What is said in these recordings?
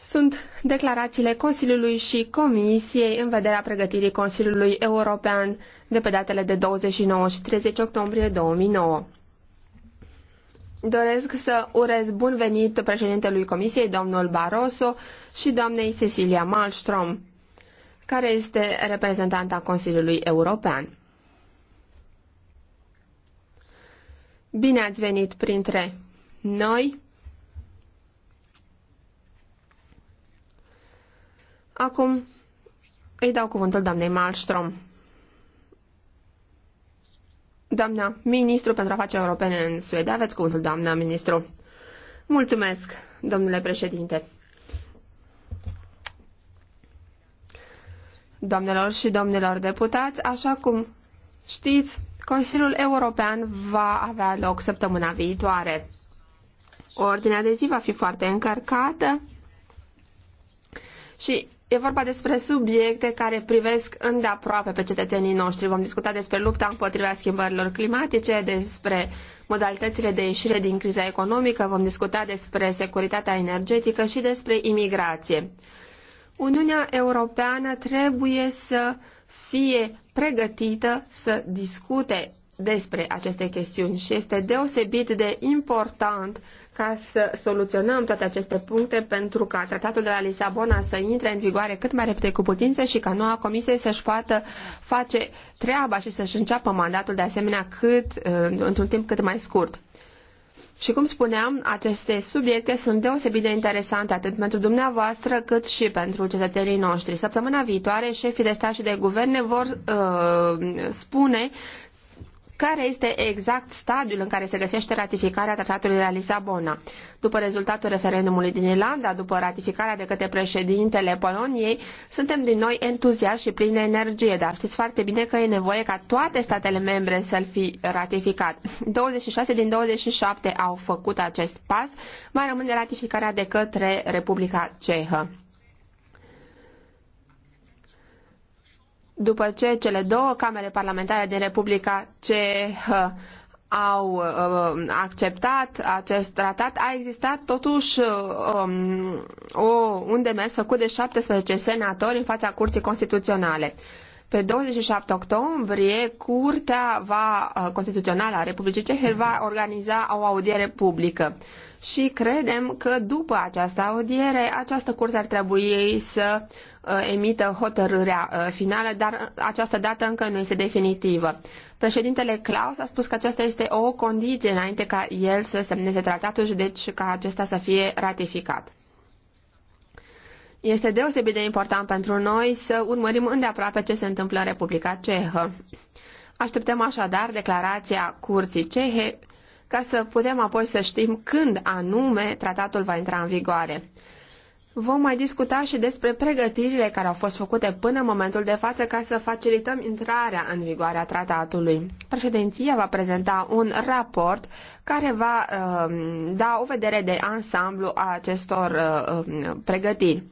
sunt declarațiile Consiliului și Comisiei în vederea pregătirii Consiliului European de pe datele de 29 și 30 octombrie 2009. Doresc să urez bun venit președintelui Comisiei, domnul Barroso, și doamnei Cecilia Malmström, care este reprezentanta Consiliului European. Bine ați venit printre noi! Acum îi dau cuvântul doamnei Malmström. Doamna ministru pentru afaceri europene în Suedia, aveți cuvântul, doamna ministru. Mulțumesc, domnule președinte. Doamnelor și domnilor deputați, așa cum știți, Consiliul European va avea loc săptămâna viitoare. Ordinea de zi va fi foarte încărcată și E vorba despre subiecte care privesc îndeaproape pe cetățenii noștri. Vom discuta despre lupta împotriva schimbărilor climatice, despre modalitățile de ieșire din criza economică, vom discuta despre securitatea energetică și despre imigrație. Uniunea Europeană trebuie să fie pregătită să discute despre aceste chestiuni și este deosebit de important ca să soluționăm toate aceste puncte pentru ca tratatul de la Lisabona să intre în vigoare cât mai repede cu putință și ca noua comisie să-și poată face treaba și să-și înceapă mandatul de asemenea cât, într-un timp cât mai scurt. Și cum spuneam, aceste subiecte sunt deosebit de interesante atât pentru dumneavoastră cât și pentru cetățenii noștri. Săptămâna viitoare, șefii de stat și de guverne vor uh, spune care este exact stadiul în care se găsește ratificarea tratatului de la Lisabona. După rezultatul referendumului din Irlanda, după ratificarea de către președintele Poloniei, suntem din noi entuziași și plini de energie, dar știți foarte bine că e nevoie ca toate statele membre să-l fi ratificat. 26 din 27 au făcut acest pas, mai rămâne ratificarea de către Republica Cehă. după ce cele două camere parlamentare din Republica Cehă au uh, acceptat acest tratat, a existat totuși uh, um, o, un demers făcut de 17 senatori în fața Curții Constituționale. Pe 27 octombrie, Curtea va, uh, Constituțională a Republicii Cehe va organiza o audiere publică. Uh, și credem că după această audiere această curte ar trebui să uh, emită hotărârea uh, finală, dar această dată încă nu este definitivă. Președintele Klaus a spus că aceasta este o condiție înainte ca el să semneze tratatul și deci ca acesta să fie ratificat. Este deosebit de important pentru noi să urmărim îndeaproape ce se întâmplă în Republica Cehă. Așteptăm așadar declarația Curții Cehe ca să putem apoi să știm când anume tratatul va intra în vigoare. Vom mai discuta și despre pregătirile care au fost făcute până în momentul de față ca să facilităm intrarea în vigoare a tratatului. Președinția va prezenta un raport care va uh, da o vedere de ansamblu a acestor uh, um, pregătiri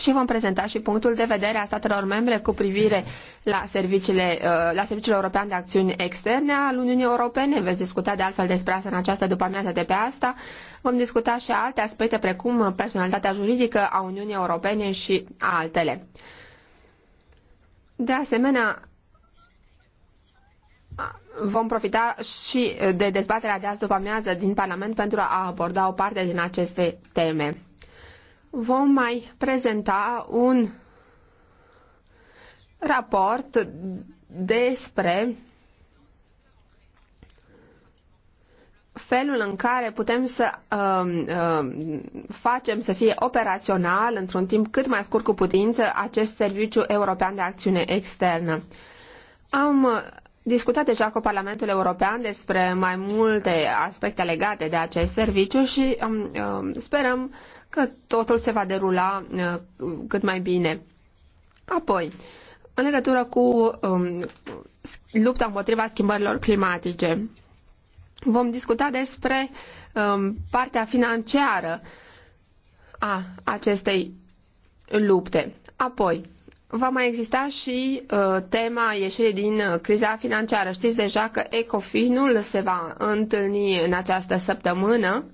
și vom prezenta și punctul de vedere a statelor membre cu privire la, serviciile, uh, la Serviciul European de Acțiuni Externe al Uniunii Europene. Veți discuta de altfel despre asta în această după-amiază de pe asta. Vom discuta și alte aspecte precum personalitatea juridică a Uniunii Europene și altele. De asemenea, vom profita și de dezbaterea de azi după amiază din Parlament pentru a aborda o parte din aceste teme vom mai prezenta un raport despre felul în care putem să uh, uh, facem să fie operațional într-un timp cât mai scurt cu putință acest Serviciu European de Acțiune Externă. Am discutat deja cu Parlamentul European despre mai multe aspecte legate de acest serviciu și um, um, sperăm că totul se va derula uh, cât mai bine. Apoi, în legătură cu um, lupta împotriva schimbărilor climatice, vom discuta despre um, partea financiară a acestei lupte. Apoi, va mai exista și uh, tema ieșirii din uh, criza financiară. Știți deja că Ecofinul se va întâlni în această săptămână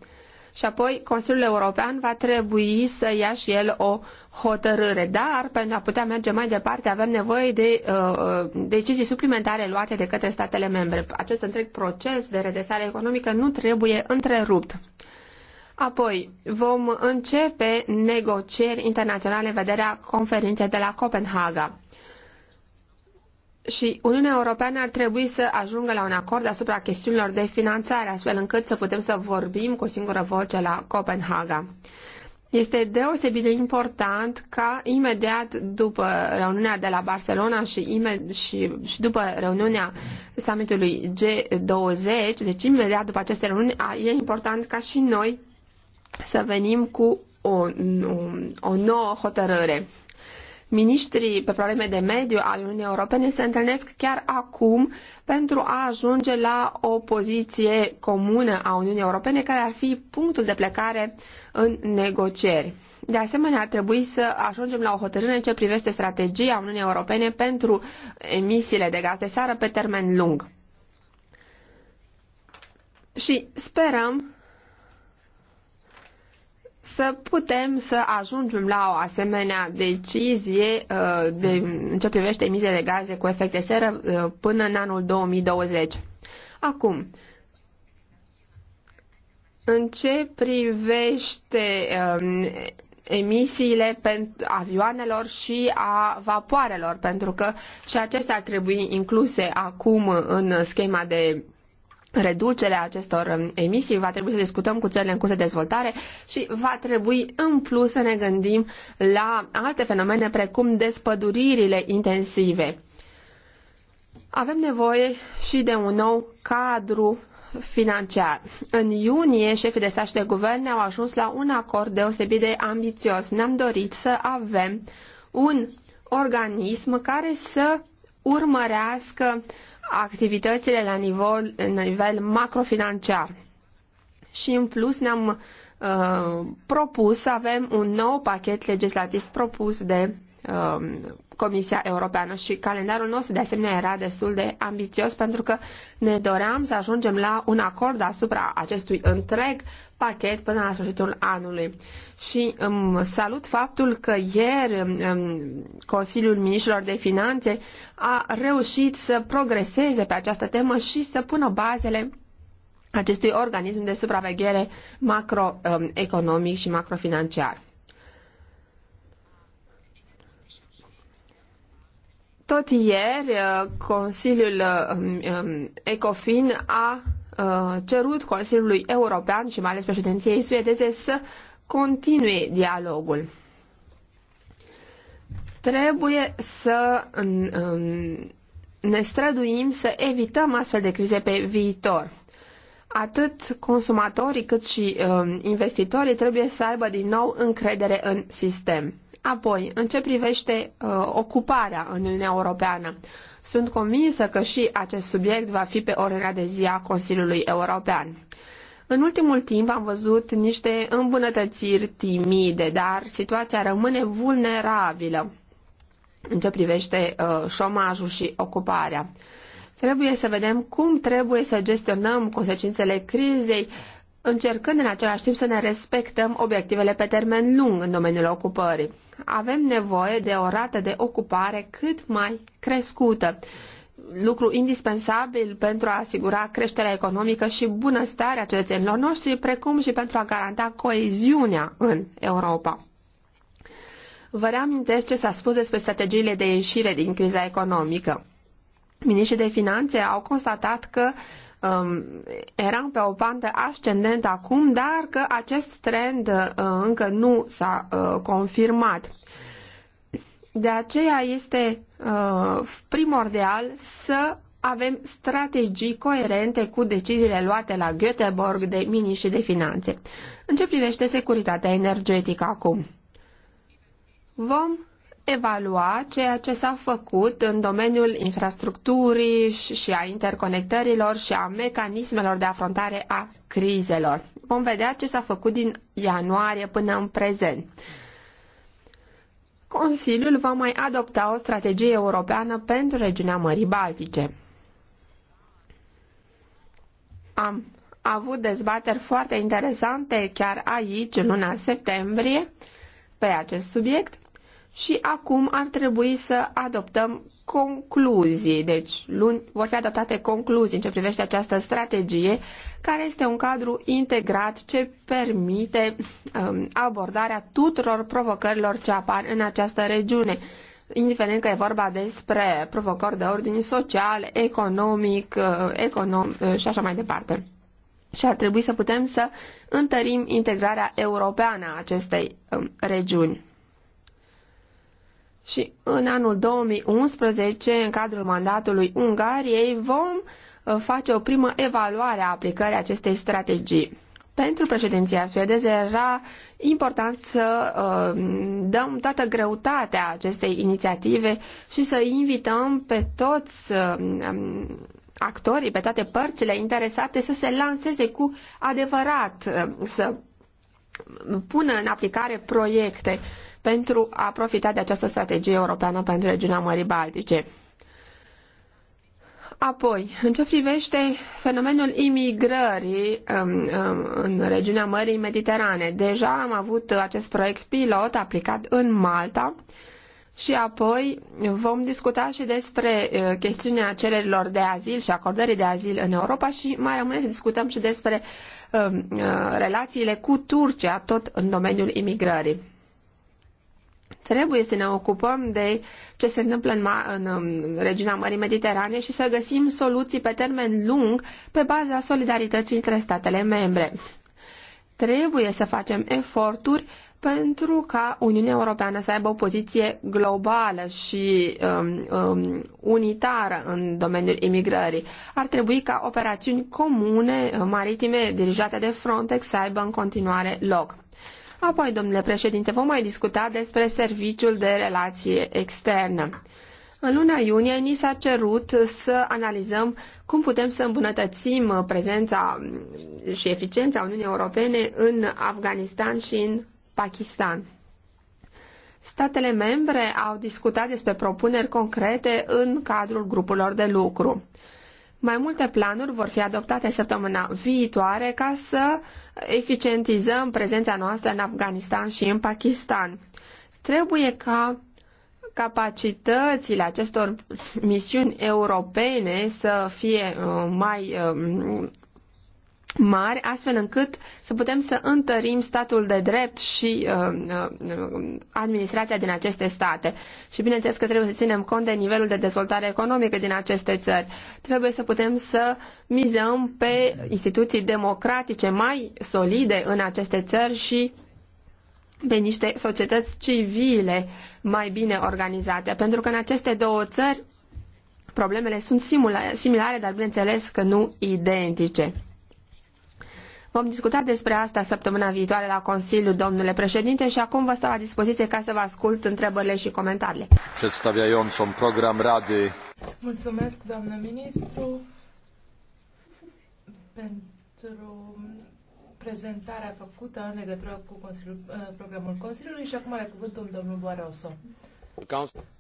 și apoi Consiliul European va trebui să ia și el o hotărâre. Dar, pentru a putea merge mai departe, avem nevoie de uh, uh, decizii suplimentare luate de către statele membre. Acest întreg proces de redresare economică nu trebuie întrerupt. Apoi vom începe negocieri internaționale în vederea conferinței de la Copenhaga și Uniunea Europeană ar trebui să ajungă la un acord asupra chestiunilor de finanțare, astfel încât să putem să vorbim cu o singură voce la Copenhaga. Este deosebit de important ca imediat după reuniunea de la Barcelona și, imed- și, și după reuniunea summitului G20, deci imediat după aceste reuniuni, e important ca și noi să venim cu o, o, o nouă hotărâre. Ministrii pe probleme de mediu al Uniunii Europene se întâlnesc chiar acum pentru a ajunge la o poziție comună a Uniunii Europene care ar fi punctul de plecare în negocieri. De asemenea, ar trebui să ajungem la o hotărâre în ce privește strategia Uniunii Europene pentru emisiile de gaze de seară pe termen lung. Și sperăm să putem să ajungem la o asemenea decizie uh, de, în ce privește emisiile de gaze cu efect de seră uh, până în anul 2020. Acum, în ce privește um, emisiile avioanelor și a vapoarelor, pentru că și acestea ar trebui incluse acum în schema de reducerea acestor um, emisii, va trebui să discutăm cu țările în curs de dezvoltare și va trebui în plus să ne gândim la alte fenomene precum despăduririle intensive. Avem nevoie și de un nou cadru financiar. În iunie, șefii de stat și de guvern au ajuns la un acord deosebit de ambițios. Ne-am dorit să avem un organism care să urmărească activitățile la nivel, nivel macrofinanciar. Și în plus ne-am uh, propus să avem un nou pachet legislativ propus de uh, Comisia Europeană și calendarul nostru de asemenea era destul de ambițios pentru că ne doream să ajungem la un acord asupra acestui întreg pachet până la sfârșitul anului. Și um, salut faptul că ieri um, Consiliul Ministrilor de Finanțe a reușit să progreseze pe această temă și să pună bazele acestui organism de supraveghere macroeconomic și macrofinanciar. Tot ieri, uh, Consiliul uh, um, um, ECOFIN a uh, cerut Consiliului European și mai ales președinției suedeze să continue dialogul. Trebuie să ne străduim să evităm astfel de crize pe viitor. Atât consumatorii cât și um, investitorii trebuie să aibă din nou încredere în sistem. Apoi, în ce privește uh, ocuparea în Uniunea Europeană, sunt convinsă că și acest subiect va fi pe ordinea de zi a Consiliului European. În ultimul timp am văzut niște îmbunătățiri timide, dar situația rămâne vulnerabilă în ce privește uh, șomajul și ocuparea. Trebuie să vedem cum trebuie să gestionăm consecințele crizei încercând în același timp să ne respectăm obiectivele pe termen lung în domeniul ocupării. Avem nevoie de o rată de ocupare cât mai crescută, lucru indispensabil pentru a asigura creșterea economică și bunăstarea cetățenilor noștri, precum și pentru a garanta coeziunea în Europa. Vă reamintesc ce s-a spus despre strategiile de ieșire din criza economică. Ministrii de finanțe au constatat că um, eram pe o pantă ascendentă acum, dar că acest trend uh, încă nu s-a uh, confirmat. De aceea este uh, primordial să avem strategii coerente cu deciziile luate la Göteborg de și de finanțe. În ce privește securitatea energetică acum? Vom evalua ceea ce s-a făcut în domeniul infrastructurii și a interconectărilor și a mecanismelor de afrontare a crizelor. Vom vedea ce s-a făcut din ianuarie până în prezent. Consiliul va mai adopta o strategie europeană pentru regiunea Mării Baltice. Am avut dezbateri foarte interesante chiar aici, în luna septembrie, pe acest subiect și acum ar trebui să adoptăm concluzii. Deci, luni vor fi adoptate concluzii în ce privește această strategie, care este un cadru integrat ce permite um, abordarea tuturor provocărilor ce apar în această regiune, indiferent că e vorba despre provocări de ordin social, economic, uh, econom uh, și așa mai departe. Și ar trebui să putem să întărim integrarea europeană a acestei um, regiuni și în anul 2011, în cadrul mandatului Ungariei, vom uh, face o primă evaluare a aplicării acestei strategii. Pentru președinția suedeză era important să uh, dăm toată greutatea acestei inițiative și să invităm pe toți uh, um, actorii, pe toate părțile interesate să se lanseze cu adevărat, uh, să pună în aplicare proiecte. Uh, pentru a profita de această strategie europeană pentru regiunea Mării Baltice. Apoi, în ce privește fenomenul imigrării în, um, um, în regiunea Mării Mediterane, deja am avut acest proiect pilot aplicat în Malta și apoi vom discuta și despre uh, chestiunea cererilor de azil și acordării de azil în Europa și mai rămâne să discutăm și despre um, uh, relațiile cu Turcia, tot în domeniul imigrării. Trebuie să ne ocupăm de ce se întâmplă în, în, în um, regiunea Mării Mediterane și să găsim soluții pe termen lung pe baza solidarității între statele membre. Trebuie să facem eforturi pentru ca Uniunea Europeană să aibă o poziție globală și um, um, unitară în domeniul imigrării. Ar trebui ca operațiuni comune uh, maritime dirijate de Frontex să aibă în continuare loc. Apoi, domnule președinte, vom mai discuta despre serviciul de relație externă. În luna iunie ni s-a cerut să analizăm cum putem să îmbunătățim prezența și eficiența Uniunii Europene în Afganistan și în Pakistan. Statele membre au discutat despre propuneri concrete în cadrul grupurilor de lucru. Mai multe planuri vor fi adoptate săptămâna viitoare ca să eficientizăm prezența noastră în Afganistan și în Pakistan. Trebuie ca capacitățile acestor misiuni europene să fie uh, mai uh, mari, astfel încât să putem să întărim statul de drept și uh, uh, administrația din aceste state. Și bineînțeles că trebuie să ținem cont de nivelul de dezvoltare economică din aceste țări. Trebuie să putem să mizăm pe instituții democratice mai solide în aceste țări și pe niște societăți civile mai bine organizate, pentru că în aceste două țări problemele sunt similare, dar bineînțeles că nu identice. Vom discuta despre asta săptămâna viitoare la Consiliu, domnule președinte, și acum vă stau la dispoziție ca să vă ascult întrebările și comentariile. Przedstawiającą program Rady. Mulțumesc, doamnă ministru, pentru prezentarea făcută în legătură cu Consiliul, eh, programul Consiliului și acum are cuvântul domnul Barroso.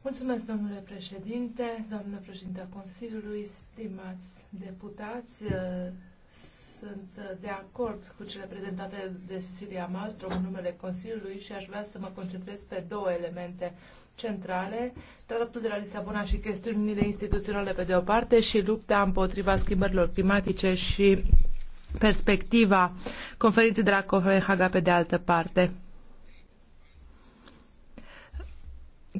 Mulțumesc, domnule președinte, doamnă președinte a Consiliului, stimați deputați, eh, sunt uh, de acord cu cele prezentate de Cecilia Malmström în numele Consiliului și aș vrea să mă concentrez pe două elemente centrale, tratatul de la Lisabona și chestiunile instituționale pe de o parte și lupta împotriva schimbărilor climatice și perspectiva conferinței de la Copenhaga pe de altă parte.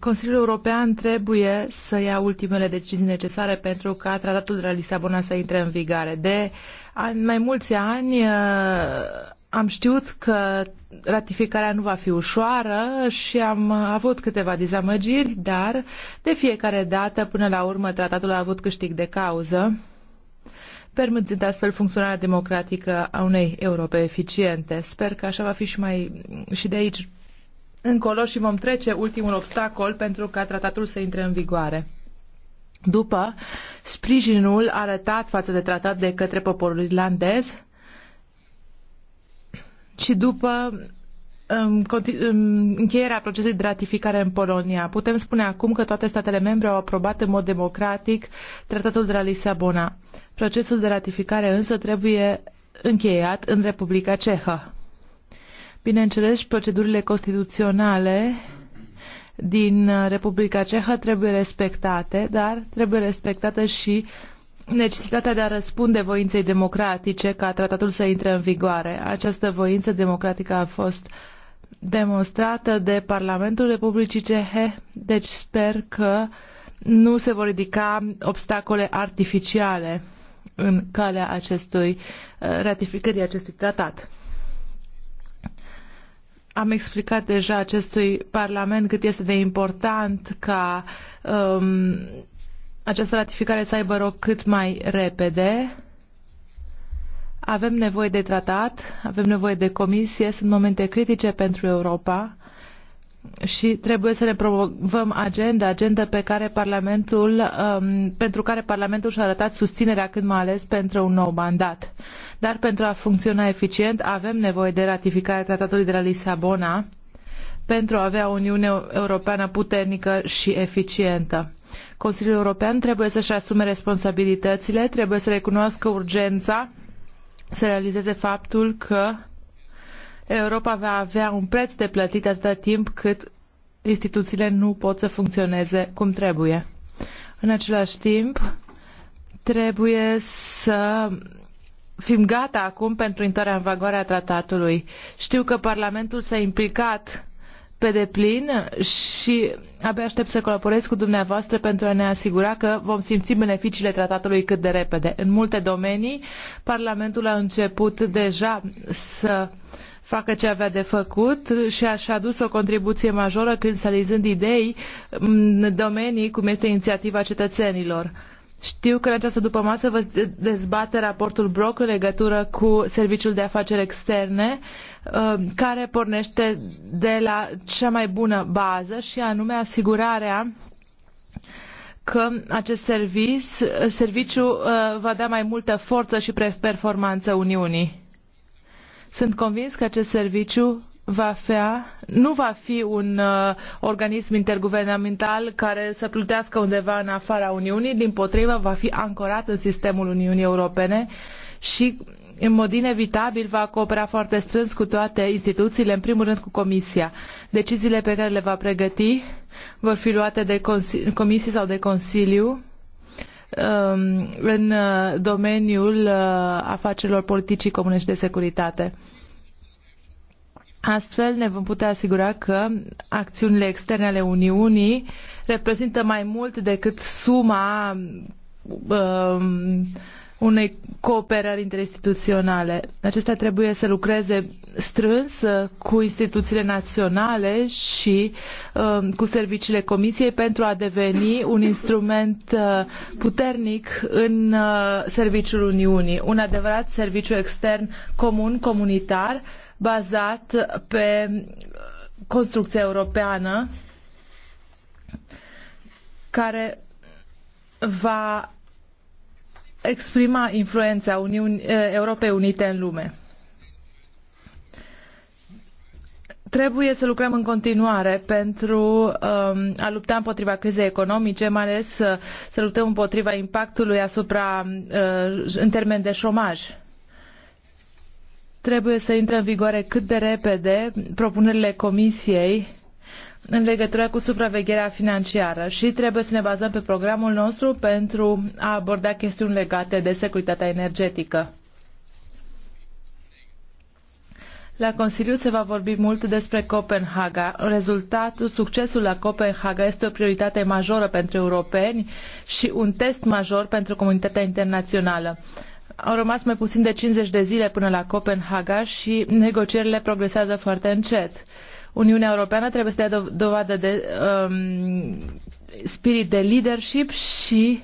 Consiliul European trebuie să ia ultimele decizii necesare pentru ca tratatul de la Lisabona să intre în vigoare. De uh, în mai mulți ani uh, am știut că ratificarea nu va fi ușoară și am avut câteva dezamăgiri, dar de fiecare dată, până la urmă, tratatul a avut câștig de cauză, permițând astfel funcționarea democratică a unei Europe eficiente. Sper că așa va fi și, mai, și de aici încolo și vom trece ultimul obstacol pentru ca tratatul să intre în vigoare după sprijinul arătat față de tratat de către poporul irlandez și după um, um, încheierea procesului de ratificare în Polonia. Putem spune acum că toate statele membre au aprobat în mod democratic tratatul de la Lisabona. Procesul de ratificare însă trebuie încheiat în Republica Cehă. Bineînțeles, procedurile constituționale din uh, Republica Cehă trebuie respectate, dar trebuie respectată și necesitatea de a răspunde voinței democratice ca tratatul să intre în vigoare. Această voință democratică a fost demonstrată de Parlamentul Republicii Cehe, deci sper că nu se vor ridica obstacole artificiale în calea acestui uh, ratificării acestui tratat am explicat deja acestui Parlament cât este de important ca um, această ratificare să aibă loc cât mai repede. Avem nevoie de tratat, avem nevoie de comisie, sunt momente critice pentru Europa și trebuie să ne promovăm agenda, agenda pe care Parlamentul, um, pentru care Parlamentul și-a arătat susținerea când mai ales pentru un nou mandat. Dar pentru a funcționa eficient avem nevoie de ratificarea tratatului de la Lisabona pentru a avea o Uniune Europeană puternică și eficientă. Consiliul European trebuie să-și asume responsabilitățile, trebuie să recunoască urgența, să realizeze faptul că Europa va avea un preț de plătit atâta timp cât instituțiile nu pot să funcționeze cum trebuie. În același timp, trebuie să fim gata acum pentru intrarea în vagoare a tratatului. Știu că Parlamentul s-a implicat pe deplin și abia aștept să colaborez cu dumneavoastră pentru a ne asigura că vom simți beneficiile tratatului cât de repede. În multe domenii, Parlamentul a început deja să uh, facă ce avea de făcut și a adus o contribuție majoră cristalizând idei în domenii cum este inițiativa cetățenilor. Știu că în această dupămasă vă dezbate raportul Brock în legătură cu Serviciul de Afaceri Externe, uh, care pornește de la cea mai bună bază și anume asigurarea că acest serviciu, serviciu uh, va da mai multă forță și performanță Uniunii. Sunt convins că acest serviciu va fi, nu va fi un uh, organism interguvernamental care să plutească undeva în afara Uniunii, din potrivă va fi ancorat în sistemul Uniunii Europene și în mod inevitabil va coopera foarte strâns cu toate instituțiile, în primul rând cu Comisia. Deciziile pe care le va pregăti vor fi luate de Comisie sau de Consiliu Um, în uh, domeniul uh, afacerilor politicii comune și de securitate. Astfel ne vom putea asigura că acțiunile externe ale Uniunii reprezintă mai mult decât suma um, unei cooperări interinstituționale. Acestea trebuie să lucreze strâns uh, cu instituțiile naționale și uh, cu serviciile Comisiei pentru a deveni un instrument uh, puternic în uh, serviciul Uniunii, un adevărat serviciu extern comun, comunitar, bazat pe construcția europeană care va exprima influența Uniunii eh, Europei Unite în lume. Trebuie să lucrăm în continuare pentru um, a lupta împotriva crizei economice, mai ales să, să luptăm împotriva impactului asupra, uh, în termen de șomaj. Trebuie să intre în vigoare cât de repede propunerile Comisiei în legătură cu supravegherea financiară și trebuie să ne bazăm pe programul nostru pentru a aborda chestiuni legate de securitatea energetică. La Consiliu se va vorbi mult despre Copenhaga. Rezultatul, succesul la Copenhaga este o prioritate majoră pentru europeni și un test major pentru comunitatea internațională. Au rămas mai puțin de 50 de zile până la Copenhaga și negocierile progresează foarte încet. Uniunea Europeană trebuie să dea dovadă de um, spirit de leadership și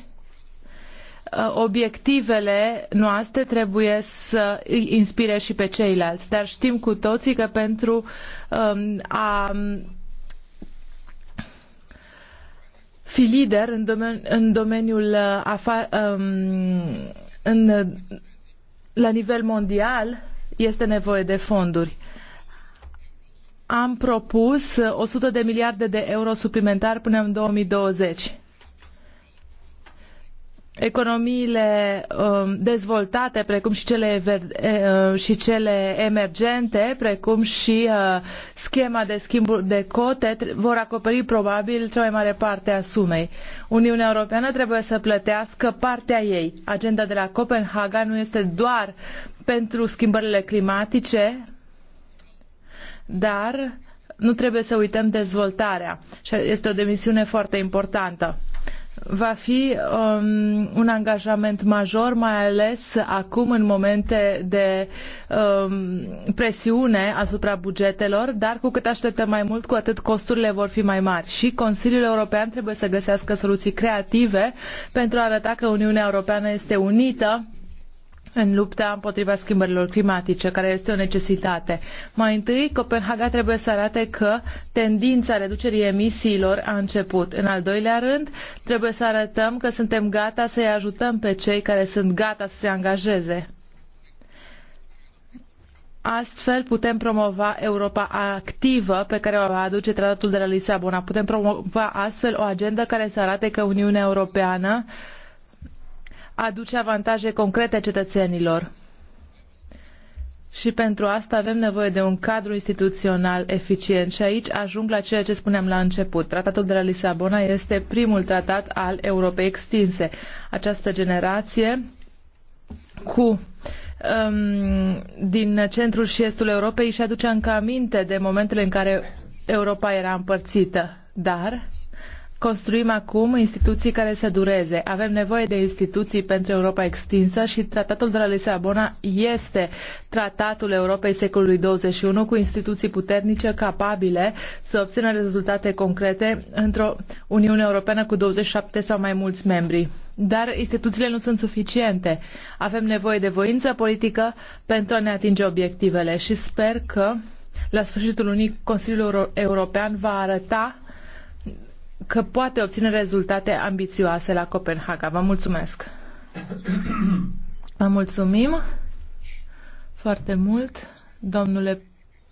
uh, obiectivele noastre trebuie să îi inspire și pe ceilalți. Dar știm cu toții că pentru um, a um, fi lider în, domen în domeniul uh, afa um, în, la nivel mondial este nevoie de fonduri am propus 100 uh, de miliarde de euro suplimentari până în 2020. Economiile um, dezvoltate, precum și cele, uh, și cele emergente, precum și uh, schema de schimburi de cote, vor acoperi probabil cea mai mare parte a sumei. Uniunea Europeană trebuie să plătească partea ei. Agenda de la Copenhaga nu este doar pentru schimbările climatice, dar nu trebuie să uităm dezvoltarea și este o demisiune foarte importantă. Va fi um, un angajament major, mai ales acum în momente de um, presiune asupra bugetelor, dar cu cât așteptăm mai mult, cu atât costurile vor fi mai mari. Și Consiliul European trebuie să găsească soluții creative pentru a arăta că Uniunea Europeană este unită în lupta împotriva schimbărilor climatice, care este o necesitate. Mai întâi, Copenhaga trebuie să arate că tendința reducerii emisiilor a început. În al doilea rând, trebuie să arătăm că suntem gata să-i ajutăm pe cei care sunt gata să se angajeze. Astfel putem promova Europa activă pe care o va aduce tratatul de la Lisabona. Putem promova astfel o agendă care să arate că Uniunea Europeană uh, aduce avantaje concrete cetățenilor. Și pentru asta avem nevoie de un cadru instituțional eficient. Și aici ajung la ceea ce spuneam la început. Tratatul de la Lisabona este primul tratat al Europei extinse. Această generație cu um, din centrul și estul Europei și aduce încă aminte de momentele în care Europa era împărțită. Dar construim acum instituții care să dureze. Avem nevoie de instituții pentru Europa extinsă și tratatul de la Lisabona este tratatul Europei secolului 21 cu instituții puternice capabile să obțină rezultate concrete într-o Uniune Europeană cu 27 sau mai mulți membri. Dar instituțiile nu sunt suficiente. Avem nevoie de voință politică pentru a ne atinge obiectivele și sper că la sfârșitul lunii Consiliul European va arăta că poate obține rezultate ambițioase la Copenhaga. Vă mulțumesc! Vă mulțumim foarte mult, domnule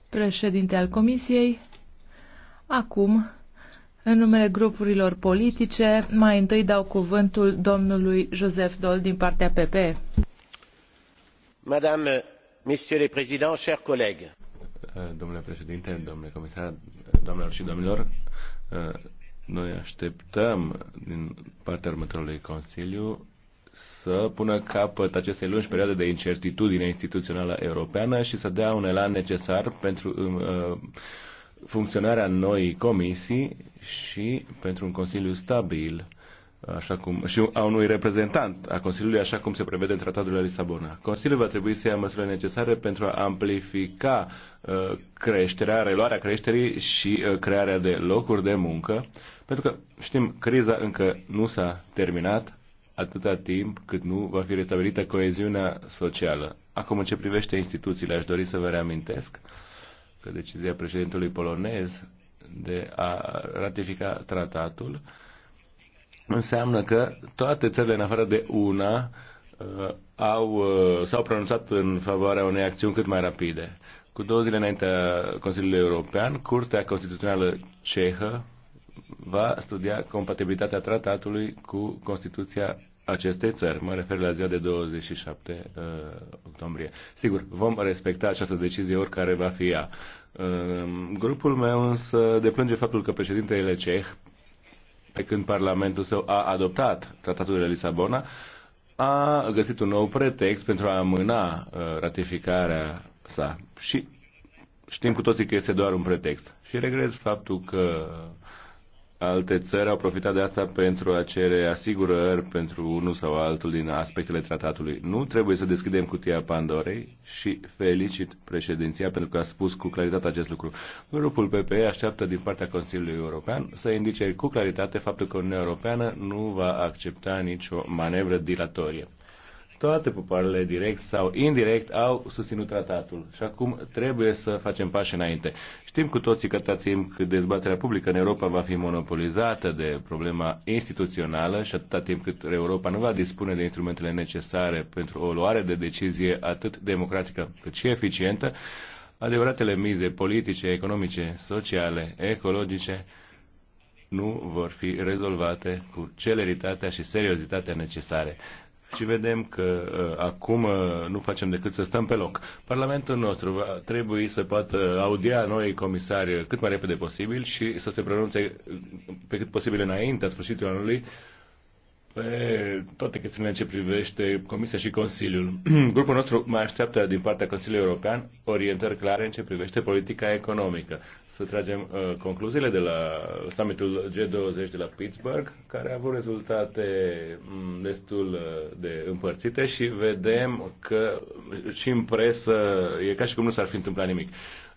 președinte al Comisiei. Acum, în numele grupurilor politice, mai întâi dau cuvântul domnului Joseph Dol din partea PP. Madame, Monsieur le Président, chers collègues. Domnule președinte, domnule comisar, doamnelor și domnilor, noi așteptăm din partea următorului Consiliu să pună capăt acestei lungi perioade de incertitudine instituțională europeană și să dea un elan necesar pentru uh, funcționarea noii comisii și pentru un Consiliu stabil așa cum, și a unui reprezentant a Consiliului, așa cum se prevede în Tratatul de la Lisabona. Consiliul va trebui să ia măsurile necesare pentru a amplifica uh, creșterea, reluarea creșterii și uh, crearea de locuri de muncă pentru că, știm, criza încă nu s-a terminat atâta timp cât nu va fi restabilită coeziunea socială. Acum, în ce privește instituțiile, aș dori să vă reamintesc că decizia președintelui polonez de a ratifica tratatul înseamnă că toate țările, în afară de una, uh, au, uh, s-au pronunțat în favoarea unei acțiuni cât mai rapide. Cu două zile înaintea Consiliului European, Curtea Constituțională Cehă va studia compatibilitatea tratatului cu Constituția acestei țări. Mă refer la ziua de 27 uh, octombrie. Sigur, vom respecta această decizie oricare va fi ea. Uh, grupul meu însă deplânge faptul că președintele ceh, pe când Parlamentul său a adoptat tratatul de Lisabona, a găsit un nou pretext pentru a amâna uh, ratificarea sa. Și știm cu toții că este doar un pretext. Și regret faptul că uh, alte țări au profitat de asta pentru a cere asigurări pentru unul sau altul din aspectele tratatului. Nu trebuie să deschidem cutia Pandorei și felicit președinția pentru că a spus cu claritate acest lucru. Grupul PPE așteaptă din partea Consiliului European să indice cu claritate faptul că Uniunea Europeană nu va accepta nicio manevră dilatorie toate popoarele, direct sau indirect, au susținut tratatul. Și acum trebuie să facem pași înainte. Știm cu toții că atâta timp cât dezbaterea publică în Europa va fi monopolizată de problema instituțională și atâta timp cât Europa nu va dispune de instrumentele necesare pentru o luare de decizie atât democratică cât și eficientă, adevăratele mize politice, economice, sociale, ecologice, nu vor fi rezolvate cu celeritatea și seriozitatea necesare și vedem că uh, acum uh, nu facem decât să stăm pe loc. Parlamentul nostru va trebui să poată audia noi comisari cât mai repede posibil și să se pronunțe uh, pe cât posibil înainte, a sfârșitul anului pe toate chestiunile ce privește Comisia și Consiliul. Grupul nostru mai așteaptă din partea Consiliului European orientări clare în ce privește politica economică. Să tragem uh, concluziile de la summitul G20 de la Pittsburgh, care a avut rezultate mm, destul uh, de împărțite și vedem că și în presă e ca și cum nu s-ar fi întâmplat nimic.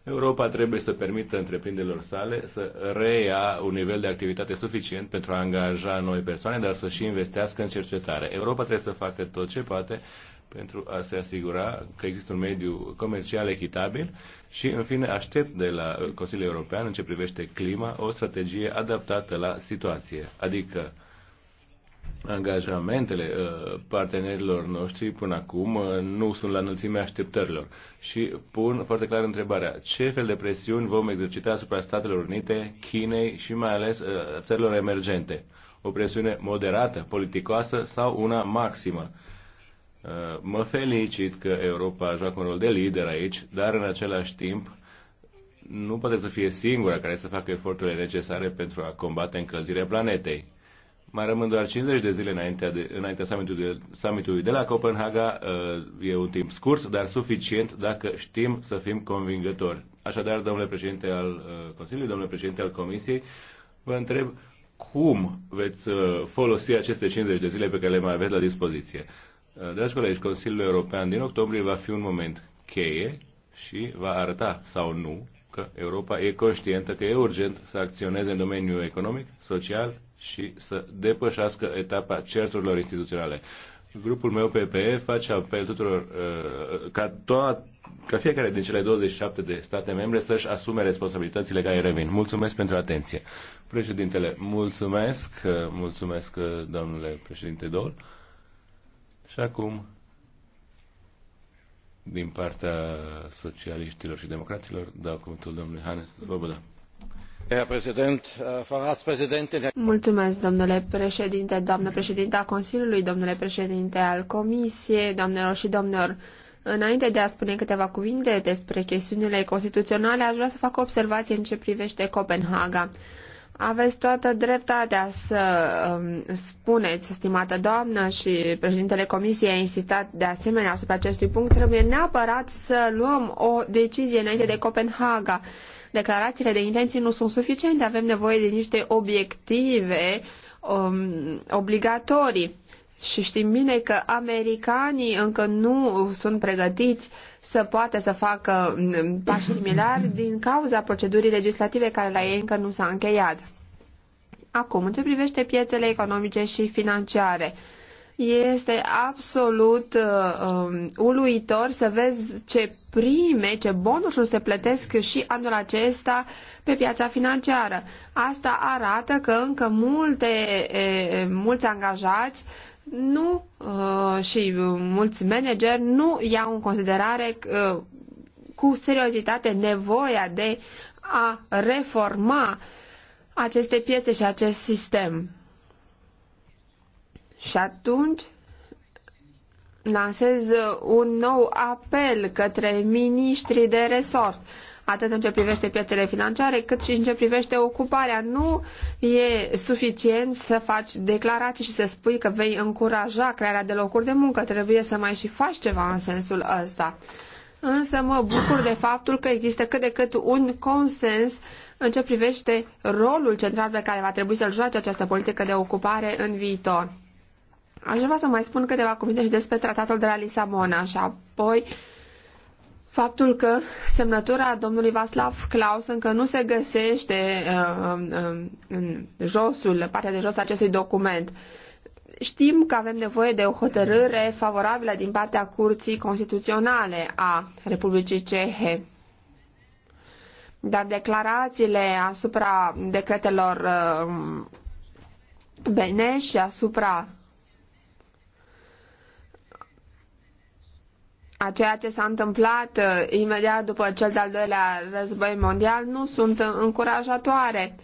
Europa trebuie să permită întreprinderilor sale să reia un nivel de activitate suficient pentru a angaja noi persoane, dar să și investească în cercetare. Europa trebuie să facă tot ce poate pentru a se asigura că există un mediu comercial echitabil și, în fine, aștept de la Consiliul European, în ce privește clima, o strategie adaptată la situație, adică angajamentele uh, partenerilor noștri până acum uh, nu sunt la înălțimea așteptărilor. Și pun foarte clar întrebarea, ce fel de presiuni vom exercita asupra Statelor Unite, Chinei și mai ales uh, țărilor emergente? O presiune moderată, politicoasă sau una maximă? Mă felicit că Europa joacă un rol de lider aici, dar în același timp nu poate să fie singura care să facă eforturile necesare pentru a combate încălzirea planetei mai rămân doar 50 de zile înaintea, de, înaintea summitului, de, summitului de la Copenhaga. Uh, e un timp scurt, dar suficient dacă știm să fim convingători. Așadar, domnule președinte al uh, Consiliului, domnule președinte al Comisiei, vă întreb cum veți uh, folosi aceste 50 de zile pe care le mai aveți la dispoziție. Dragi colegi, Consiliul European din octombrie va fi un moment cheie și va arăta sau nu că Europa e conștientă că e urgent să acționeze în domeniul economic, social și să depășească etapa certurilor instituționale. Grupul meu PPE face apel tuturor uh, ca, toa, ca fiecare din cele 27 de state membre să-și asume responsabilitățile care revin. Mulțumesc pentru atenție. Președintele, mulțumesc, uh, mulțumesc uh, domnule președinte Dol. Și acum, din partea socialiștilor și democraților, dau cuvântul domnului Hannes Svoboda. Äh, Mulțumesc, domnule președinte, doamnă președinte a Consiliului, domnule președinte al Comisiei, doamnelor și domnilor. Înainte de a spune câteva cuvinte despre chestiunile constituționale, aș vrea să fac o observație în ce privește Copenhaga. Aveți toată dreptatea să um, spuneți, stimată doamnă, și președintele Comisiei a insistat de asemenea asupra acestui punct, trebuie neapărat să luăm o decizie înainte de Copenhaga declarațiile de intenții nu sunt suficiente, avem nevoie de niște obiective um, obligatorii. Și știm bine că americanii încă nu sunt pregătiți să poată să facă um, pași similari din cauza procedurii legislative care la ei încă nu s-a încheiat. Acum, în ce privește piețele economice și financiare, este absolut uh, um, uluitor să vezi ce prime, ce bonusuri se plătesc și anul acesta pe piața financiară. Asta arată că încă multe, mulți angajați nu și mulți manageri nu iau în considerare cu seriozitate nevoia de a reforma aceste piețe și acest sistem. Și atunci lansez uh, un nou apel către miniștrii de resort, atât în ce privește piețele financiare, cât și în ce privește ocuparea. Nu e suficient să faci declarații și să spui că vei încuraja crearea de locuri de muncă, trebuie să mai și faci ceva în sensul ăsta. Însă mă bucur de faptul că există cât de cât un consens în ce privește rolul central pe care va trebui să-l joace această politică de ocupare în viitor. Aș vrea să mai spun câteva cuvinte și despre tratatul de la Lisabona și apoi faptul că semnătura domnului Vaslav Klaus încă nu se găsește uh, uh, în josul, partea de jos a acestui document. Știm că avem nevoie de o hotărâre favorabilă din partea Curții Constituționale a Republicii Cehe. Dar declarațiile asupra decretelor uh, Beneș și asupra a ceea ce s-a întâmplat uh, imediat după cel de-al doilea război mondial nu sunt uh, încurajatoare.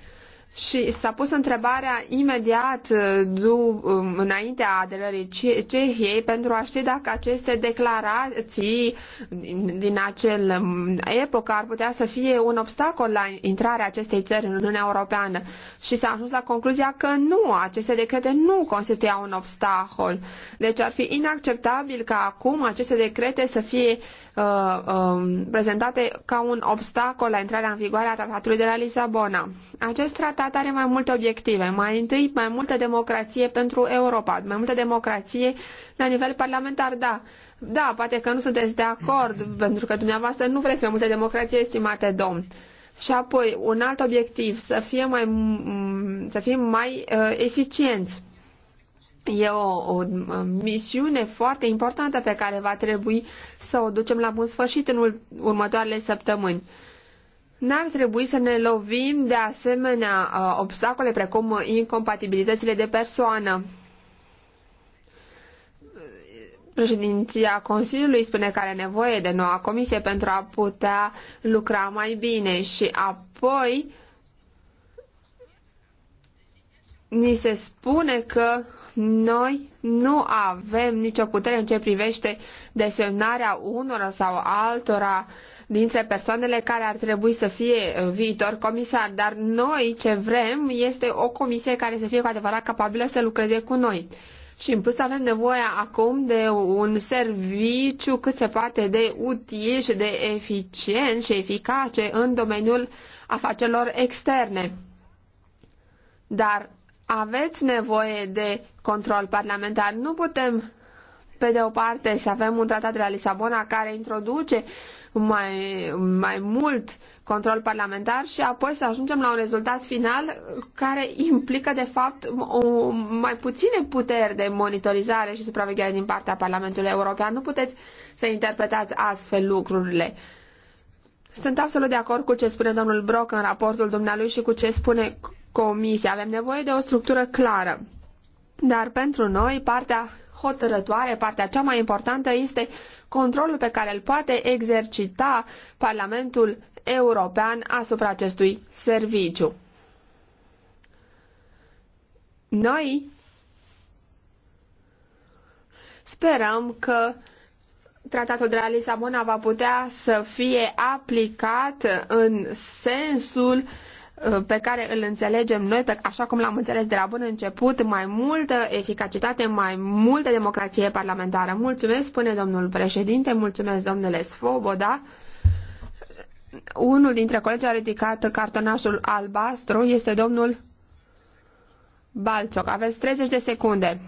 Și s-a pus întrebarea imediat uh, um, înaintea aderării Cehiei pentru a ști dacă aceste declarații din acel um, epocă ar putea să fie un obstacol la intrarea acestei țări în Uniunea Europeană. Și s-a ajuns la concluzia că nu, aceste decrete nu constituiau un obstacol. Deci ar fi inacceptabil ca acum aceste decrete să fie uh, Uh, um, prezentate ca un obstacol la intrarea în vigoare a tratatului de la Lisabona. Acest tratat are mai multe obiective. Mai întâi, mai multă democrație pentru Europa, mai multă democrație la nivel parlamentar, da. Da, poate că nu sunteți de acord, pentru că dumneavoastră nu vreți mai multă democrație, stimate domn. Și apoi, un alt obiectiv, să, fie mai, să fim mai uh, eficienți E o, o misiune foarte importantă pe care va trebui să o ducem la bun sfârșit în următoarele săptămâni. N-ar trebui să ne lovim de asemenea obstacole precum incompatibilitățile de persoană. Președinția Consiliului spune că are nevoie de noua comisie pentru a putea lucra mai bine și apoi ni se spune că noi nu avem nicio putere în ce privește desemnarea unora sau altora dintre persoanele care ar trebui să fie uh, viitor comisar, dar noi ce vrem este o comisie care să fie cu adevărat capabilă să lucreze cu noi. Și în plus avem nevoie acum de un serviciu cât se poate de util și de eficient și eficace în domeniul afacerilor externe. Dar aveți nevoie de control parlamentar. Nu putem, pe de o parte, să avem un tratat de la Lisabona care introduce mai, mai mult control parlamentar și apoi să ajungem la un rezultat final care implică, de fapt, o, mai puține puteri de monitorizare și supraveghere din partea Parlamentului European. Nu puteți să interpretați astfel lucrurile. Sunt absolut de acord cu ce spune domnul Brok în raportul dumnealui și cu ce spune comisie. Avem nevoie de o structură clară. Dar pentru noi, partea hotărătoare, partea cea mai importantă este controlul pe care îl poate exercita Parlamentul European asupra acestui serviciu. Noi sperăm că Tratatul de la Lisabona va putea să fie aplicat în sensul Uh, pe care îl înțelegem noi, pe, așa cum l-am înțeles de la bun început, mai multă eficacitate, mai multă democrație parlamentară. Mulțumesc, spune domnul președinte, mulțumesc domnule Svoboda. Unul dintre colegi a ridicat cartonașul albastru, este domnul Balțoc. Aveți 30 de secunde.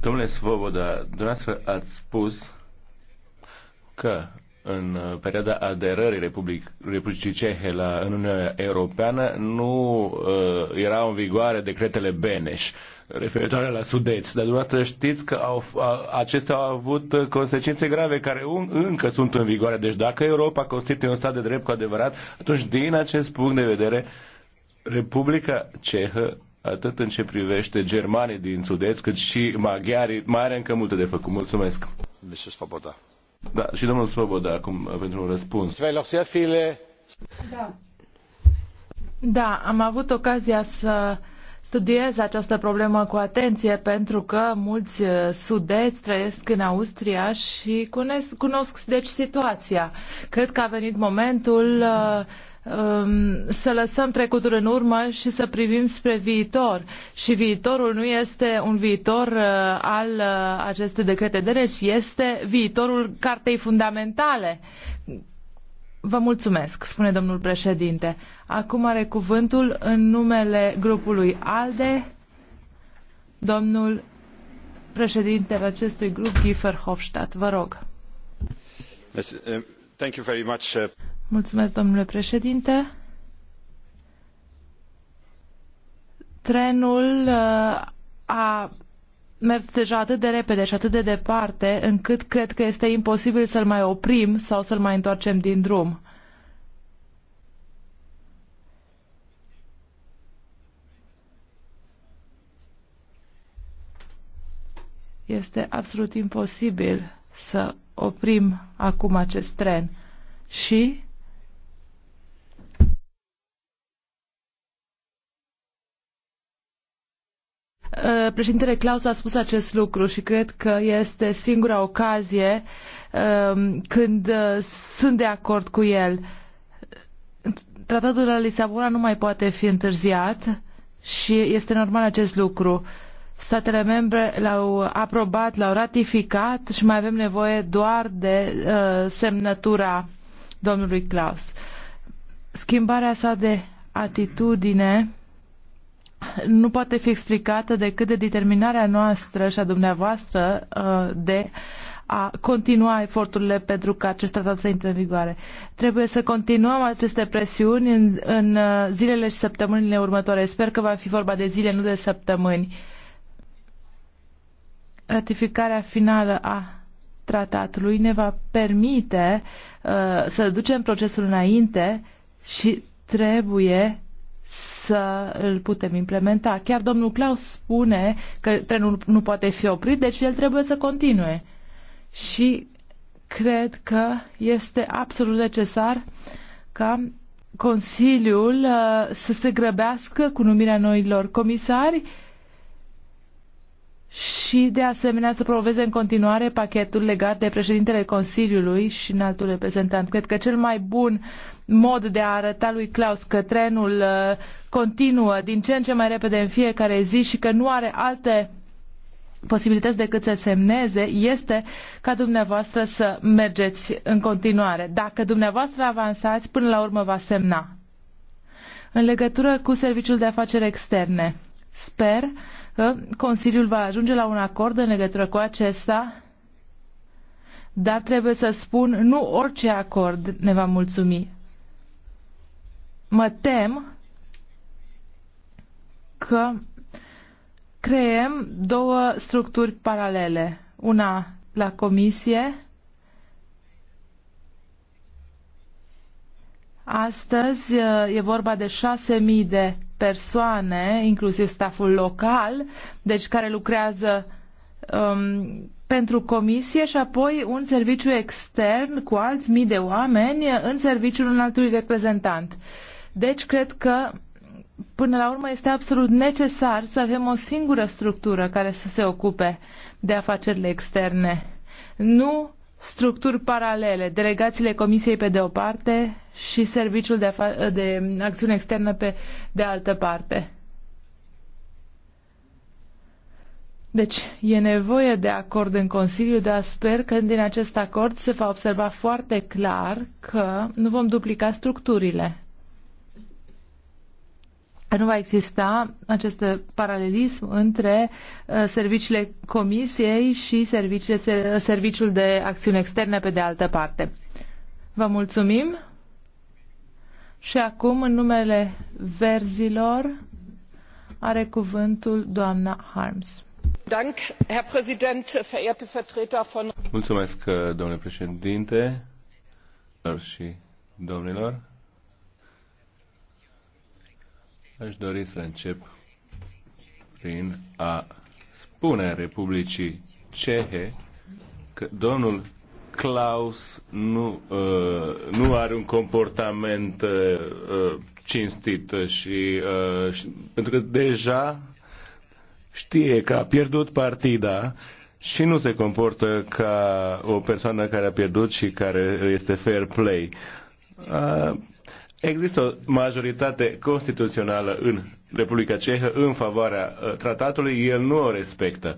Domnule Svoboda, dumneavoastră ați spus că în uh, perioada aderării Republic, Republicii Cehe la, în Uniunea Europeană nu uh, erau în vigoare decretele Beneș referitoare la sudeți, dar dumneavoastră știți că au, a, acestea au avut uh, consecințe grave care un, încă sunt în vigoare. Deci dacă Europa constituie un stat de drept cu adevărat, atunci din acest punct de vedere Republica Cehă atât în ce privește germanii din Sudeți, cât și maghiarii, mai are încă multe de făcut. Mulțumesc! Mrs. Svoboda. Da, și domnul Svoboda acum pentru un răspuns. Da. Da, am avut ocazia să studiez această problemă cu atenție pentru că mulți uh, sudeți trăiesc în Austria și cunosc, cunosc deci situația. Cred că a venit momentul uh, Um, să lăsăm trecutul în urmă și să privim spre viitor. Și viitorul nu este un viitor uh, al uh, acestui decret de ci este viitorul cartei fundamentale. Vă mulțumesc, spune domnul președinte. Acum are cuvântul în numele grupului ALDE, domnul președintele acestui grup, Giefer Hofstadt. Vă rog. Uh, thank you very much. Mulțumesc, domnule președinte. Trenul uh, a mers deja atât de repede și atât de departe, încât cred că este imposibil să-l mai oprim sau să-l mai întoarcem din drum. Este absolut imposibil să oprim acum acest tren. Și Uh, președintele Claus a spus acest lucru și cred că este singura ocazie um, când uh, sunt de acord cu el. Tratatul de la Lisabona nu mai poate fi întârziat și este normal acest lucru. Statele membre l-au aprobat, l-au ratificat și mai avem nevoie doar de uh, semnătura domnului Klaus. Schimbarea sa de atitudine nu poate fi explicată decât de determinarea noastră și a dumneavoastră uh, de a continua eforturile pentru ca acest tratat să intre în vigoare. Trebuie să continuăm aceste presiuni în, în uh, zilele și săptămânile următoare. Sper că va fi vorba de zile, nu de săptămâni. Ratificarea finală a tratatului ne va permite uh, să ducem procesul înainte și trebuie să îl putem implementa. Chiar domnul Claus spune că trenul nu poate fi oprit, deci el trebuie să continue. Și cred că este absolut necesar ca Consiliul uh, să se grăbească cu numirea noilor comisari și de asemenea să promoveze în continuare pachetul legat de președintele Consiliului și înaltul reprezentant. Cred că cel mai bun mod de a arăta lui Klaus că trenul uh, continuă din ce în ce mai repede în fiecare zi și că nu are alte posibilități decât să semneze este ca dumneavoastră să mergeți în continuare. Dacă dumneavoastră avansați, până la urmă va semna. În legătură cu Serviciul de Afaceri Externe, sper că Consiliul va ajunge la un acord în legătură cu acesta, dar trebuie să spun, nu orice acord ne va mulțumi mă tem că creăm două structuri paralele. Una la comisie. Astăzi uh, e vorba de 6.000 de persoane, inclusiv staful local, deci care lucrează um, pentru comisie și apoi un serviciu extern cu alți mii de oameni în serviciul unui altui reprezentant. Uh, deci, cred că până la urmă este absolut necesar să avem o singură structură care să se ocupe de afacerile externe. Nu structuri paralele, delegațiile Comisiei pe de o parte și Serviciul de, Afa- de Acțiune Externă pe de altă parte. Deci e nevoie de acord în Consiliu, dar sper că din acest acord se va observa foarte clar că nu vom duplica structurile nu va exista acest paralelism între uh, serviciile Comisiei și serviciile, uh, Serviciul de Acțiune Externe pe de altă parte. Vă mulțumim și acum, în numele verzilor, are cuvântul doamna Harms. Mulțumesc, uh, domnule președinte, și domnilor. Aș dori să încep prin a spune Republicii Cehe că domnul Klaus nu, uh, nu are un comportament uh, uh, cinstit și, uh, și pentru că deja știe că a pierdut partida și nu se comportă ca o persoană care a pierdut și care este fair play. Uh, Există o majoritate constituțională în Republica Cehă în favoarea uh, tratatului, el nu o respectă.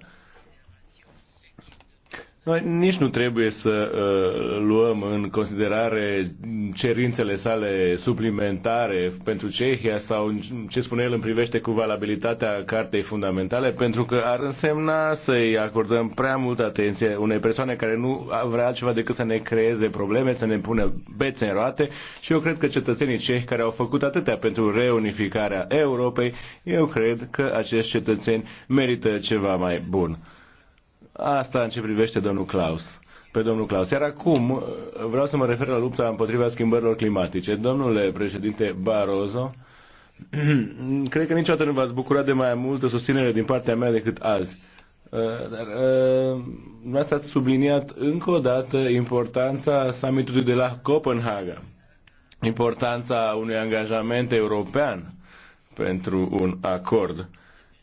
Noi nici nu trebuie să uh, luăm în considerare cerințele sale suplimentare pentru Cehia sau ce spune el în privește cu valabilitatea cartei fundamentale, pentru că ar însemna să-i acordăm prea multă atenție unei persoane care nu vrea altceva decât să ne creeze probleme, să ne pună bețe în roate și eu cred că cetățenii cehi care au făcut atâtea pentru reunificarea Europei, eu cred că acești cetățeni merită ceva mai bun. Asta în ce privește domnul Claus pe domnul Claus. Iar acum uh, vreau să mă refer la lupta împotriva schimbărilor climatice. Domnule președinte Barroso, cred că niciodată nu v-ați bucurat de mai multă susținere din partea mea decât azi. Uh, dar uh, dumneavoastră ați subliniat încă o dată importanța summitului de la Copenhaga, importanța unui angajament european pentru un acord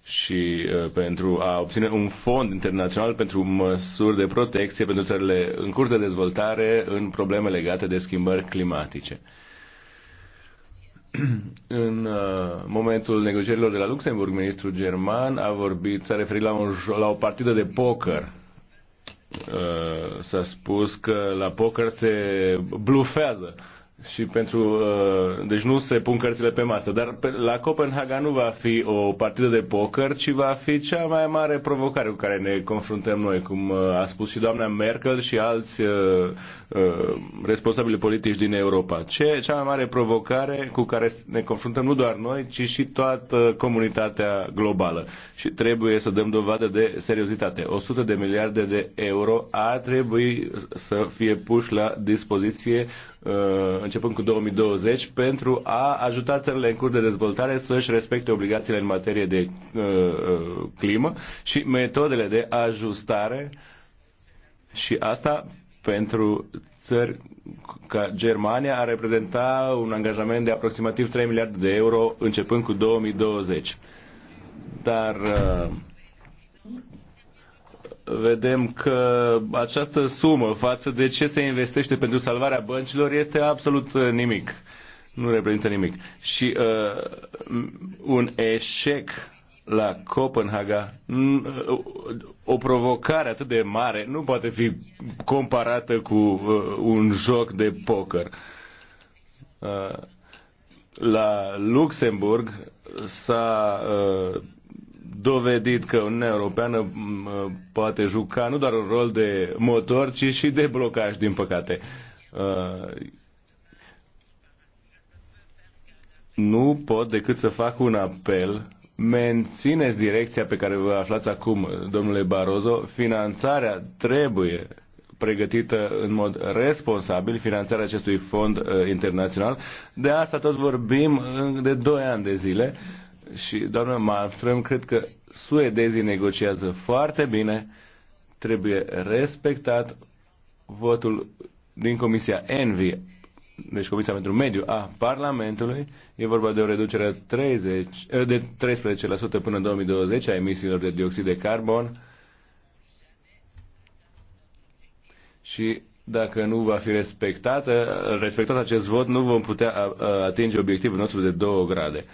și uh, pentru a obține un fond internațional pentru măsuri de protecție pentru țările în curs de dezvoltare în probleme legate de schimbări climatice. În uh, momentul negocierilor de la Luxemburg, ministrul german a vorbit, s-a referit la, un, la o partidă de poker. Uh, s-a spus că la poker se blufează și pentru. Uh, deci nu se pun cărțile pe masă, dar la Copenhaga nu va fi o partidă de poker, ci va fi cea mai mare provocare cu care ne confruntăm noi, cum uh, a spus și doamna Merkel și alți uh, Uh, responsabili politici din Europa. Ce cea mai mare provocare cu care ne confruntăm nu doar noi, ci și toată comunitatea globală. Și trebuie să dăm dovadă de seriozitate. 100 de miliarde de euro a trebui să fie puși la dispoziție uh, începând cu 2020 pentru a ajuta țările în curs de dezvoltare să-și respecte obligațiile în materie de uh, climă și metodele de ajustare și asta pentru țări ca Germania a reprezenta un angajament de aproximativ 3 miliarde de euro începând cu 2020. Dar uh, vedem că această sumă față de ce se investește pentru salvarea băncilor este absolut uh, nimic. Nu reprezintă nimic. Și uh, un eșec la Copenhaga, o provocare atât de mare nu poate fi comparată cu uh, un joc de poker. Uh, la Luxemburg s-a uh, dovedit că Uniunea Europeană poate juca nu doar un rol de motor, ci și de blocaj, din păcate. Nu pot decât să fac un apel mențineți direcția pe care vă aflați acum, domnule Barozo. Finanțarea trebuie pregătită în mod responsabil finanțarea acestui fond uh, internațional. De asta tot vorbim uh, de 2 ani de zile și, doamnă Malmström, cred că suedezii negociază foarte bine, trebuie respectat votul din Comisia Envi deci Comisia pentru Mediu a Parlamentului, e vorba de o reducere 30, eh, de 13% până în 2020 a emisiilor de dioxid de carbon și dacă nu va fi respectată, respectat acest vot, nu vom putea atinge obiectivul nostru de 2 grade.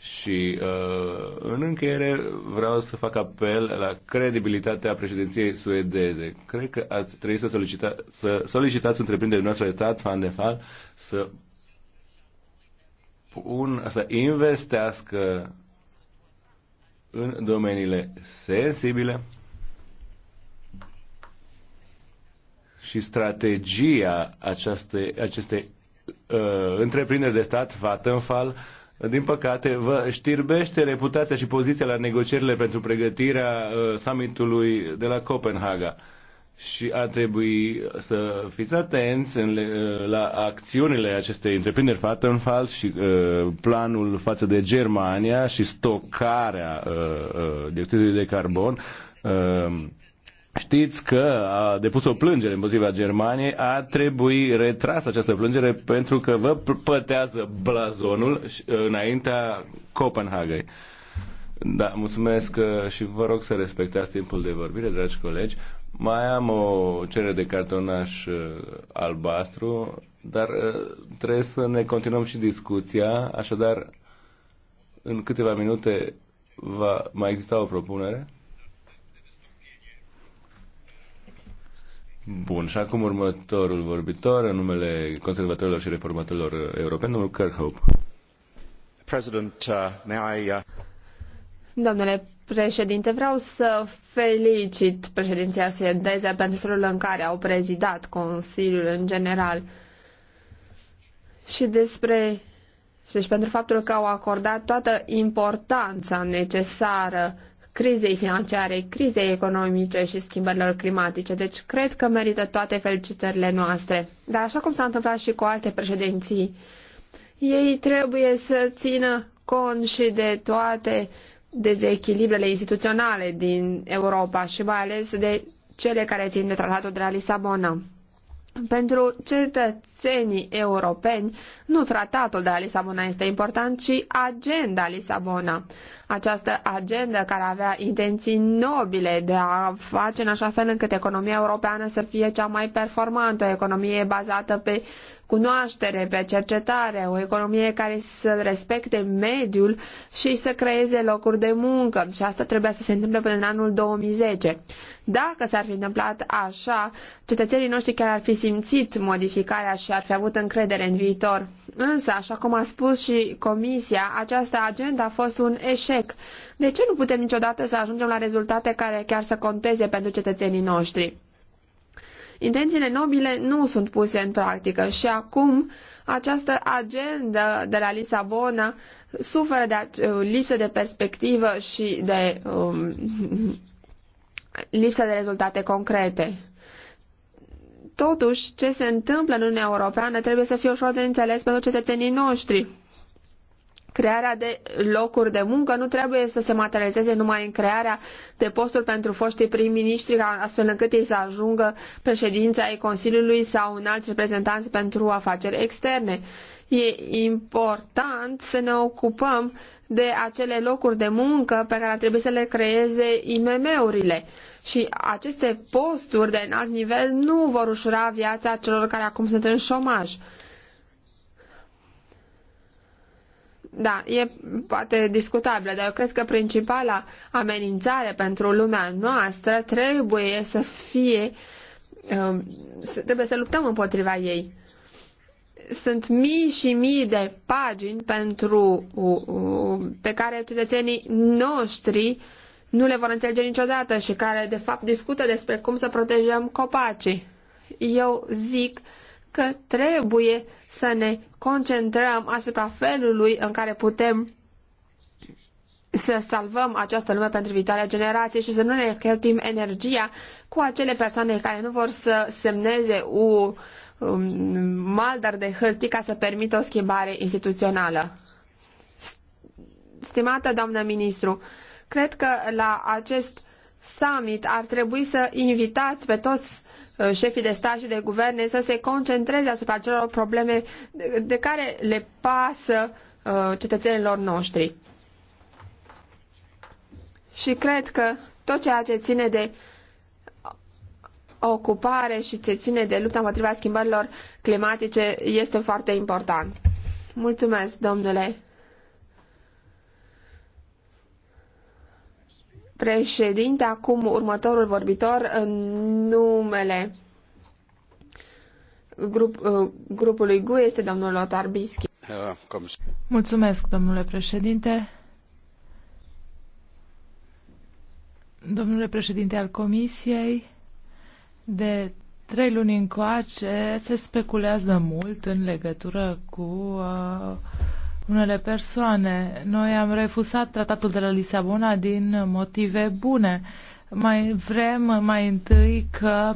Și uh, în încheiere vreau să fac apel la credibilitatea președinției suedeze. Cred că ați trebuit să, solicita, să solicitați întreprinderii noastre stat, Fandefal, să, pun, să investească în domeniile sensibile și strategia aceste, acestei uh, întreprinderi de stat, Vattenfall, uh, din păcate, vă știrbește reputația și poziția la negocierile pentru pregătirea uh, summitului de la Copenhaga. Și a trebui să fiți atenți în, uh, la acțiunile acestei întreprinderi fată în fals și uh, planul față de Germania și stocarea uh, uh, dioxidului de carbon. Uh, Știți că a depus o plângere împotriva Germaniei, a trebuit retrasă această plângere pentru că vă pătează blazonul uh, înaintea Copenhagei. Da, mulțumesc uh, și vă rog să respectați timpul de vorbire, dragi colegi. Mai am o cerere de cartonaș uh, albastru, dar trebuie să ne continuăm și discuția, așadar în câteva minute va mai exista o propunere. Bun, și acum următorul vorbitor, în numele conservatorilor și reformatorilor europeni, domnul Kirkhope. President, uh, may I, uh... Domnule președinte, vreau să felicit președinția suedeză pentru felul în care au prezidat Consiliul în general și despre și deci pentru faptul că au acordat toată importanța necesară crizei financiare, crizei economice și schimbărilor climatice. Deci cred că merită toate felicitările noastre. Dar așa cum s-a întâmplat și cu alte președinții, ei trebuie să țină cont și de toate dezechilibrele instituționale din Europa și mai ales de cele care țin de tratatul de la Lisabona. Pentru cetățenii europeni, nu tratatul de la Lisabona este important, ci agenda Lisabona această agendă care avea intenții nobile de a face în așa fel încât economia europeană să fie cea mai performantă, o economie bazată pe cunoaștere, pe cercetare, o economie care să respecte mediul și să creeze locuri de muncă. Și asta trebuia să se întâmple până în anul 2010. Dacă s-ar fi întâmplat așa, cetățenii noștri chiar ar fi simțit modificarea și ar fi avut încredere în viitor. Însă, așa cum a spus și Comisia, această agendă a fost un eșec sec. De ce nu putem niciodată să ajungem la rezultate care chiar să conteze pentru cetățenii noștri? Intențiile nobile nu sunt puse în practică și acum această agendă de la Lisabona suferă de lipsă de perspectivă și de um, lipsă de rezultate concrete. Totuși, ce se întâmplă în Uniunea Europeană trebuie să fie ușor de înțeles pentru cetățenii noștri crearea de locuri de muncă nu trebuie să se materializeze numai în crearea de posturi pentru foștii prim-ministri, astfel încât ei să ajungă președința ai Consiliului sau un alt reprezentanți pentru afaceri externe. E important să ne ocupăm de acele locuri de muncă pe care ar trebui să le creeze IMM-urile. Și aceste posturi de înalt nivel nu vor ușura viața celor care acum sunt în șomaj. da, e poate discutabilă, dar eu cred că principala amenințare pentru lumea noastră trebuie să fie, um, trebuie să luptăm împotriva ei. Sunt mii și mii de pagini pentru, pe care cetățenii noștri nu le vor înțelege niciodată și care de fapt discută despre cum să protejăm copacii. Eu zic că trebuie să ne concentrăm asupra felului în care putem să salvăm această lume pentru viitoarea generație și să nu ne cheltuim energia cu acele persoane care nu vor să semneze un um, maldar de hârtii ca să permită o schimbare instituțională. Stimată doamnă ministru, cred că la acest summit ar trebui să invitați pe toți Uh, șefii de stat și de guverne să se concentreze asupra celor probleme de care le pasă uh, cetățenilor noștri. Și cred că tot ceea ce ține de ocupare și ce ține de lupta împotriva schimbărilor climatice este foarte important. Mulțumesc, domnule președinte. Acum următorul vorbitor în numele grup, uh, grupului GUE este domnul Lothar Bischi. Mulțumesc, domnule președinte. Domnule președinte al Comisiei, de trei luni încoace se speculează mult în legătură cu uh, unele persoane. Noi am refuzat tratatul de la Lisabona din motive bune. Mai vrem mai întâi că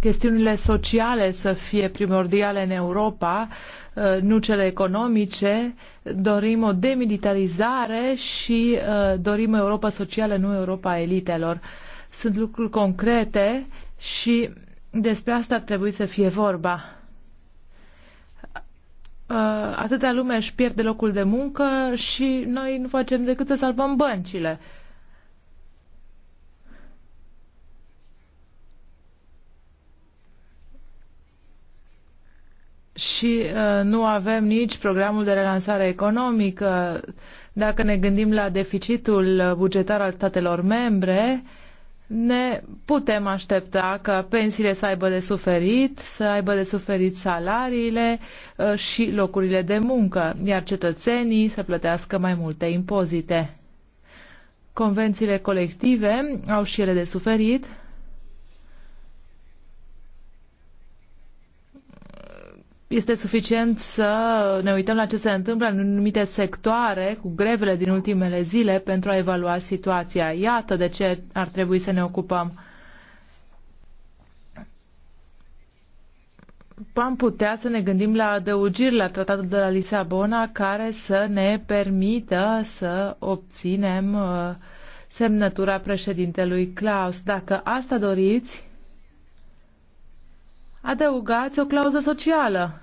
chestiunile sociale să fie primordiale în Europa, nu cele economice. Dorim o demilitarizare și uh, dorim Europa socială, nu Europa elitelor. Sunt lucruri concrete și despre asta ar trebui să fie vorba. Uh, atâtea lume își pierde locul de muncă și noi nu facem decât să salvăm băncile. și uh, nu avem nici programul de relansare economică. Dacă ne gândim la deficitul bugetar al statelor membre, uh, ne putem aștepta ca pensiile să aibă de suferit, să aibă de suferit salariile uh, și locurile de muncă, iar cetățenii să plătească mai multe impozite. Convențiile colective au și ele de suferit, este suficient să ne uităm la ce se întâmplă în anumite sectoare cu grevele din ultimele zile pentru a evalua situația. Iată de ce ar trebui să ne ocupăm. Am putea să ne gândim la adăugiri la tratatul de la Lisabona care să ne permită să obținem uh, semnătura președintelui Klaus. Dacă asta doriți, adăugați o clauză socială.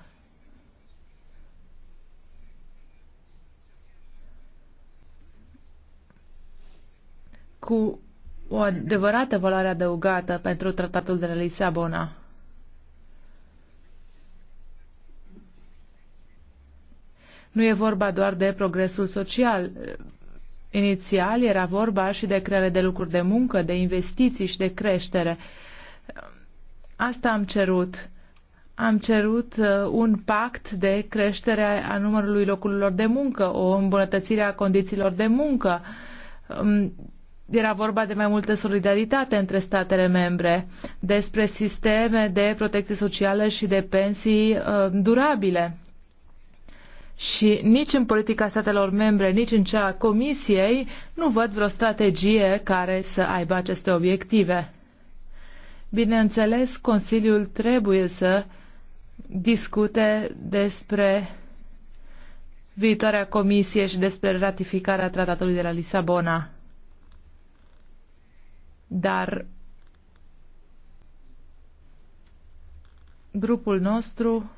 Cu o adevărată valoare adăugată pentru tratatul de la Lisabona. Nu e vorba doar de progresul social. Inițial era vorba și de creare de lucruri de muncă, de investiții și de creștere. Asta am cerut. Am cerut uh, un pact de creștere a numărului locurilor de muncă, o îmbunătățire a condițiilor de muncă. Um, era vorba de mai multă solidaritate între statele membre, despre sisteme de protecție socială și de pensii uh, durabile. Și nici în politica statelor membre, nici în cea a Comisiei, nu văd vreo strategie care să aibă aceste obiective. Bineînțeles, Consiliul trebuie să discute despre viitoarea comisie și despre ratificarea tratatului de la Lisabona. Dar grupul nostru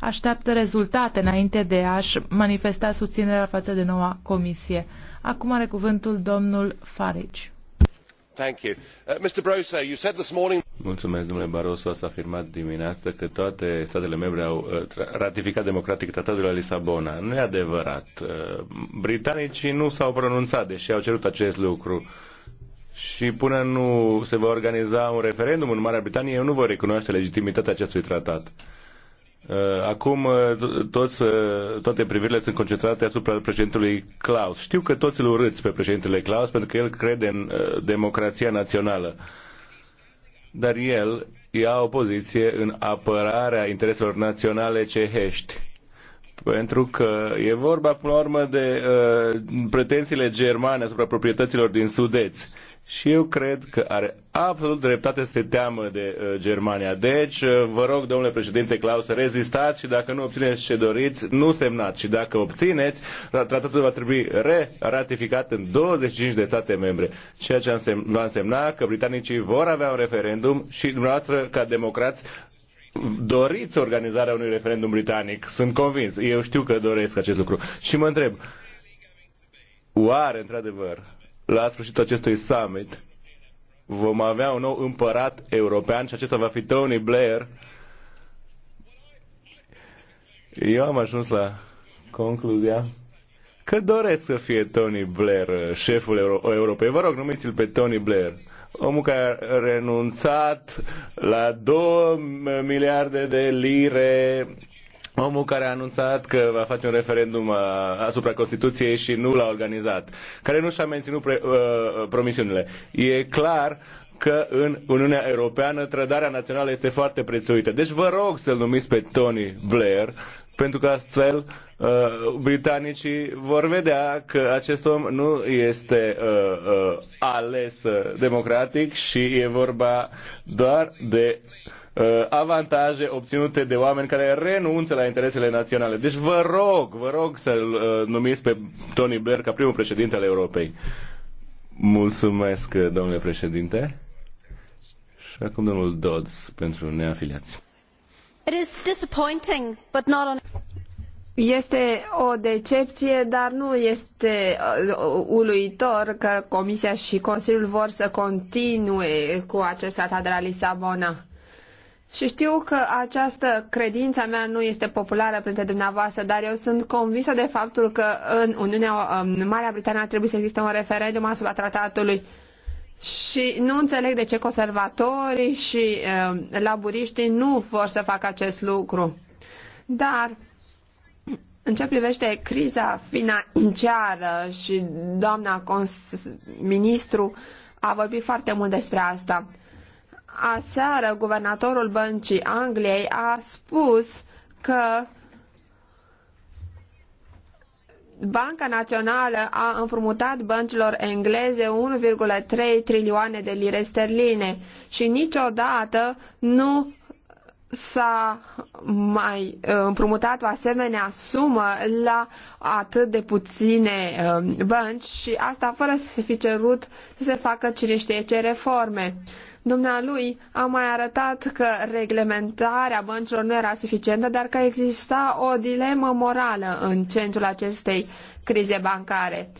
așteaptă rezultate înainte de a-și manifesta susținerea față de noua comisie. Acum are cuvântul domnul Farici. Uh, Mulțumesc, domnule Barroso. Ați afirmat dimineață că toate statele membre au uh, ratificat democratic tratatul de la Lisabona. Nu e adevărat. Uh, britanicii nu s-au pronunțat, deși au cerut acest lucru. Și până nu se va organiza un referendum în Marea Britanie, eu nu voi recunoaște legitimitatea acestui tratat. Uh, acum uh, toți, uh, toate privirile sunt concentrate asupra președintelui Klaus. Știu că toți îl urâți pe președintele Klaus pentru că el crede în democrația națională. Dar el ia o poziție în apărarea intereselor naționale cehești. Pentru că e vorba, până la urmă, de uh, pretențiile germane asupra proprietăților din Sudeți. Uh, și eu cred că are absolut dreptate să se teamă de uh, Germania. Deci, uh, vă rog, domnule președinte Claus, rezistați și dacă nu obțineți ce doriți, nu semnați. Și dacă obțineți, tratatul va trebui re-ratificat în 25 de state membre. Ceea ce va însemna că britanicii vor avea un referendum și dumneavoastră, ca democrați, doriți organizarea unui referendum britanic. Sunt convins. Eu știu că doresc acest lucru. Și mă întreb, oare, într-adevăr, la sfârșitul acestui summit vom avea un nou împărat european și acesta va fi Tony Blair. Eu am ajuns la concluzia că doresc să fie Tony Blair uh, șeful Euro- Europei. Vă rog, numiți-l pe Tony Blair. Omul care a renunțat la 2 miliarde de lire Omul care a anunțat că va face un referendum uh, asupra Constituției și nu l-a organizat, care nu și-a menținut pre, uh, promisiunile. E clar că în Uniunea Europeană trădarea națională este foarte prețuită. Deci vă rog să-l numiți pe Tony Blair pentru că astfel uh, britanicii vor vedea că acest om nu este uh, uh, ales uh, democratic și e vorba doar de uh, avantaje obținute de oameni care renunță la interesele naționale. Deci vă rog, vă rog să-l uh, numiți pe Tony Blair ca primul președinte al Europei. Mulțumesc, domnule președinte. Și acum domnul Dodds pentru neafiliați. Este o decepție, dar nu este uh, uluitor că Comisia și Consiliul vor să continue cu acest tratat de la Lisabona. Și știu că această credință a mea nu este populară printre dumneavoastră, dar eu sunt convinsă de faptul că în Uniunea, în Marea Britanie ar trebui să existe un referendum asupra tratatului și nu înțeleg de ce conservatorii și uh, laburiștii nu vor să facă acest lucru. Dar în ce privește criza financiară și doamna ministru a vorbit foarte mult despre asta. Aseară, guvernatorul băncii Angliei a spus că Banca Națională a împrumutat băncilor engleze 1,3 trilioane de lire sterline și niciodată nu s-a mai uh, împrumutat o asemenea sumă la atât de puține uh, bănci și asta fără să se fi cerut să se facă cine știe ce reforme. Dumnealui a mai arătat că reglementarea băncilor nu era suficientă, dar că exista o dilemă morală în centrul acestei crize bancare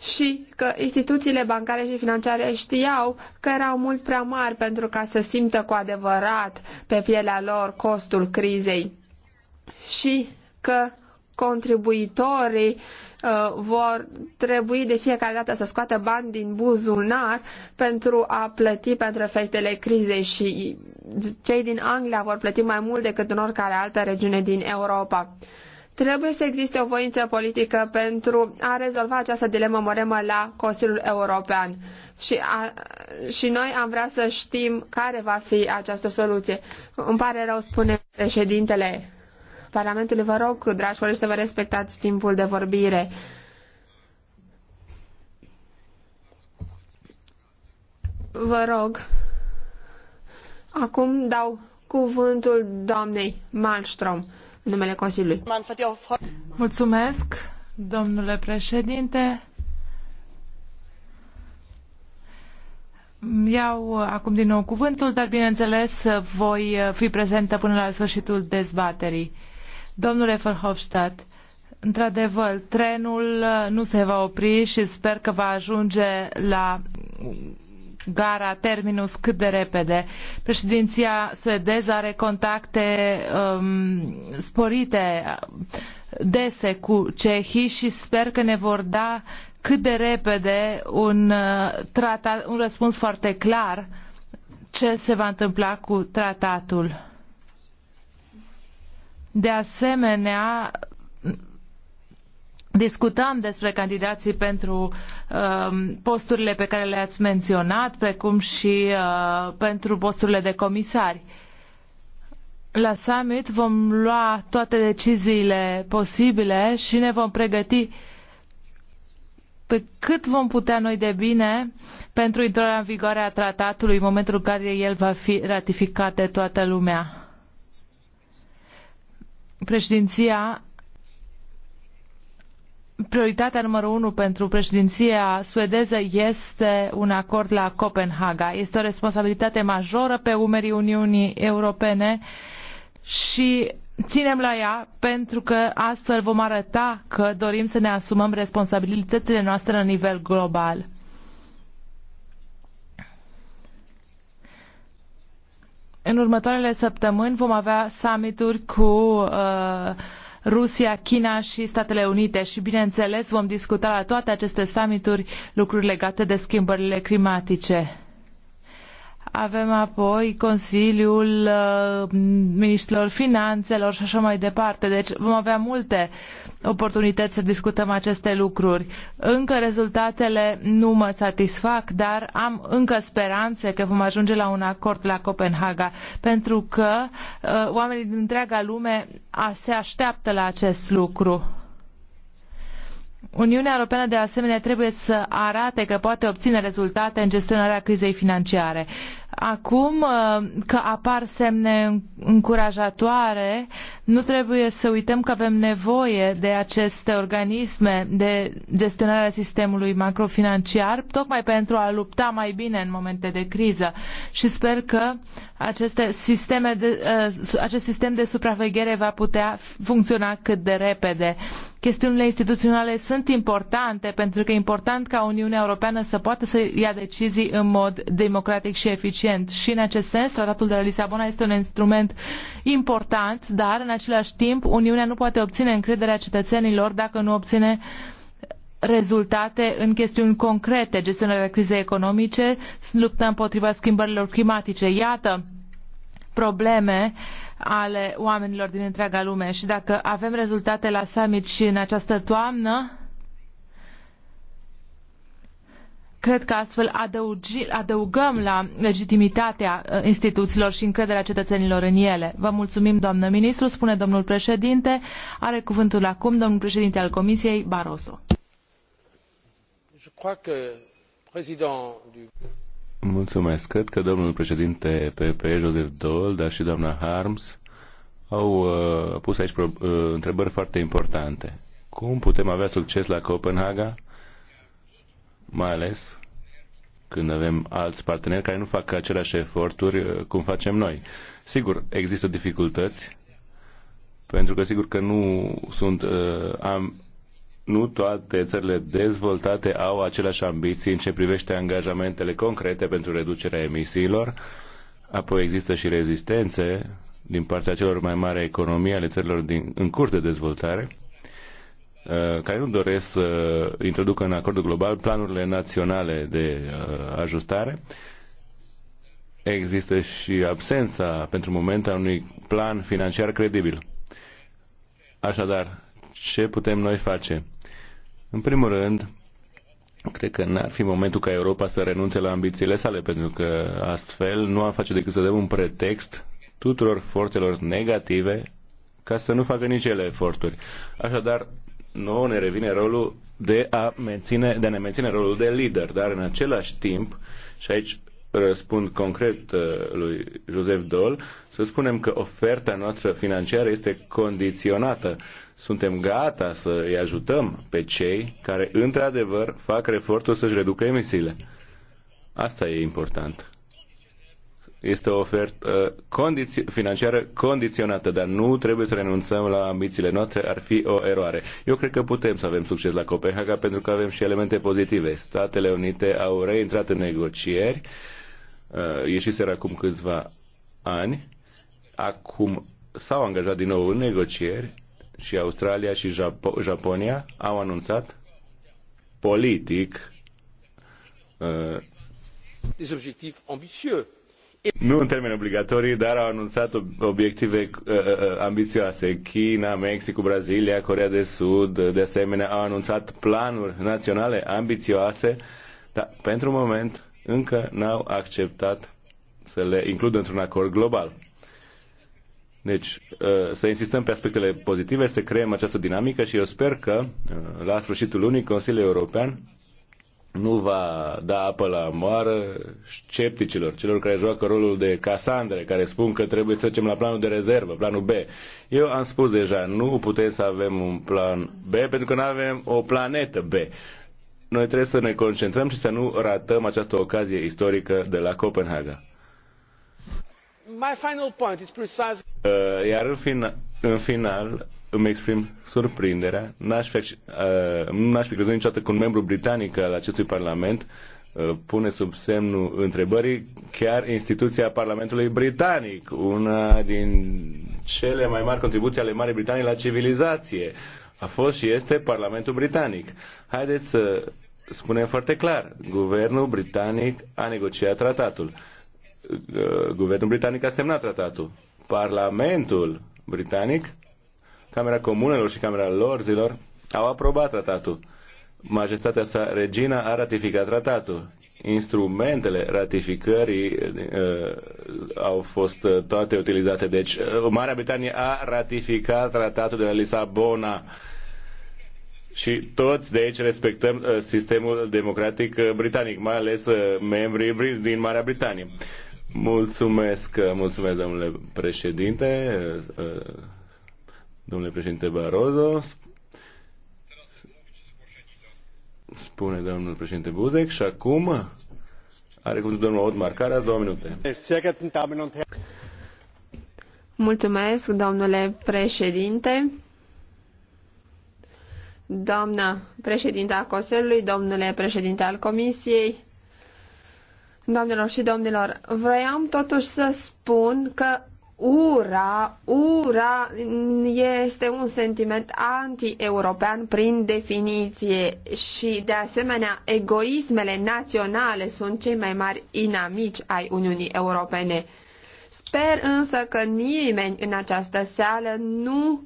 și că instituțiile bancare și financiare știau că erau mult prea mari pentru ca să simtă cu adevărat pe pielea lor costul crizei și că contribuitorii uh, vor trebui de fiecare dată să scoată bani din buzunar pentru a plăti pentru efectele crizei și cei din Anglia vor plăti mai mult decât în oricare altă regiune din Europa. Trebuie să existe o voință politică pentru a rezolva această dilemă moremă la Consiliul European. Și, a, și noi am vrea să știm care va fi această soluție. Îmi pare rău, spune președintele Parlamentului. Vă rog, dragi colegi, să vă respectați timpul de vorbire. Vă rog. Acum dau cuvântul doamnei Malmström numele Consiliului. Mulțumesc, domnule președinte. Iau acum din nou cuvântul, dar bineînțeles voi fi prezentă până la sfârșitul dezbaterii. Domnule Verhofstadt, într-adevăr, trenul nu se va opri și sper că va ajunge la gara terminus cât de repede. Președinția suedeză are contacte um, sporite dese cu cehii și sper că ne vor da cât de repede un, uh, tratat, un răspuns foarte clar ce se va întâmpla cu tratatul. De asemenea, Discutăm despre candidații pentru um, posturile pe care le-ați menționat, precum și uh, pentru posturile de comisari. La summit vom lua toate deciziile posibile și ne vom pregăti pe cât vom putea noi de bine pentru intrarea în vigoare a tratatului în momentul în care el va fi ratificat de toată lumea. Președinția prioritatea numărul unu pentru președinția suedeză este un acord la Copenhaga. Este o responsabilitate majoră pe umerii Uniunii Europene și ținem la ea pentru că astfel vom arăta că dorim să ne asumăm responsabilitățile noastre la nivel global. În următoarele săptămâni vom avea summituri cu uh, Rusia, China și Statele Unite și, bineînțeles, vom discuta la toate aceste summituri lucruri legate de schimbările climatice. Avem apoi Consiliul uh, Ministrilor Finanțelor și așa mai departe. Deci vom avea multe oportunități să discutăm aceste lucruri. Încă rezultatele nu mă satisfac, dar am încă speranțe că vom ajunge la un acord la Copenhaga, pentru că uh, oamenii din întreaga lume se așteaptă la acest lucru. Uniunea Europeană de asemenea trebuie să arate că poate obține rezultate în gestionarea crizei financiare. Acum uh, că apar semne încurajatoare, nu trebuie să uităm că avem nevoie de aceste organisme de gestionare a sistemului macrofinanciar, tocmai pentru a lupta mai bine în momente de criză. Și sper că aceste sisteme de, uh, acest sistem de supraveghere va putea funcționa cât de repede. Chestiunile instituționale sunt importante pentru că e important ca Uniunea Europeană să poată să ia decizii în mod democratic și eficient suficient și în acest sens tratatul de la Lisabona este un instrument important, dar în același timp Uniunea nu poate obține încrederea cetățenilor dacă nu obține rezultate în chestiuni concrete, gestionarea crizei economice, lupta împotriva schimbărilor climatice. Iată probleme ale oamenilor din întreaga lume și dacă avem rezultate la summit și în această toamnă, Cred că astfel adăugi, adăugăm la legitimitatea uh, instituțiilor și încrederea cetățenilor în ele. Vă mulțumim, doamnă ministru, spune domnul președinte. Are cuvântul acum domnul președinte al Comisiei, Barroso. Mulțumesc. Cred că domnul președinte PPE, Joseph Dole, dar și doamna Harms au uh, pus aici uh, întrebări foarte importante. Cum putem avea succes la Copenhaga mai ales când avem alți parteneri care nu fac aceleași eforturi uh, cum facem noi. Sigur, există dificultăți, pentru că sigur că nu sunt uh, am, nu toate țările dezvoltate au aceleași ambiții în ce privește angajamentele concrete pentru reducerea emisiilor. Apoi există și rezistențe din partea celor mai mari economii ale țărilor din, în curs de dezvoltare Uh, care nu doresc să introducă în acordul global planurile naționale de uh, ajustare. Există și absența, pentru moment, a unui plan financiar credibil. Așadar, ce putem noi face? În primul rând, cred că n-ar fi momentul ca Europa să renunțe la ambițiile sale, pentru că astfel nu am face decât să dăm un pretext tuturor forțelor negative ca să nu facă nici ele eforturi. Așadar, nouă ne revine rolul de a, menține, de a ne menține rolul de lider, dar în același timp, și aici răspund concret uh, lui Joseph Dol, să spunem că oferta noastră financiară este condiționată. Suntem gata să îi ajutăm pe cei care, într-adevăr, fac efortul să-și reducă emisiile. Asta e important este o ofertă condiți- financiară condiționată, dar nu trebuie să renunțăm la ambițiile noastre, ar fi o eroare. Eu cred că putem să avem succes la Copenhaga pentru că avem și elemente pozitive. Statele Unite au reintrat în negocieri, uh, ieșiseră acum câțiva ani, acum s-au angajat din nou în negocieri și Australia și Japo- Japonia au anunțat politic uh, des objectifs ambitieux nu în termeni obligatorii, dar au anunțat obiective uh, uh, ambițioase. China, Mexic, Brazilia, Corea de Sud, uh, de asemenea, au anunțat planuri naționale ambițioase, dar pentru moment încă n-au acceptat să le includă într-un acord global. Deci, uh, să insistăm pe aspectele pozitive, să creăm această dinamică și eu sper că la sfârșitul lunii Consiliul European nu va da apă la moară scepticilor, celor care joacă rolul de Casandre, care spun că trebuie să trecem la planul de rezervă, planul B. Eu am spus deja, nu putem să avem un plan B pentru că nu avem o planetă B. Noi trebuie să ne concentrăm și să nu ratăm această ocazie istorică de la Copenhaga. My final point is precise. Uh, iar în, în final, îmi exprim surprinderea. N-aș fi, uh, fi crezut niciodată că un membru britanic al acestui Parlament uh, pune sub semnul întrebării chiar instituția Parlamentului Britanic, una din cele mai mari contribuții ale Marii Britanii la civilizație. A fost și este Parlamentul Britanic. Haideți să spunem foarte clar, guvernul britanic a negociat tratatul. Uh, guvernul britanic a semnat tratatul. Parlamentul britanic Camera Comunelor și Camera Lorzilor au aprobat tratatul. Majestatea sa, regina, a ratificat tratatul. Instrumentele ratificării uh, au fost uh, toate utilizate. Deci, uh, Marea Britanie a ratificat tratatul de la Lisabona și toți de aici respectăm uh, sistemul democratic uh, britanic, mai ales uh, membrii din Marea Britanie. Mulțumesc, uh, mulțumesc domnule președinte. Uh, uh, Domnule președinte Barroso, spune domnul președinte Buzek și acum are cuvântul domnul Aud Caras, două minute. Mulțumesc, domnule președinte. Doamna președinte a Coselului, domnule președinte al Comisiei, doamnelor și domnilor, vroiam totuși să spun că Ura, ura este un sentiment anti-european prin definiție și, de asemenea, egoismele naționale sunt cei mai mari inamici ai Uniunii Europene. Sper însă că nimeni în această seală nu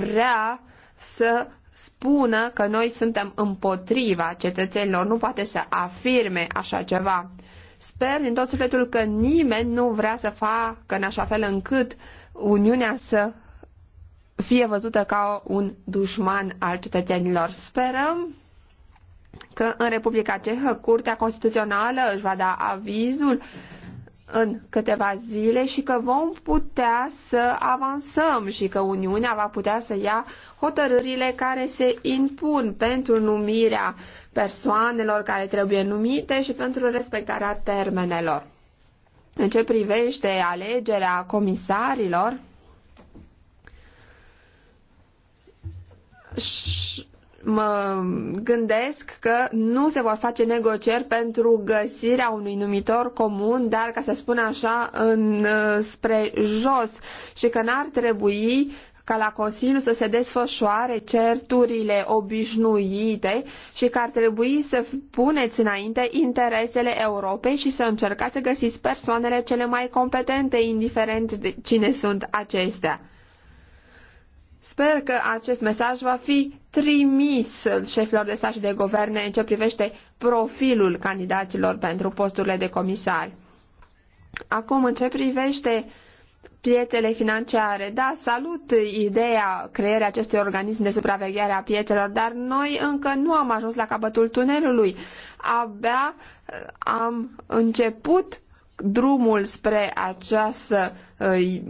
vrea să spună că noi suntem împotriva cetățenilor, nu poate să afirme așa ceva. Sper din tot sufletul că nimeni nu vrea să facă în așa fel încât Uniunea să fie văzută ca un dușman al cetățenilor. Sperăm că în Republica Cehă Curtea Constituțională își va da avizul în câteva zile și că vom putea să avansăm și că Uniunea va putea să ia hotărârile care se impun pentru numirea persoanelor care trebuie numite și pentru respectarea termenelor. În ce privește alegerea comisarilor, mă gândesc că nu se vor face negocieri pentru găsirea unui numitor comun, dar ca să spun așa, în, ă, spre jos și că n-ar trebui ca la Consiliu să se desfășoare certurile obișnuite și că ar trebui să puneți înainte interesele Europei și să încercați să găsiți persoanele cele mai competente, indiferent de cine sunt acestea. Sper că acest mesaj va fi trimis șefilor de stat și de guverne în ce privește profilul candidaților pentru posturile de comisari. Acum, în ce privește piețele financiare, da, salut ideea creării acestui organism de supraveghere a piețelor, dar noi încă nu am ajuns la capătul tunelului. Abia eh, am început drumul spre această eh,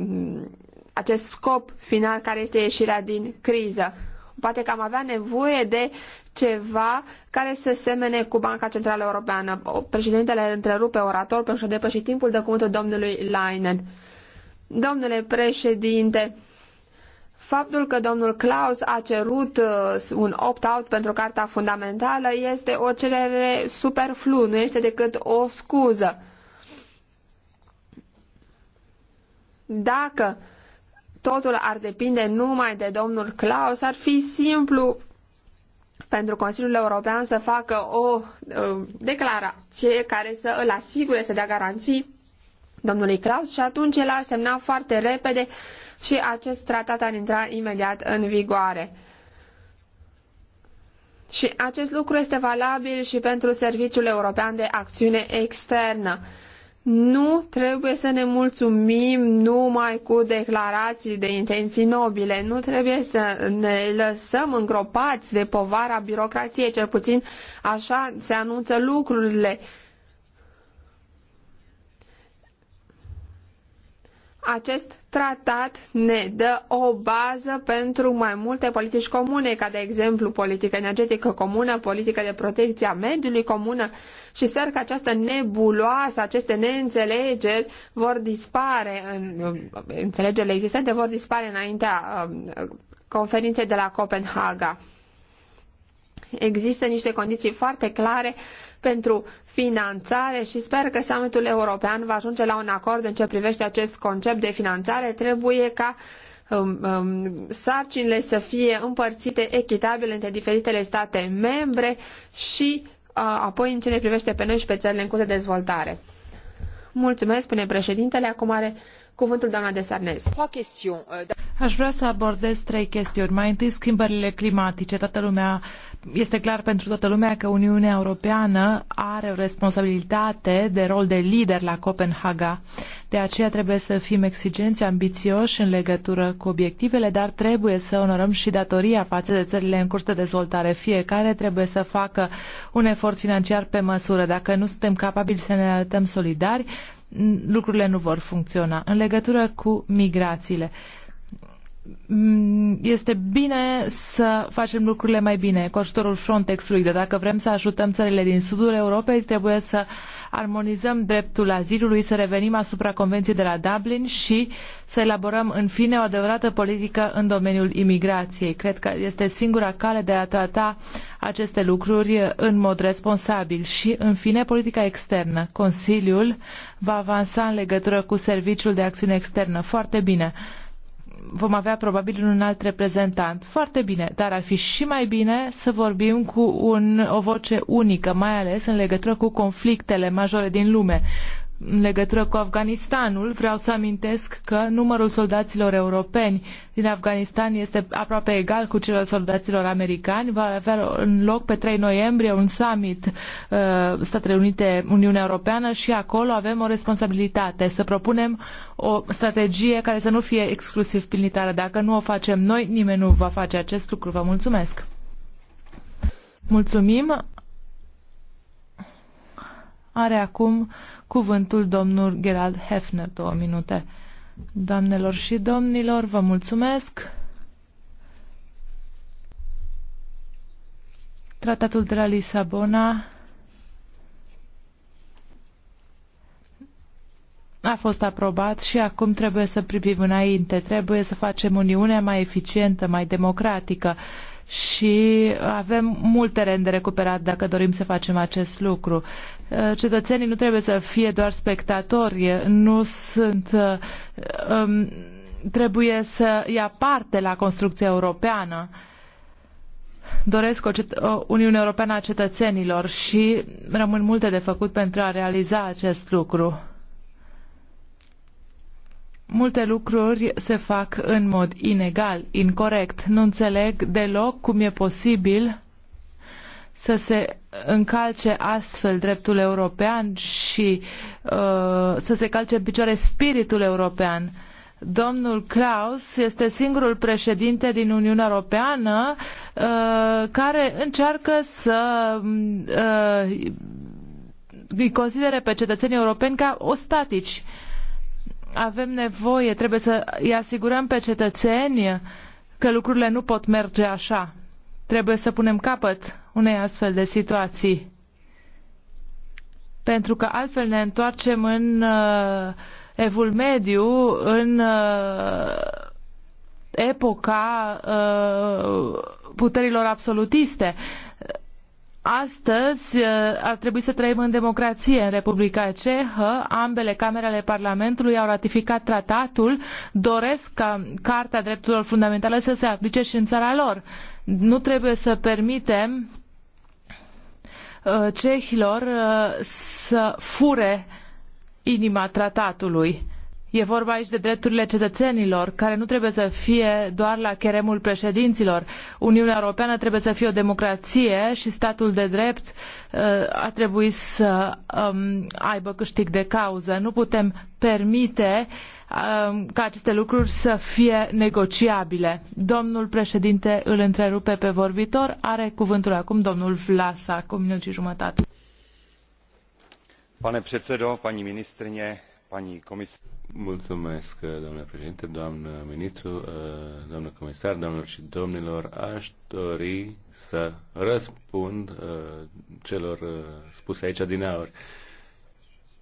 acest scop final care este ieșirea din criză. Poate că am avea nevoie de ceva care să semene cu Banca Centrală Europeană. Președintele întrerupe orator pentru a depăși timpul de cuvântul domnului Leinen. Domnule președinte, Faptul că domnul Klaus a cerut uh, un opt-out pentru Carta Fundamentală este o cerere superflu, nu este decât o scuză. Dacă totul ar depinde numai de domnul Klaus, ar fi simplu pentru Consiliul European să facă o uh, declarație care să îl asigure, să dea garanții domnului Klaus și atunci el a semnat foarte repede și acest tratat ar intra imediat în vigoare. Și acest lucru este valabil și pentru Serviciul European de Acțiune Externă. Nu trebuie să ne mulțumim numai cu declarații de intenții nobile, nu trebuie să ne lăsăm îngropați de povara birocrației, cel puțin așa se anunță lucrurile acest tratat ne dă o bază pentru mai multe politici comune, ca de exemplu politică energetică comună, politică de protecție a mediului comună și sper că această nebuloasă, aceste neînțelegeri vor dispare, în, înțelegerile existente vor dispare înaintea um, conferinței de la Copenhaga. Există niște condiții foarte clare pentru finanțare și sper că summitul european va ajunge la un acord în ce privește acest concept de finanțare. Trebuie ca um, um, sarcinile să fie împărțite echitabil între diferitele state membre și apoi în ce ne privește pe noi și pe țările în curs de dezvoltare. Mulțumesc, spune președintele. Acum are cuvântul doamna de Sarnez. Uh, da. Aș vrea să abordez trei chestiuni. Mai întâi, schimbările climatice. Toată lumea este clar pentru toată lumea că Uniunea Europeană are o responsabilitate de rol de lider la Copenhaga. De aceea trebuie să fim exigenți, ambițioși în legătură cu obiectivele, dar trebuie să onorăm și datoria față de țările în curs de dezvoltare. Fiecare trebuie să facă un efort financiar pe măsură. Dacă nu suntem capabili să ne arătăm solidari, lucrurile nu vor funcționa. În legătură cu migrațiile, Mm, este bine să facem lucrurile mai bine cu ajutorul Frontex-ului, dar dacă vrem să ajutăm țările din sudul Europei, trebuie să armonizăm dreptul azilului, să revenim asupra Convenției de la Dublin și să elaborăm în fine o adevărată politică în domeniul imigrației. Cred că este singura cale de a trata aceste lucruri în mod responsabil. Și, în fine, politica externă. Consiliul va avansa în legătură cu Serviciul de Acțiune Externă. Foarte bine vom avea probabil un alt reprezentant. Foarte bine, dar ar fi și mai bine să vorbim cu un, o voce unică, mai ales în legătură cu conflictele majore din lume în legătură cu Afganistanul, vreau să amintesc că numărul soldaților europeni din Afganistan este aproape egal cu cel al soldaților americani. Va avea în loc pe 3 noiembrie un summit uh, Statele Unite, Uniunea Europeană și acolo avem o responsabilitate să propunem o strategie care să nu fie exclusiv militară. Dacă nu o facem noi, nimeni nu va face acest lucru. Vă mulțumesc! Mulțumim! Are acum cuvântul domnul Gerald Hefner, două minute. Doamnelor și domnilor, vă mulțumesc. Tratatul de la Lisabona a fost aprobat și acum trebuie să privim înainte, trebuie să facem Uniunea mai eficientă, mai democratică și avem mult teren de recuperat dacă dorim să facem acest lucru. Uh, cetățenii nu trebuie să fie doar spectatori, nu sunt. Uh, um, trebuie să ia parte la construcția europeană doresc o, o Uniune Europeană a cetățenilor și rămân multe de făcut pentru a realiza acest lucru multe lucruri se fac în mod inegal, incorrect. Nu înțeleg deloc cum e posibil să se încalce astfel dreptul european și uh, să se calce în picioare spiritul european. Domnul Klaus este singurul președinte din Uniunea Europeană uh, care încearcă să uh, îi considere pe cetățenii europeni ca ostatici. Uh, avem nevoie, trebuie să îi asigurăm pe cetățeni că lucrurile nu pot merge așa. Trebuie să punem capăt unei astfel de situații. Pentru că altfel ne întoarcem în uh, evul mediu, în uh, epoca uh, puterilor absolutiste. Uh, Astăzi uh, ar trebui să trăim în democrație în Republica Cehă. Ambele camere ale Parlamentului au ratificat tratatul, doresc ca Carta Drepturilor Fundamentale să se aplice și în țara lor. Nu trebuie să permitem uh, cehilor uh, să fure inima tratatului. E vorba aici de drepturile cetățenilor, care nu trebuie să fie doar la cheremul președinților. Uniunea Europeană trebuie să fie o democrație și statul de drept uh, a să um, aibă câștig de cauză. Nu putem permite um, ca aceste lucruri să fie negociabile. Domnul președinte îl întrerupe pe vorbitor. Are cuvântul acum domnul Vlasa, cu minut și jumătate. Pane președinte, pani ministrine, pani comisar. Mulțumesc, uh, domnule președinte, doamnă ministru, uh, doamnă comisar, domnilor și domnilor. Aș dori să răspund uh, celor spuse aici din aur.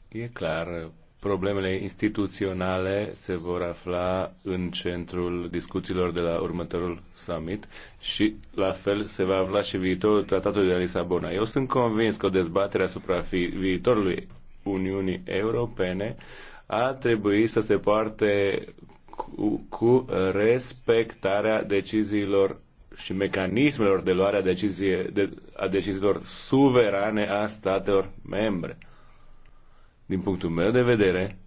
E clar, problemele instituționale se vor afla în centrul discuțiilor de la următorul summit și la fel se va afla și viitorul tratatului de la Lisabona. Eu sunt convins că o dezbatere asupra viitorului Uniunii Europene uh, a trebui să se poarte cu, cu respectarea deciziilor și mecanismelor de luare a, decizie, de, a deciziilor suverane a statelor membre. Din punctul meu de vedere,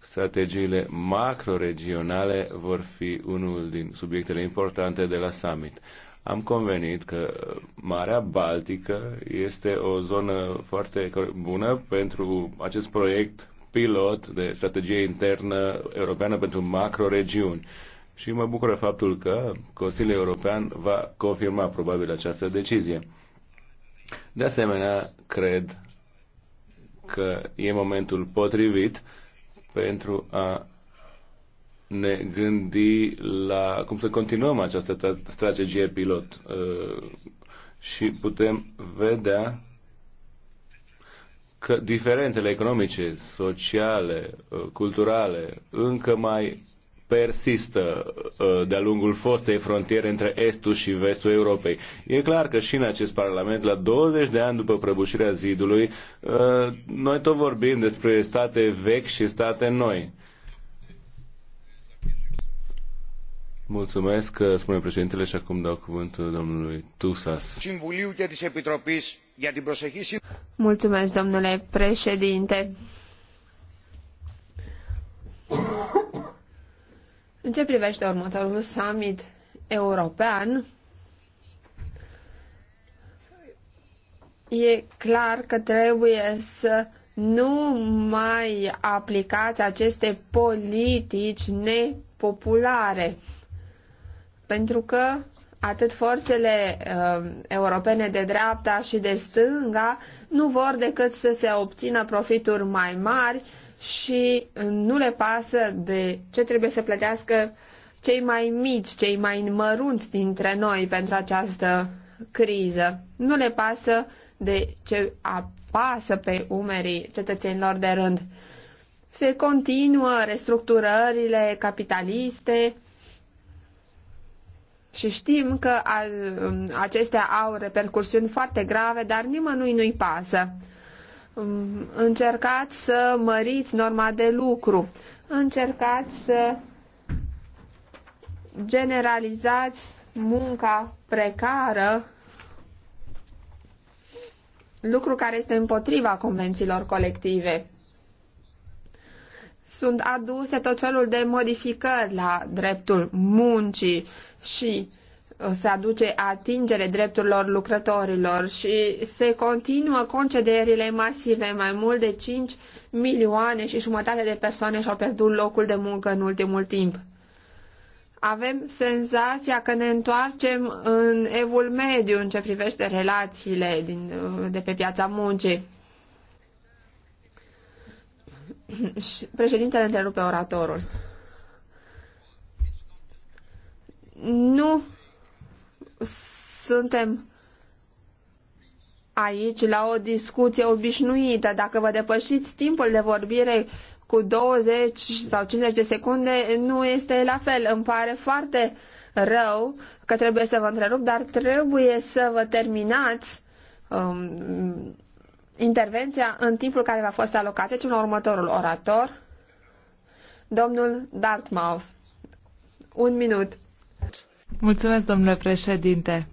strategiile macroregionale vor fi unul din subiectele importante de la summit am convenit că Marea Baltică este o zonă foarte bună pentru acest proiect pilot de strategie internă europeană pentru macroregiuni. Și mă bucură faptul că Consiliul European va confirma probabil această decizie. De asemenea, cred că e momentul potrivit pentru a ne gândi la cum să continuăm această strategie pilot uh, și putem vedea că diferențele economice, sociale, uh, culturale încă mai persistă uh, de-a lungul fostei frontiere între estul și vestul Europei. E clar că și în acest Parlament, la 20 de ani după prăbușirea zidului, noi tot vorbim despre state vechi și state noi. Mulțumesc, spune președintele, și acum dau cuvântul domnului Tusas. Mulțumesc, domnule președinte. În ce privește următorul summit european, e clar că trebuie să nu mai aplicați aceste politici nepopulare pentru că atât forțele uh, europene de dreapta și de stânga nu vor decât să se obțină profituri mai mari și uh, nu le pasă de ce trebuie să plătească cei mai mici, cei mai mărunți dintre noi pentru această criză. Nu le pasă de ce apasă pe umerii cetățenilor de rând. Se continuă restructurările capitaliste, și știm că um, acestea au repercusiuni foarte grave, dar nimănui nu-i pasă. Um, încercați să măriți norma de lucru. Încercați să generalizați munca precară, lucru care este împotriva convențiilor colective. Sunt aduse tot felul de modificări la dreptul muncii și se aduce atingere drepturilor lucrătorilor și se continuă concederile masive. Mai mult de 5 milioane și jumătate de persoane și-au pierdut locul de muncă în ultimul timp. Avem senzația că ne întoarcem în evul mediu în ce privește relațiile din, de pe piața muncii. Președintele întrerupe oratorul. nu suntem aici la o discuție obișnuită. Dacă vă depășiți timpul de vorbire cu 20 sau 50 de secunde, nu este la fel. Îmi pare foarte rău că trebuie să vă întrerup, dar trebuie să vă terminați um, intervenția în timpul care v-a fost alocat. Deci, la următorul orator, domnul Dartmouth. Un minut. Mulțumesc, domnule președinte.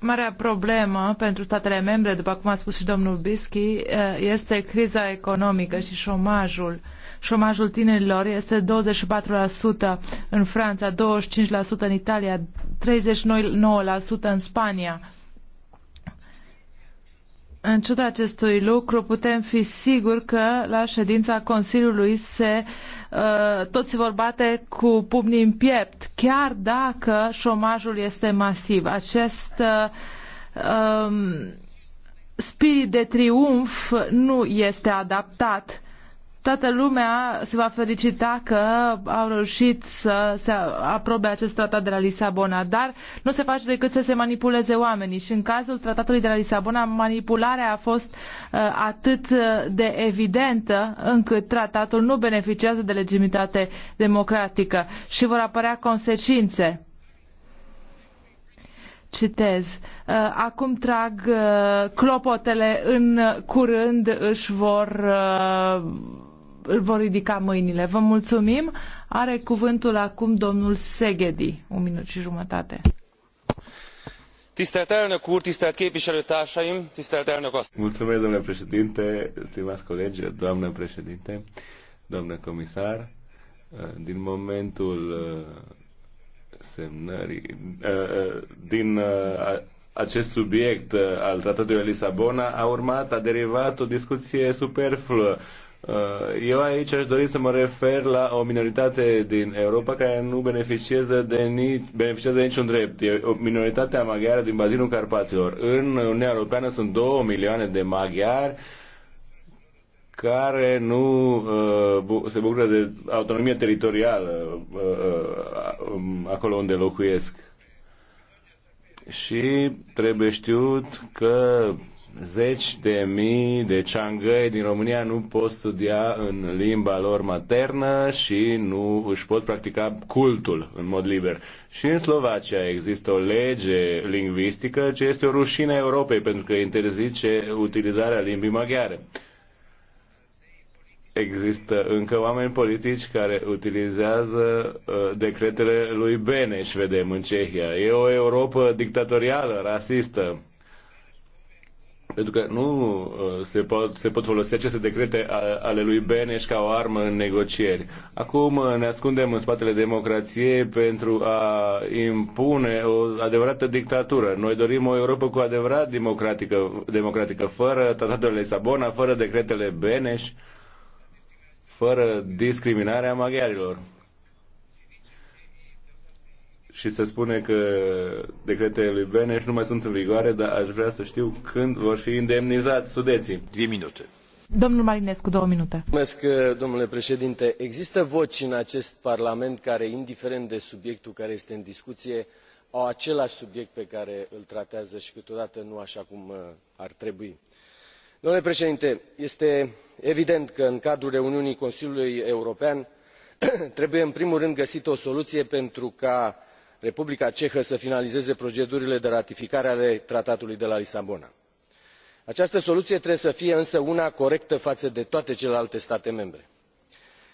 Marea problemă pentru statele membre, după cum a spus și domnul Bischi, eh, este criza economică și șomajul. Șomajul tinerilor este 24% în Franța, 25% în Italia, 39% în Spania. În ciuda acestui lucru, putem fi siguri că la ședința Consiliului se uh, Uh, toți vor bate cu pumnii în piept, chiar dacă șomajul este masiv. Acest uh, um, spirit de triumf nu este adaptat toată lumea se va felicita că au reușit să se aprobe acest tratat de la Lisabona, dar nu se face decât să se manipuleze oamenii și în cazul tratatului de la Lisabona manipularea a fost uh, atât de evidentă încât tratatul nu beneficiază de legitimitate democratică și vor apărea consecințe citez. Uh, acum trag uh, clopotele, în curând își vor uh, vor ridica mâinile. Vă mulțumim. Are cuvântul acum domnul Segedi. Un minut și jumătate. Tisztelt elnök úr, tisztelt képviselőtársaim, tisztelt elnök asszony! Mulțumesc, domnule președinte, stimați colegi, doamnă președinte, doamnă comisar. Din momentul uh, semnării, uh, uh, din acest subiect al Tratatului Lisabona a urmat, a derivat o discuție superfluă Uh, eu aici aș dori să mă refer la o minoritate din Europa care nu beneficiază de, nici, beneficiază de niciun drept. E o minoritatea maghiară din bazinul Carpaților. În Uniunea Europeană sunt două milioane de maghiari care nu uh, se bucură de autonomie teritorială uh, uh, um, acolo unde locuiesc. Și trebuie știut că zeci de mii de ceangăi din România nu pot studia în limba lor maternă și nu își pot practica cultul în mod liber. Și în Slovacia există o lege lingvistică ce este o rușine a Europei pentru că interzice utilizarea limbii maghiare. Există încă oameni politici care utilizează uh, decretele lui Beneș, vedem în Cehia. E o Europa dictatorială, rasistă pentru că nu uh, se pot, se pot folosi aceste decrete ale lui Beneș ca o armă în negocieri. Acum uh, ne ascundem în spatele democrației pentru a impune o adevărată dictatură. Noi dorim o Europa cu adevărat democratică, democratică fără tratatul de Lisabona, fără decretele Beneș, fără discriminarea maghiarilor și se spune că decretele lui Beneș nu mai sunt în vigoare, dar aș vrea să știu când vor fi indemnizați sudeții. Două minute. Domnul Marinescu, două minute. Mulțumesc, domnule președinte. Există voci în acest Parlament care, indiferent de subiectul care este în discuție, au același subiect pe care îl tratează și câteodată nu așa cum uh, ar trebui. Domnule președinte, este evident că în cadrul reuniunii Consiliului European trebuie în primul rând găsită o soluție pentru ca republica cehă să finalizeze procedurile de ratificare ale tratatului de la lisabona. această soluie trebuie să fie însă una corectă faă de toate celelalte state membre.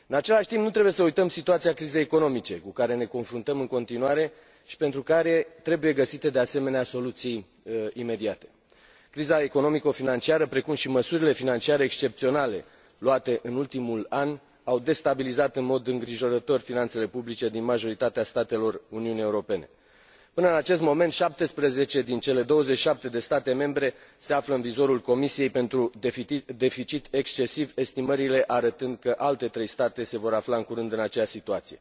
în acelai timp nu trebuie să uităm situaia crizei economice cu care ne confruntăm în continuare i pentru care trebuie găsite de asemenea soluii uh, imediate. criza economico financiară precum i măsurile financiare excepionale luate în ultimul an au destabilizat în mod îngrijorător finanele publice din majoritatea statelor uniunii europene. până în acest moment șaptesprezece din cele douăzeci și șapte de state membre se află în vizorul comisiei pentru deficit excesiv estimările arătând că alte trei state se vor afla în curând în aceeai situaie.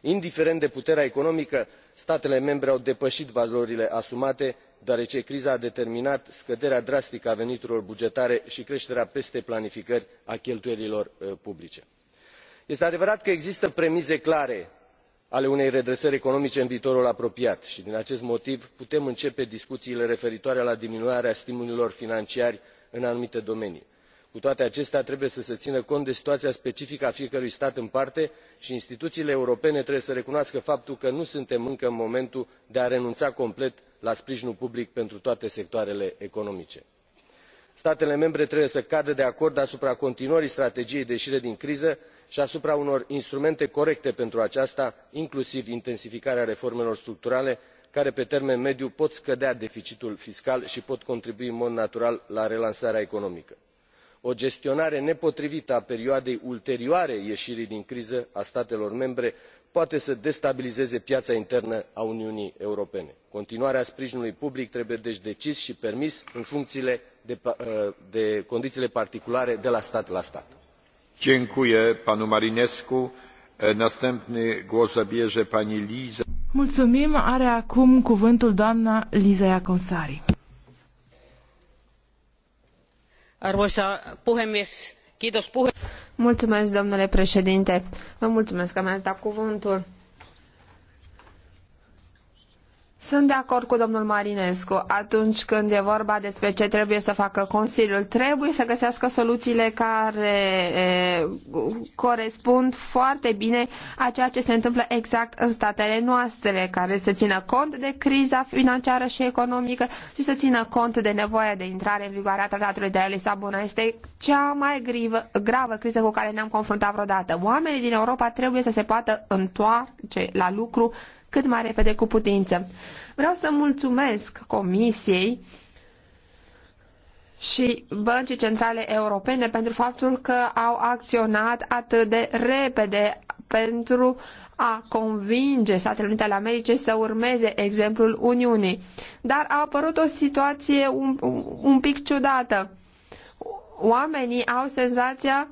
indiferent de puterea economică statele membre au depăit valorile asumate deoarece criza a determinat scăderea drastică a veniturilor bugetare i creterea peste planificări a cheltuielilor uh, publice este adevărat că există premize clare ale unei redresări economice în viitorul apropiat i din acest motiv putem începe discuiile referitoare la diminuarea stimulilor financiari în anumite domenii. cu toate acestea trebuie să se ină cont de situaia specifică a fiecărui stat în parte i instituiile europene trebuie să recunoască faptul că nu suntem încă în momentul de a renuna complet la sprijinul public pentru toate sectoarele economice. statele membre trebuie să cadă de acord asupra continuării strategiei de ieire din criză i asupra unor instrumente corecte pentru aceasta inclusiv intensificarea reformelor structurale care pe termen mediu pot scădea deficitul fiscal i pot contribui în mod natural la relansarea economică. o gestionare nepotrivită a perioadei ulterioare ieirii din criză a statelor membre poate să destabilizeze piaa internă a uniunii europene. continuarea sprijinului public trebuie deci decis i permis în funcie de condiiile particulare de la stat la stat. Dziękuję panu Marinescu. Następny głos zabierze pani Liza. Mulțumim. Are acum cuvântul doamna Liza Iaconsari. Arvoisa puhemies, kiitos puhe... Mulțumesc, domnule președinte. Vă mulțumesc că mi-ați dat cuvântul. Sunt de acord cu domnul Marinescu. Atunci când e vorba despre ce trebuie să facă Consiliul, trebuie să găsească soluțiile care e, corespund foarte bine a ceea ce se întâmplă exact în statele noastre, care să țină cont de criza financiară și economică și să țină cont de nevoia de intrare în vigoare a tratatului de la Lisabona. Este cea mai grivă, gravă criză cu care ne-am confruntat vreodată. Oamenii din Europa trebuie să se poată întoarce la lucru cât mai repede cu putință. Vreau să mulțumesc Comisiei și băncii centrale europene pentru faptul că au acționat atât de repede pentru a convinge Statele Unite ale Americii să urmeze exemplul Uniunii. Dar a apărut o situație un, un pic ciudată. Oamenii au senzația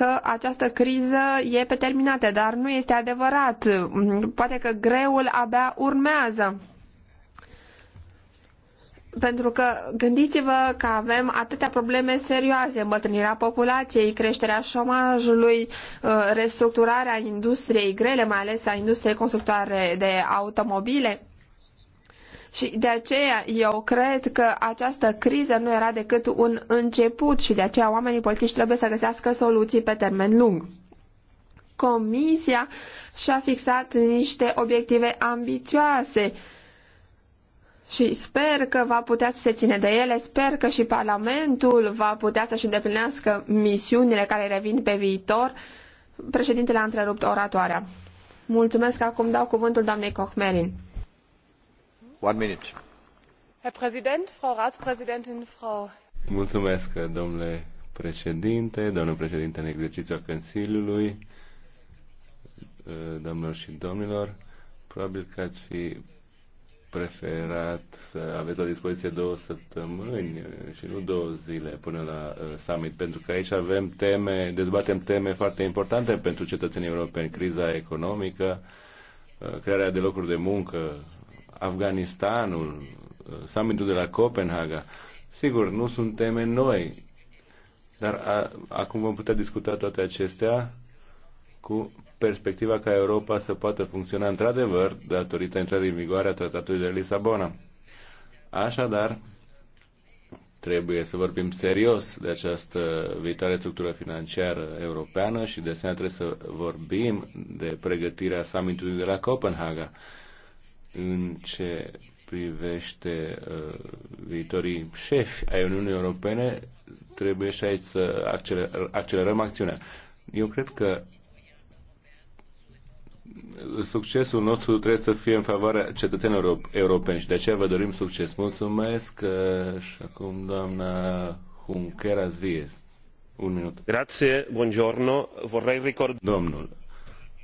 că această criză e pe terminate, dar nu este adevărat. Poate că greul abia urmează. Pentru că gândiți-vă că avem atâtea probleme serioase, îmbătrânirea populației, creșterea șomajului, uh, restructurarea industriei grele, mai ales a industriei constructoare de automobile. Și de aceea eu cred că această criză nu era decât un început și de aceea oamenii politici trebuie să găsească soluții pe termen lung. Comisia și-a fixat niște obiective ambițioase și sper că va putea să se ține de ele, sper că și Parlamentul va putea să-și îndeplinească misiunile care revin pe viitor. Președintele a întrerupt oratoarea. Mulțumesc, acum dau cuvântul doamnei Cochmerin. Mulțumesc, domnule președinte, domnul președinte în exercițiu Consiliului, domnilor și domnilor. Probabil că ați fi preferat să aveți la dispoziție două săptămâni și nu două zile până la uh, summit, pentru că aici avem teme, dezbatem teme foarte importante pentru cetățenii europeni, criza economică, uh, crearea de locuri de muncă, Afganistanul, summitul de la Copenhaga. Sigur, nu sunt teme noi, dar a, acum vom putea discuta toate acestea cu perspectiva ca Europa să poată funcționa într-adevăr datorită intrării în vigoare a Tratatului de Lisabona. Așadar, trebuie să vorbim serios de această viitoare structură financiară europeană și de asemenea trebuie să vorbim de pregătirea summitului de la Copenhaga în ce privește uh, viitorii șefi ai Uniunii Europene, trebuie și aici să acceler- accelerăm acțiunea. Eu cred că succesul nostru trebuie să fie în favoarea cetățenilor europeni și de aceea vă dorim succes. Mulțumesc uh, și acum doamna Junqueras Vies. Un minut. Grazie, buongiorno. Vorrei ricord... Domnul,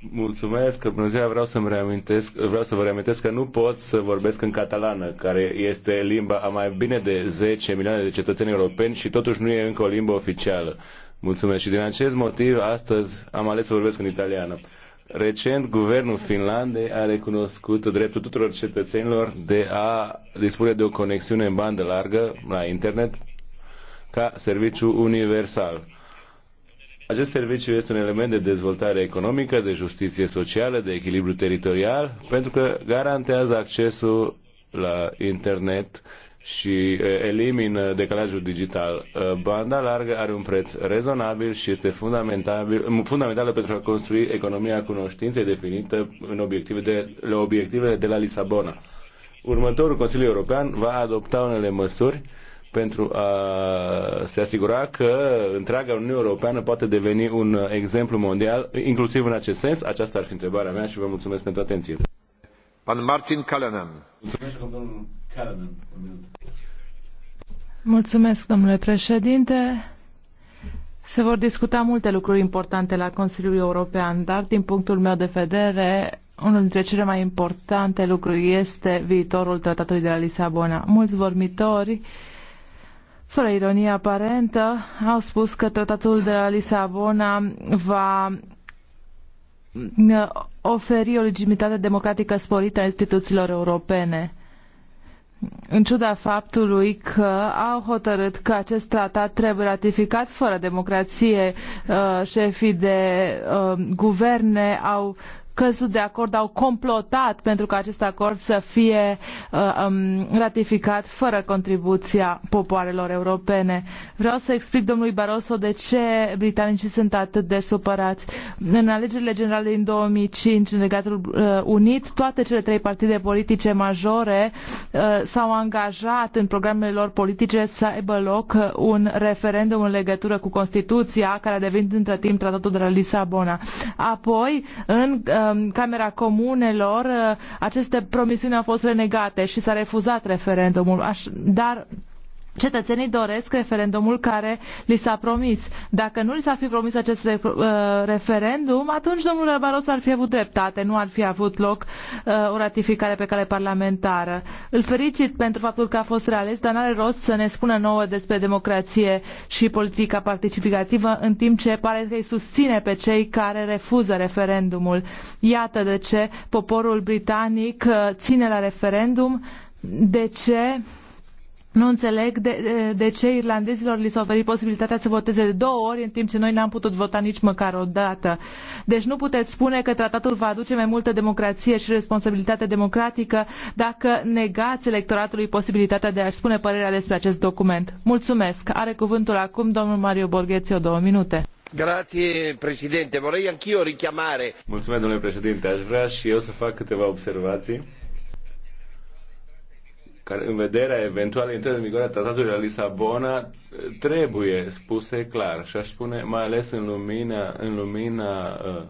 Mulțumesc, că bună ziua, vreau, să-mi reamintesc, vreau să vă reamintesc că nu pot să vorbesc în catalană, care este limba a mai bine de 10 milioane de cetățeni europeni și totuși nu e încă o limbă oficială. Mulțumesc și din acest motiv astăzi am ales să vorbesc în italiană. Recent, guvernul Finlandei a recunoscut dreptul tuturor cetățenilor de a dispune de o conexiune în bandă largă la internet ca serviciu universal acest serviciu este un element de dezvoltare economică, de justiție socială, de echilibru teritorial, pentru că garantează accesul la internet și elimină decalajul digital. Banda largă are un preț rezonabil și este fundamental, fundamentală pentru a construi economia cunoștinței definită în obiective de, la obiectivele de la Lisabona. Următorul Consiliu European va adopta unele măsuri pentru a se asigura că întreaga Uniune Europeană poate deveni un exemplu mondial, inclusiv în acest sens? Aceasta ar fi întrebarea mea și vă mulțumesc pentru atenție. Pan Martin Callanan. Mulțumesc, Mulțumesc, domnule președinte. Se vor discuta multe lucruri importante la Consiliul European, dar din punctul meu de vedere, unul dintre cele mai importante lucruri este viitorul Tratatului de la Lisabona. Mulți uh, fără ironie aparentă, au spus că tratatul de la Lisabona va uh, oferi o legitimitate democratică sporită a instituțiilor europene. În ciuda faptului că au hotărât că acest tratat trebuie ratificat fără democrație, uh, șefii de uh, guverne au căzut de acord, au complotat pentru ca acest acord să fie uh, um, ratificat fără contribuția popoarelor europene. Vreau să explic domnului Barroso de ce britanicii sunt atât de supărați. În alegerile generale din 2005, în Regatul uh, Unit, toate cele trei partide politice majore uh, s-au angajat în programele lor politice să aibă loc un referendum în legătură cu Constituția, care a devenit între timp tratatul de la Lisabona. Apoi, în uh, Um, Camera Comunelor uh, aceste promisiuni au fost renegate și s-a refuzat referendumul. Aș, dar Cetățenii doresc referendumul care li s-a promis. Dacă nu li s-ar fi promis acest re- uh, referendum, atunci domnul Barroso ar fi avut dreptate, nu ar fi avut loc uh, o ratificare pe cale parlamentară. Îl fericit pentru faptul că a fost realist, dar n-are rost să ne spună nouă despre democrație și politica participativă, în timp ce pare că îi susține pe cei care refuză referendumul. Iată de ce poporul britanic uh, ține la referendum, de ce nu înțeleg de, de ce irlandezilor li s-a oferit posibilitatea să voteze de două ori, în timp ce noi n-am putut vota nici măcar o dată. Deci nu puteți spune că tratatul va aduce mai multă democrație și responsabilitate democratică dacă negați electoratului posibilitatea de a-și spune părerea despre acest document. Mulțumesc. Are cuvântul acum domnul Mario Borghețiu, două minute. Grazie, președinte. Vorrei anch'io richiamare. Mulțumesc, domnule președinte. Aș vrea și eu să fac câteva observații care în vederea eventuală intrării în vigoare a tratatului la Lisabona trebuie spuse clar și aș spune mai ales în lumina, în lumina uh,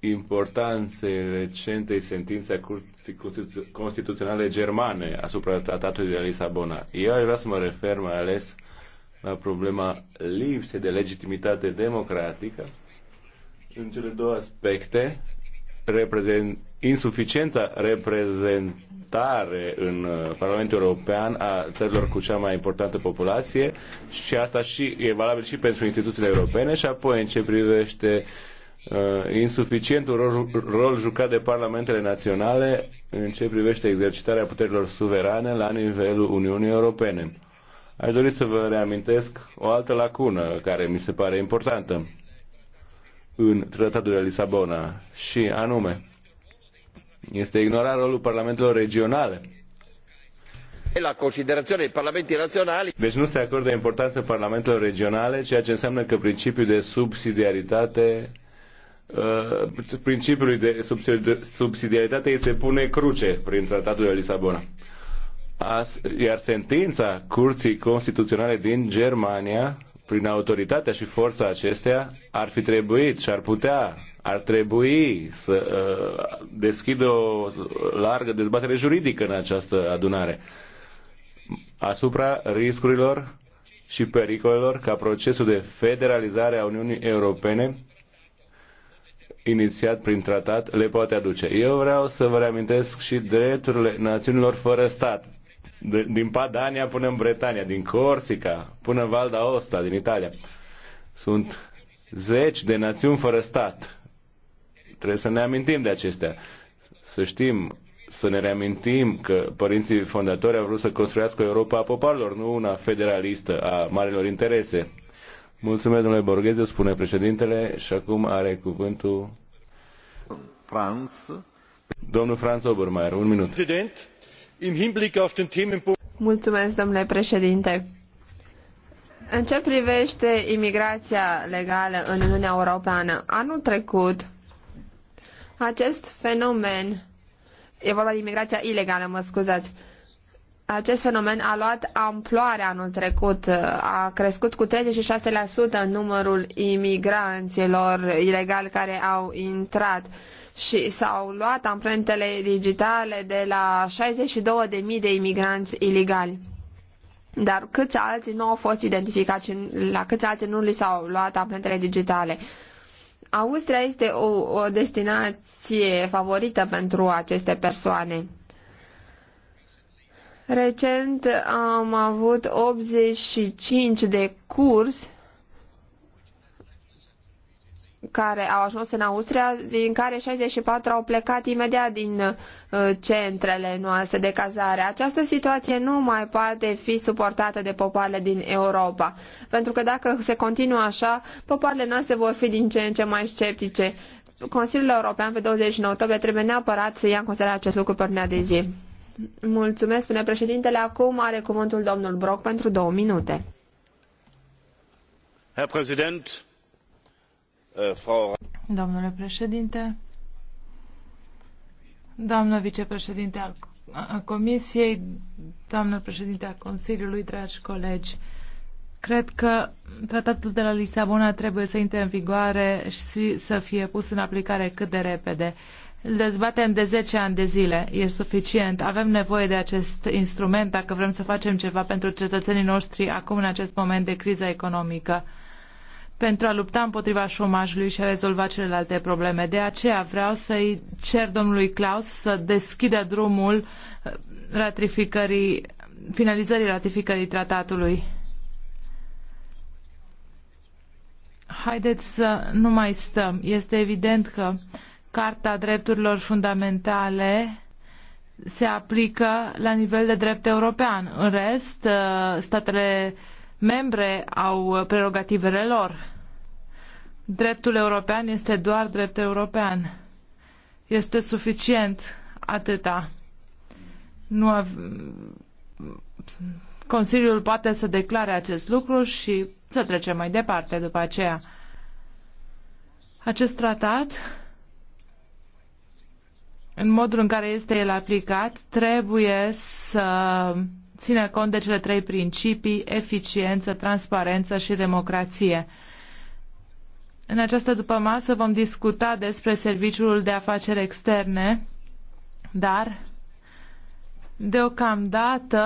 importanței recentei sentințe a Curții Constituționale Germane asupra tratatului de la Lisabona. Eu aș vrea să mă refer mai ales la problema lipsei de legitimitate democratică în cele două aspecte reprezent, insuficientă reprezentare în uh, Parlamentul European a țărilor cu cea mai importantă populație și asta și e valabil și pentru instituțiile europene și apoi în ce privește uh, insuficientul rol, rol jucat de parlamentele naționale în ce privește exercitarea puterilor suverane la nivelul Uniunii Europene. Aș dori să vă reamintesc o altă lacună care mi se pare importantă în Tratatul de Lisabona și anume este ignorat rolul parlamentelor regionale la considerazione dei parlamenti nazionali. Deci nu se acordă importanță parlamentelor regionale, ceea ce înseamnă că principiul de subsidiaritate uh, principiul de subsidiaritate este pune cruce prin tratatul de Lisabona. As, iar sentința Curții Constituționale din Germania prin autoritatea și forța acestea, ar fi trebuit și ar putea, ar trebui să uh, deschidă o largă dezbatere juridică în această adunare asupra riscurilor și pericolelor ca procesul de federalizare a Uniunii Europene inițiat prin tratat le poate aduce. Eu vreau să vă reamintesc și drepturile națiunilor fără stat de, din Padania până în Bretania, din Corsica până în Val d'Aosta, din Italia. Sunt zeci de națiuni fără stat. Trebuie să ne amintim de acestea. Să știm, să ne reamintim că părinții fondatori au vrut să construiască Europa a popoarelor, nu una federalistă a marilor interese. Mulțumesc, domnule Borghezio, spune președintele și acum are cuvântul Franz. Domnul Franz Obermeier, un minut. Președinte, im Hinblick auf den Themenpunkt. Mulțumesc, domnule președinte. În ce privește imigrația legală în Uniunea Europeană, anul trecut acest fenomen, e vorba de imigrația ilegală, mă scuzați, acest fenomen a luat amploare anul trecut, a crescut cu 36% numărul imigranților ilegali care au intrat și s-au luat amprentele digitale de la 62.000 de imigranți ilegali. Dar câți alții nu au fost identificați la câți alții nu li s-au luat amprentele digitale? Austria este o, o destinație favorită pentru aceste persoane. Recent am avut 85 de curs care au ajuns în Austria, din care 64 au plecat imediat din uh, centrele noastre de cazare. Această situație nu mai poate fi suportată de popoarele din Europa, pentru că dacă se continuă așa, popoarele noastre vor fi din ce în ce mai sceptice. Consiliul European pe 29 octombrie trebuie neapărat să ia în considerare acest lucru pe ordinea de zi. Mulțumesc, spune președintele. Acum are cuvântul domnul Brok pentru două minute. Herr Präsident, Domnule președinte, doamnă vicepreședinte al Comisiei, doamnă președinte a Consiliului, dragi colegi, cred că tratatul de la Lisabona trebuie să intre în vigoare și să fie pus în aplicare cât de repede. Îl dezbatem de 10 ani de zile. E suficient. Avem nevoie de acest instrument dacă vrem să facem ceva pentru cetățenii noștri acum în acest moment de criză economică pentru a lupta împotriva șomajului și a rezolva celelalte probleme. De aceea vreau să-i cer domnului Klaus să deschidă drumul uh, ratificării, finalizării ratificării tratatului. Haideți să nu mai stăm. Este evident că Carta Drepturilor Fundamentale se aplică la nivel de drept european. În rest, uh, statele membre au prerogativele lor. Dreptul european este doar drept european. Este suficient atâta. Nu av- Consiliul poate să declare acest lucru și să trecem mai departe după aceea. Acest tratat, în modul în care este el aplicat, trebuie să ține cont de cele trei principii, eficiență, transparență și democrație. În această dupămasă vom discuta despre serviciul de afaceri externe, dar deocamdată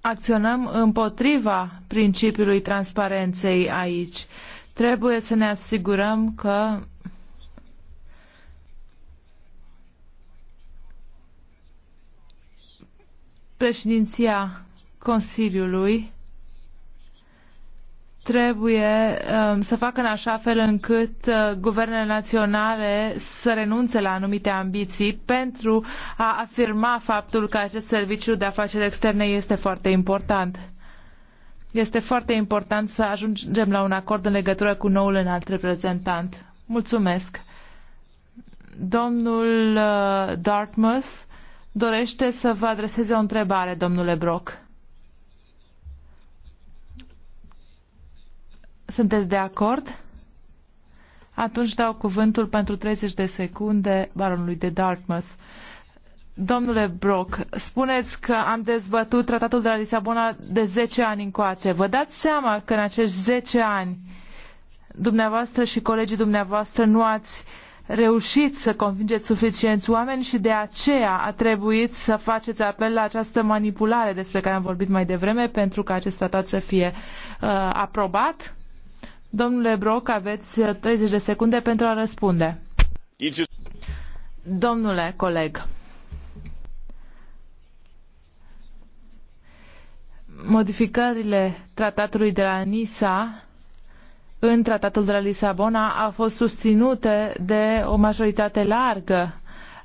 acționăm împotriva principiului transparenței aici. Trebuie să ne asigurăm că președinția Consiliului trebuie um, să facă în așa fel încât uh, guvernele naționale să renunțe la anumite ambiții pentru a afirma faptul că acest serviciu de afaceri externe este foarte important. Este foarte important să ajungem la un acord în legătură cu noul înalt reprezentant. Mulțumesc. Domnul uh, Dartmouth dorește să vă adreseze o întrebare, domnule Brock. Sunteți de acord? Atunci dau cuvântul pentru 30 de secunde baronului de Dartmouth. Domnule Brock, spuneți că am dezbătut tratatul de la Lisabona de 10 ani încoace. Vă dați seama că în acești 10 ani dumneavoastră și colegii dumneavoastră nu ați uh, reușit să convingeți suficienți oameni și de aceea a trebuit să faceți apel la această manipulare despre care am vorbit mai devreme pentru ca acest tratat să fie uh, aprobat. Domnule Broc, aveți 30 de secunde pentru a răspunde. Domnule coleg, modificările tratatului de la Nisa în Tratatul de la Lisabona au fost susținute de o majoritate largă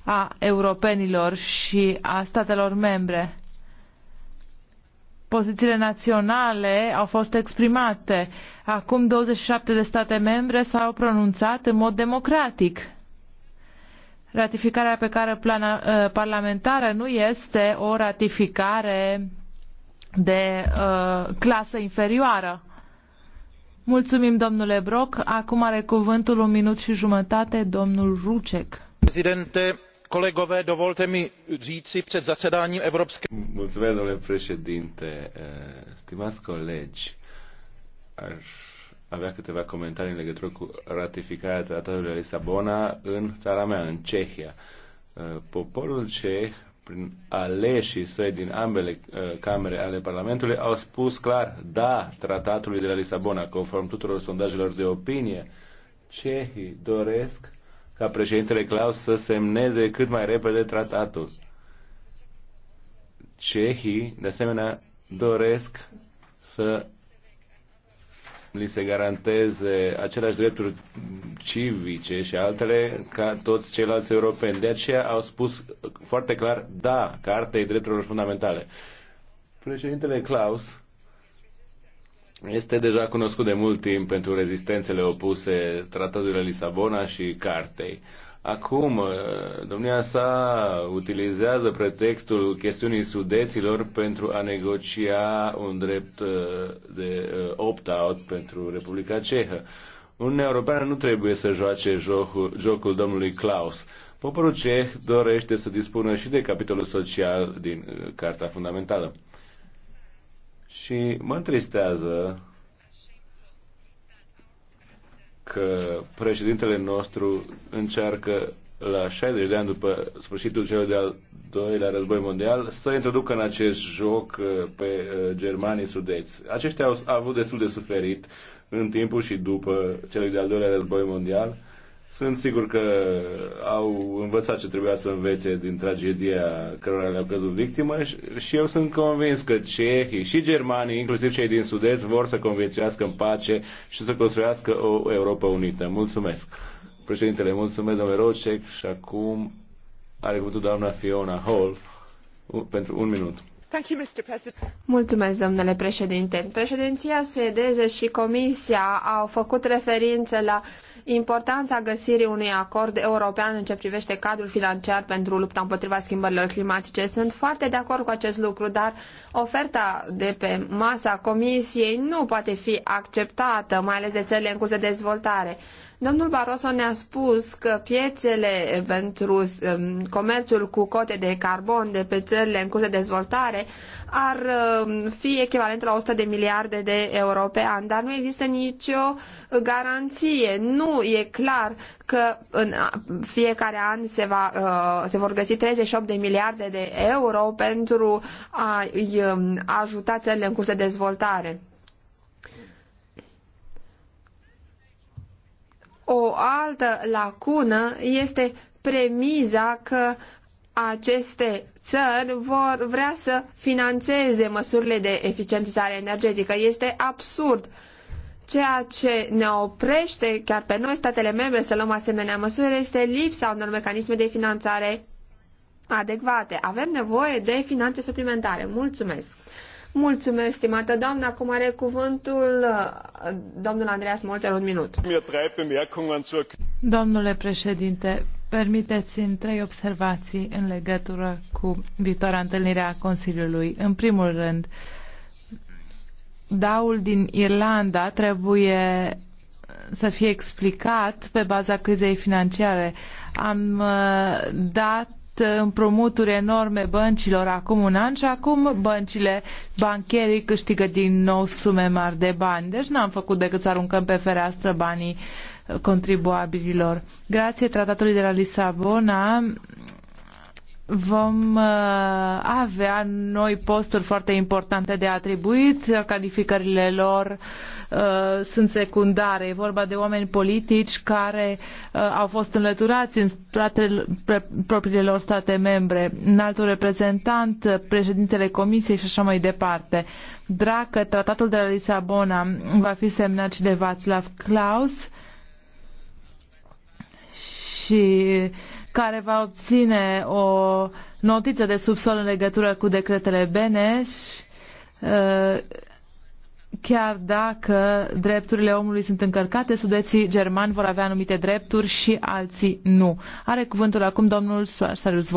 a europenilor și a statelor membre. Pozițiile naționale au fost exprimate. Acum 27 de state membre s-au pronunțat în mod democratic. Ratificarea pe care plana, ă, parlamentară nu este o ratificare de uh, clasă inferioară. Mulțumim, domnule Brock. Acum are cuvântul un minut și jumătate domnul Rucek. Prezidente, kolegové, dovolte mi říci před zasedáním Evropské... Mulțumesc, domnule președinte. Eh, stimați colegi, aș avea câteva comentarii în legătură cu ratificarea tratatului de Lisabona în țara mea, în Cehia. Eh, poporul ceh prin aleșii săi din ambele uh, camere ale Parlamentului, au spus clar da tratatului de la Lisabona, conform tuturor sondajelor de opinie. Cehii doresc ca președintele Claus să semneze cât mai repede tratatul. Cehii, de asemenea, doresc să li se garanteze aceleași drepturi civice și altele ca toți ceilalți europeni. De aceea au spus foarte clar da cartei drepturilor fundamentale. Președintele Klaus este deja cunoscut de mult timp pentru rezistențele opuse Tratatului de Lisabona și Cartei. Acum, uh, domnia sa utilizează pretextul chestiunii sudeților pentru a negocia un drept uh, de uh, opt-out pentru Republica Cehă. Uniunea Europeană nu trebuie să joace jocul, jocul domnului Klaus. Poporul ceh dorește să dispună și de capitolul social din Carta Fundamentală. Și mă întristează că președintele nostru încearcă la 60 de ani după sfârșitul celui de-al doilea război mondial să introducă în acest joc uh, pe uh, germanii sudeți. Aceștia au avut destul de suferit în timpul și după cel de-al doilea război mondial sunt sigur că au învățat ce trebuia să învețe din tragedia cărora le-au căzut victimă și eu sunt convins că cehii și germanii, inclusiv cei din sud-est, vor să conviețuiască în pace și să construiască o Europa unită. Mulțumesc! Președintele, mulțumesc, domnule Rocek, și acum are cuvântul doamna Fiona Hall pentru un minut. Mulțumesc, domnule președinte. Președinția suedeză și Comisia au făcut referință la importanța găsirii unui acord european în ce privește cadrul financiar pentru lupta împotriva schimbărilor climatice. Sunt foarte de acord cu acest lucru, dar oferta de pe masa Comisiei nu poate fi acceptată, mai ales de țările în curs de dezvoltare. Domnul Barroso ne-a spus că piețele pentru um, comerțul cu cote de carbon de pe țările în curs de dezvoltare ar um, fi echivalent la 100 de miliarde de euro pe an, dar nu există nicio garanție. Nu e clar că în fiecare an se, va, uh, se vor găsi 38 de miliarde de euro pentru a um, ajuta țările în curs de dezvoltare. O altă lacună este premiza că aceste țări vor vrea să financeze măsurile de eficientizare energetică. Este absurd. Ceea ce ne oprește chiar pe noi, statele membre, să luăm asemenea măsuri este lipsa unor mecanisme de finanțare adecvate. Avem nevoie de finanțe suplimentare. Mulțumesc! Mulțumesc, stimată doamnă. Acum are cuvântul uh, domnul Andreas Molter, un minut. Domnule președinte, permiteți-mi trei observații în legătură cu viitoarea întâlnire a Consiliului. În primul rând, daul din Irlanda trebuie să fie explicat pe baza crizei financiare. Am uh, dat împrumuturi enorme băncilor acum un an și acum băncile, bancherii câștigă din nou sume mari de bani. Deci n-am făcut decât să aruncăm pe fereastră banii contribuabililor. Grație tratatului de la Lisabona vom uh, avea noi posturi foarte importante de atribuit, calificările lor uh, Uh, sunt secundare. E vorba de oameni politici care uh, au fost înlăturați în statele, propriile lor state membre, în altul reprezentant, uh, președintele Comisiei și așa mai departe. Dracă tratatul de la Lisabona va fi semnat și de Václav Klaus și care va obține o notiță de subsol în legătură cu decretele Beneș, uh, chiar dacă drepturile omului sunt încărcate, sudeții germani vor avea anumite drepturi și alții nu. Are cuvântul acum domnul Sarus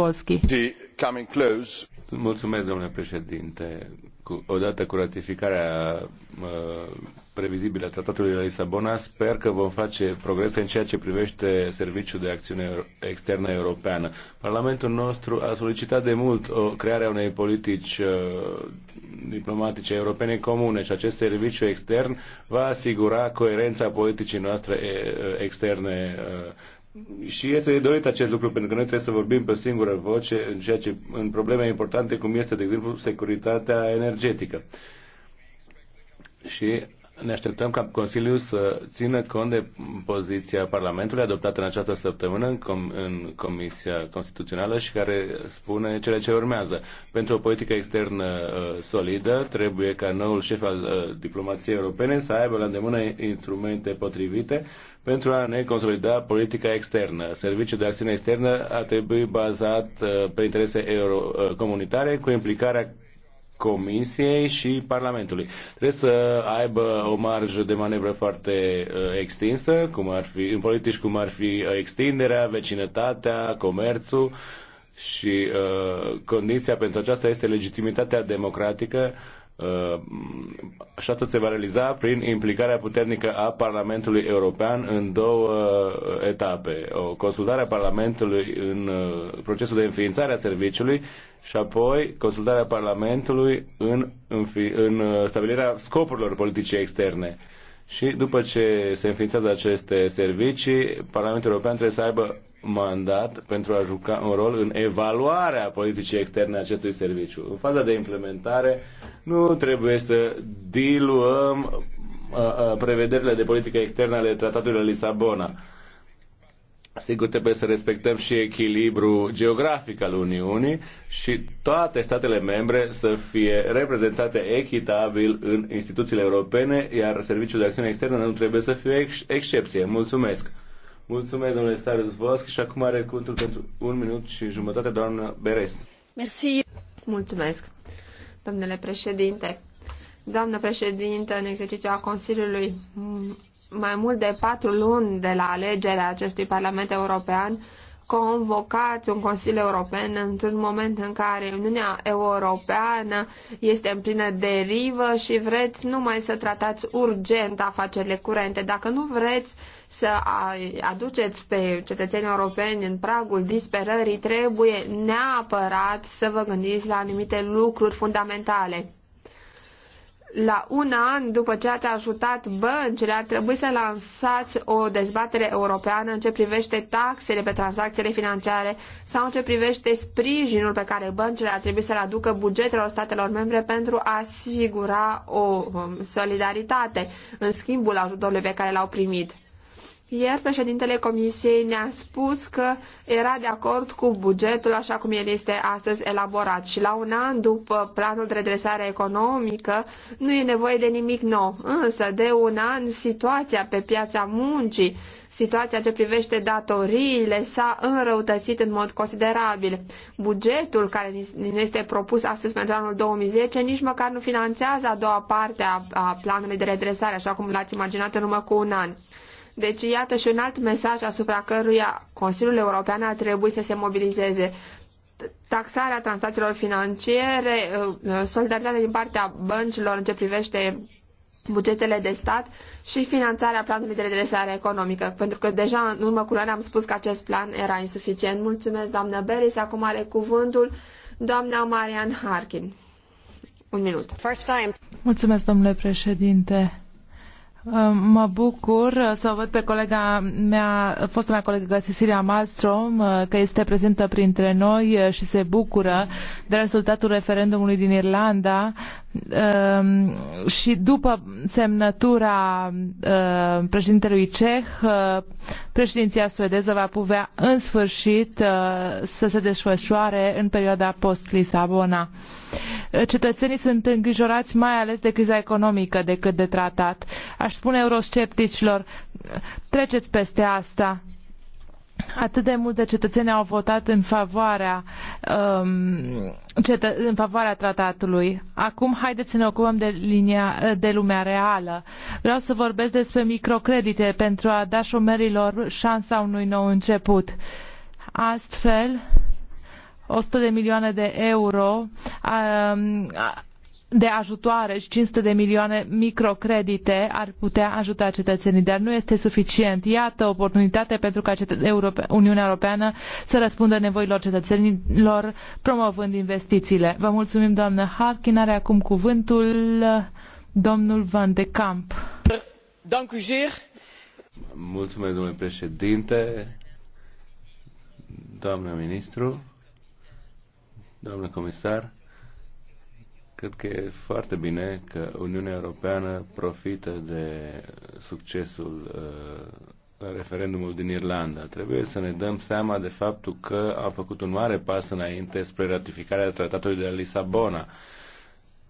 Mulțumesc, domnule președinte cu, odată cu ratificarea uh, previzibilă a Tratatului de la Lisabona, sper că vom face progrese în ceea ce privește Serviciul de Acțiune Externă Europeană. Parlamentul nostru a solicitat de mult o crearea unei politici uh, diplomatice europene comune și acest serviciu extern va asigura coerența politicii noastre uh, externe uh, și este de dorit acest lucru, pentru că noi trebuie să vorbim pe singură voce în, ceea ce, în probleme importante, cum este, de exemplu, securitatea energetică. Și ne așteptăm ca Consiliul să țină cont de poziția Parlamentului adoptată în această săptămână în, com- în Comisia Constituțională și care spune cele ce urmează. Pentru o politică externă uh, solidă, trebuie ca noul șef al uh, diplomației europene să aibă la îndemână instrumente potrivite pentru a ne consolida politica externă. Serviciul de acțiune externă a trebuit bazat uh, pe interese euro, uh, comunitare cu implicarea Comisiei și Parlamentului. Trebuie să aibă o marjă de manevră foarte uh, extinsă, cum ar fi, în politici cum ar fi extinderea, vecinătatea, comerțul și uh, condiția pentru aceasta este legitimitatea democratică uh, Uh, și asta se va realiza prin implicarea puternică a Parlamentului European în două uh, etape. O consultare a Parlamentului în uh, procesul de înființare a serviciului și apoi consultarea Parlamentului în, în, în stabilirea scopurilor politicii externe. Și după ce se înființează aceste servicii, Parlamentul European trebuie să aibă mandat pentru a juca un rol în evaluarea politicii externe a acestui serviciu. În faza de implementare nu trebuie să diluăm uh, uh, prevederile de politică externă ale Tratatului de Lisabona. Sigur, trebuie să respectăm și echilibru geografic al Uniunii și toate statele membre să fie reprezentate echitabil în instituțiile europene, iar Serviciul de Acțiune Externă nu trebuie să fie ex- excepție. Mulțumesc! Mulțumesc, domnule Starius Voschi, și acum are cuvântul pentru un minut și jumătate, doamnă Beres. Mersi. Mulțumesc, domnule președinte. Doamnă președinte, în exercițiu a Consiliului, mai mult de patru luni de la alegerea acestui Parlament European, convocați un Consiliu European într-un moment în care Uniunea Europeană este în plină derivă și vreți numai să tratați urgent afacerile curente. Dacă nu vreți să aduceți pe cetățenii europeni în pragul disperării, trebuie neapărat să vă gândiți la anumite lucruri fundamentale la un an după ce ați ajutat băncile, ar trebui să lansați o dezbatere europeană în ce privește taxele pe tranzacțiile financiare sau în ce privește sprijinul pe care băncile ar trebui să-l aducă bugetelor statelor membre pentru a asigura o um, solidaritate în schimbul ajutorului pe care l-au primit. Iar președintele Comisiei ne-a spus că era de acord cu bugetul așa cum el este astăzi elaborat și la un an după planul de redresare economică nu e nevoie de nimic nou. Însă de un an situația pe piața muncii, situația ce privește datoriile s-a înrăutățit în mod considerabil. Bugetul care ne este propus astăzi pentru anul 2010 nici măcar nu finanțează a doua parte a, a planului de redresare așa cum l-ați imaginat în urmă cu un an. Deci, iată și un alt mesaj asupra căruia Consiliul European ar trebui să se mobilizeze. Taxarea transacțiilor financiare, uh, solidaritatea din partea băncilor în ce privește bugetele de stat și finanțarea planului de redresare economică, pentru că deja în urmă cu am spus că acest plan era insuficient. Mulțumesc, doamnă Beris. Acum are cuvântul doamna Marian Harkin. Un minut. Mulțumesc, domnule președinte. Mă bucur să o văd pe colega mea, fostă mea colegă Cecilia Malmström, uh, că este prezentă printre noi uh, și se bucură de rezultatul referendumului din Irlanda um, și după semnătura uh, președintelui ceh, președinția suedeză va putea în sfârșit să se desfășoare în perioada post-Lisabona cetățenii sunt îngrijorați mai ales de criza economică decât de tratat. Aș spune euroscepticilor, treceți peste asta. Atât de multe cetățeni au votat în favoarea, um, cetă- în favoarea tratatului. Acum haideți să ne ocupăm de, linia, de lumea reală. Vreau să vorbesc despre microcredite pentru a da șomerilor șansa unui nou început. Astfel, 100 de milioane de euro um, de ajutoare și 500 de milioane microcredite ar putea ajuta cetățenii, dar nu este suficient. Iată oportunitate pentru ca Uniunea Europeană să răspundă nevoilor cetățenilor promovând investițiile. Vă mulțumim, doamnă Harkin. Are acum cuvântul domnul Van de Camp. Mulțumesc, domnule președinte, doamnă ministru. Doamnă comisar, cred că e foarte bine că Uniunea Europeană profită de succesul uh, referendumul din Irlanda. Trebuie să ne dăm seama de faptul că a făcut un mare pas înainte spre ratificarea tratatului de la Lisabona.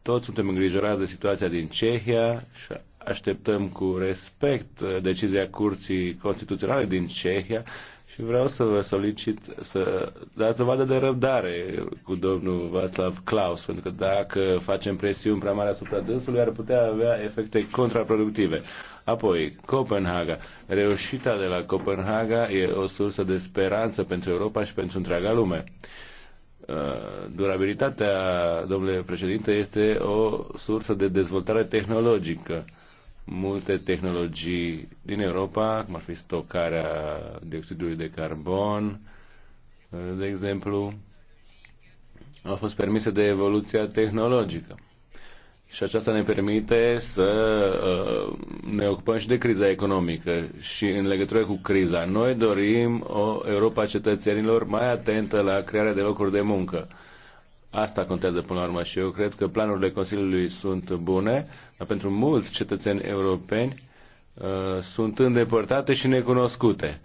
Toți suntem îngrijorați de situația din Cehia și așteptăm cu respect uh, decizia Curții Constituționale din Cehia și vreau să vă solicit să dați vadă de răbdare cu domnul Václav Klaus, pentru că dacă facem presiuni prea mari asupra dânsului, ar putea avea efecte contraproductive. Apoi, Copenhaga. Reușita de la Copenhaga e o sursă de speranță pentru Europa și pentru întreaga lume. Uh, durabilitatea, domnule președinte, este o sursă de dezvoltare tehnologică multe tehnologii din Europa, cum ar fi stocarea dioxidului de carbon, de exemplu, au fost permise de evoluția tehnologică. Și aceasta ne permite să uh, ne ocupăm și de criza economică și în legătură cu criza. Noi dorim o Europa cetățenilor mai atentă la crearea de locuri de muncă Asta contează până la urmă și eu cred că planurile Consiliului sunt bune, dar pentru mulți cetățeni europeni uh, sunt îndepărtate și necunoscute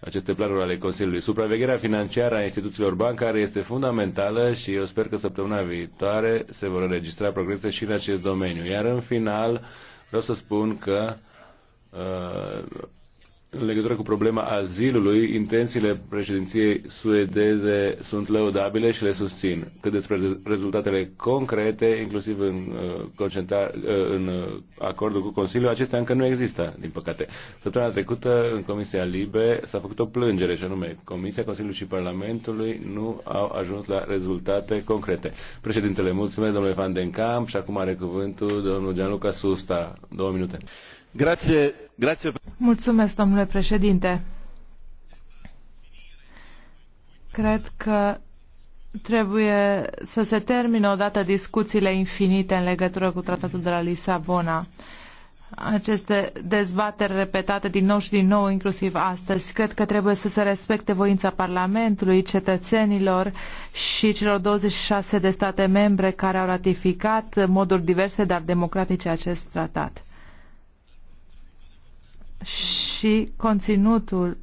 aceste planuri ale Consiliului. Supravegherea financiară a instituțiilor bancare este fundamentală și eu sper că săptămâna viitoare se vor înregistra progrese și în acest domeniu. Iar în final vreau să spun că uh, în legătură cu problema azilului, intențiile președinției suedeze sunt lăudabile și le susțin. Cât despre rezultatele concrete, inclusiv în, uh, uh, în acordul cu Consiliul, acestea încă nu există, din păcate. Săptămâna trecută, în Comisia Libe, s-a făcut o plângere, și anume, Comisia, Consiliului și Parlamentului nu au ajuns la rezultate concrete. Președintele, mulțumesc, domnule Van den Camp, și acum are cuvântul domnul Gianluca Susta. Două minute. Mulțumesc, domnule președinte. Cred că trebuie să se termine odată discuțiile infinite în legătură cu tratatul de la Lisabona. Aceste dezbateri repetate din nou și din nou, inclusiv astăzi, cred că trebuie să se respecte voința Parlamentului, cetățenilor și celor 26 de state membre care au ratificat în moduri diverse, dar democratice, acest tratat și conținutul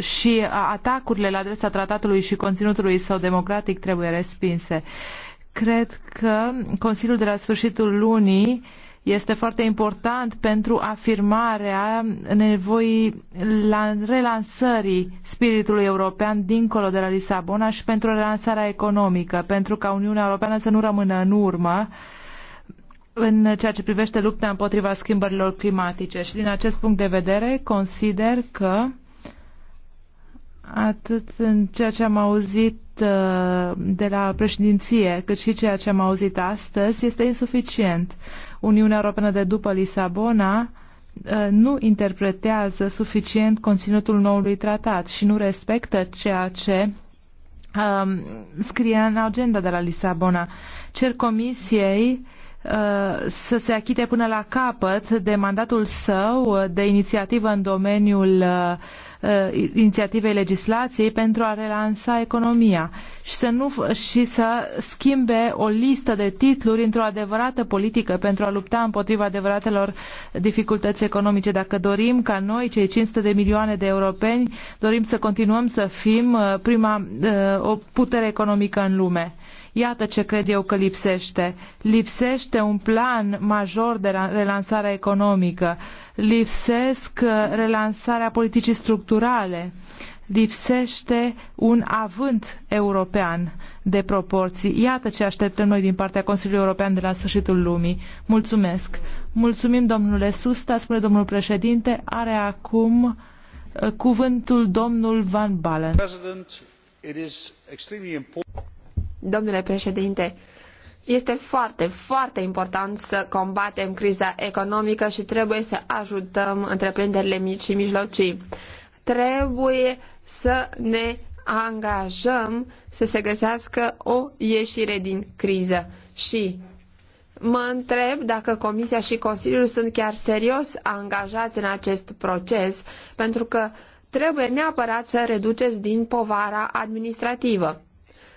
și atacurile la adresa tratatului și conținutului său democratic trebuie respinse. Cred că Consiliul de la sfârșitul lunii este foarte important pentru afirmarea nevoii la relansării spiritului european dincolo de la Lisabona și pentru relansarea economică, pentru ca Uniunea Europeană să nu rămână în urmă uh, în ceea ce privește lupta împotriva schimbărilor climatice și din acest punct de vedere consider că atât în ceea ce am auzit uh, de la președinție, cât și ceea ce am auzit astăzi, este insuficient. Uniunea Europeană de după Lisabona uh, nu interpretează suficient conținutul noului tratat și nu respectă ceea ce um, scrie în agenda de la Lisabona. Cer comisiei uh, Uh, să se achite până la capăt de mandatul său de inițiativă în domeniul uh, uh, inițiativei legislației pentru a relansa economia și să, nu, și să schimbe o listă de titluri într-o adevărată politică pentru a lupta împotriva adevăratelor dificultăți economice. Dacă dorim ca noi, cei 500 de milioane de europeni, dorim să continuăm să fim prima o putere economică în lume. Iată ce cred eu că lipsește. Lipsește un plan major de relansare economică, lipsesc uh, relansarea politicii structurale, lipsește un avânt european de proporții. Iată ce așteptăm noi din partea Consiliului European de la sfârșitul lumii. Mulțumesc! Mulțumim, domnule Susta, spune domnul președinte, are acum uh, cuvântul domnul Van Balen. Domnule președinte, este foarte, foarte important să combatem criza economică și trebuie să ajutăm întreprinderile mici și mijlocii. Trebuie să ne angajăm să se găsească o ieșire din criză și mă întreb dacă Comisia și Consiliul sunt chiar serios angajați în acest proces, pentru că trebuie neapărat să reduceți din povara administrativă.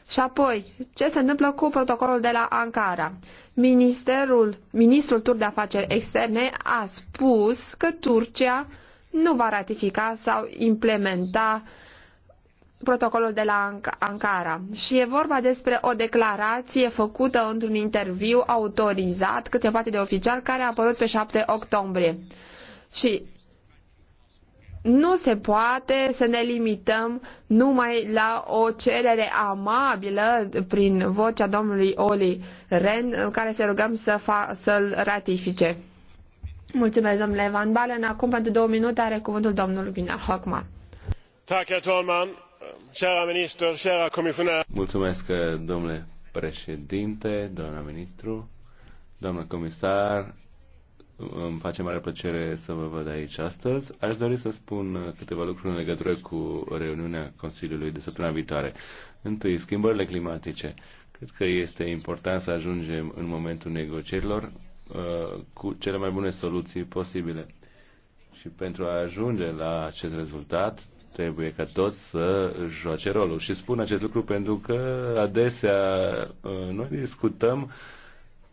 Și apoi, ce se întâmplă cu protocolul de la Ankara? Ministerul, ministrul turc de afaceri externe a spus că Turcia nu va ratifica sau implementa protocolul de la Ankara. Și e vorba despre o declarație făcută într-un interviu autorizat, cât se poate de oficial, care a apărut pe 7 octombrie. Și nu se poate să ne limităm numai la o cerere amabilă prin vocea domnului Oli Ren, în care se rugăm să să-l ratifice. Mulțumesc, domnule Van Balen. Acum, pentru două minute, are cuvântul domnul Gunnar Hockmar. Mulțumesc, domnule președinte, doamna ministru, doamnă comisar, îmi face mare plăcere să vă văd aici astăzi. Aș dori să spun câteva lucruri în legătură cu reuniunea Consiliului de săptămâna viitoare. Întâi, schimbările climatice. Cred că este important să ajungem în momentul negocierilor uh, cu cele mai bune soluții posibile. Și pentru a ajunge la acest rezultat, trebuie ca toți să joace rolul. Și spun acest lucru pentru că adesea uh, noi discutăm uh,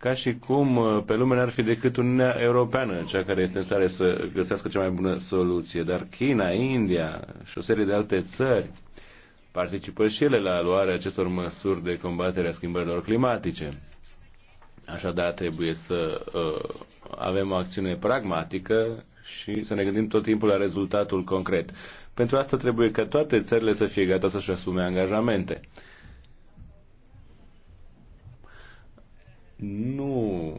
ca și cum uh, pe lume n-ar fi decât Uniunea Europeană cea care este în stare să găsească cea mai bună soluție. Dar China, India și o serie de alte țări participă și ele la luarea acestor măsuri de combatere a schimbărilor climatice. Așadar, trebuie să uh, avem o acțiune pragmatică și să ne gândim tot timpul la rezultatul concret. Pentru asta trebuie ca toate țările să fie gata să-și asume angajamente. Uh, nu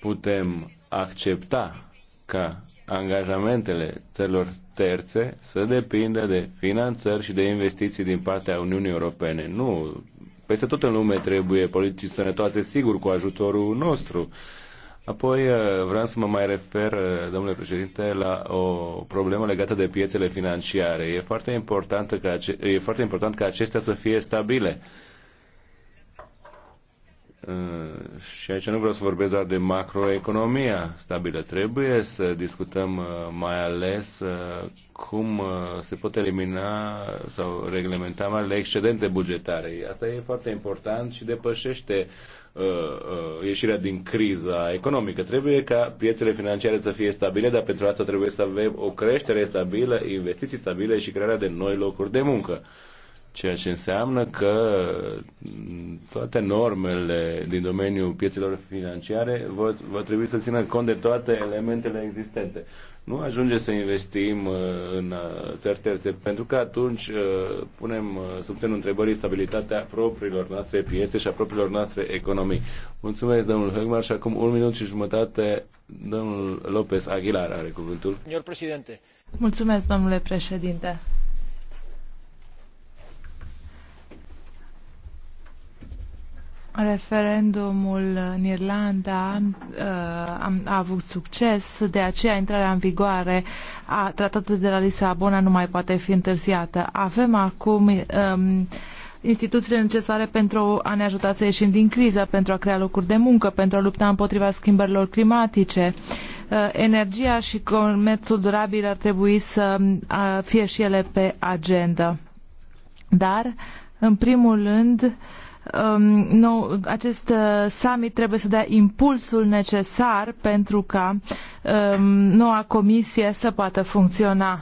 putem accepta ca angajamentele țărilor terțe să depindă de finanțări și de investiții din partea Uniunii Europene. Nu, peste tot în lume trebuie politici sănătoase, sigur, cu ajutorul nostru. Apoi eh, vreau să mă mai refer, eh, domnule președinte, la o problemă legată de piețele financiare. E foarte important e foarte important ca acestea să fie stabile Eh, și aici nu vreau să vorbesc doar de macroeconomia stabilă. Trebuie să discutăm eh, mai ales eh, cum se pot elimina sau reglementa mai ales excedente bugetare. Asta e foarte important și depășește ieșirea din criza economică. Trebuie ca piețele financiare să fie stabile, dar pentru asta trebuie să avem o creștere stabilă, investiții stabile și crearea de noi locuri de muncă ceea ce înseamnă că toate normele din domeniul piețelor financiare vor, trebui să țină cont de toate elementele existente. Nu ajunge să investim uh, în uh, terterte, pentru că atunci uh, punem sub semnul întrebării stabilitatea propriilor noastre piețe și a propriilor noastre economii. Mulțumesc, domnul Högmar, și acum un minut și jumătate, domnul López Aguilar are cuvântul. Mulțumesc, domnule președinte. Referendumul în Irlanda uh, a avut succes, de aceea intrarea în vigoare a tratatului de la Lisabona nu mai poate fi întârziată. Avem acum um, instituțiile necesare pentru a ne ajuta să ieșim din criză, pentru a crea locuri de muncă, pentru a lupta împotriva schimbărilor climatice. Uh, energia și comerțul durabil ar trebui să uh, fie și ele pe agenda. Dar, în primul rând, uh, Um, nou, acest uh, summit trebuie să dea impulsul necesar pentru ca um, noua comisie să poată funcționa.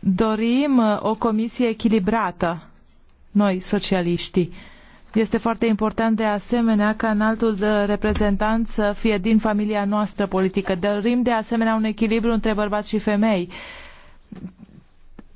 Dorim uh, o comisie echilibrată, noi socialiștii. Este foarte important de asemenea ca înaltul uh, reprezentant să fie din familia noastră politică. Dorim de asemenea un echilibru între bărbați și femei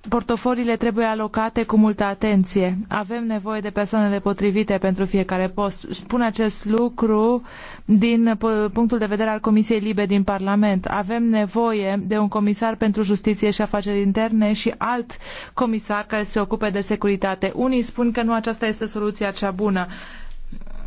portofoliile trebuie alocate cu multă atenție. Avem nevoie de persoanele potrivite pentru fiecare post. Spun acest lucru din punctul de vedere al Comisiei Libe din Parlament. Avem nevoie de un comisar pentru justiție și afaceri interne și alt comisar care se ocupe de securitate. Unii spun că nu aceasta este soluția cea bună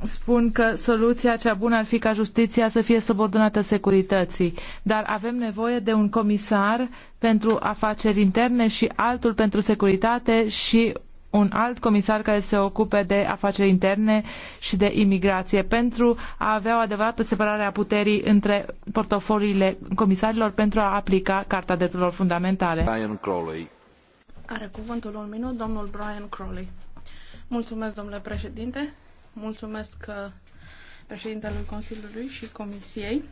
spun că soluția cea bună ar fi ca justiția să fie subordonată securității, dar avem nevoie de un comisar pentru afaceri interne și altul pentru securitate și un alt comisar care se ocupe de afaceri interne și de imigrație pentru a avea o adevărată separare a puterii între portofoliile comisarilor pentru a aplica Carta Drepturilor Fundamentale. Brian Crowley. Are cuvântul un minut domnul Brian Crowley. Mulțumesc, domnule președinte. Mulțumesc uh, președintelui Consiliului și Comisiei.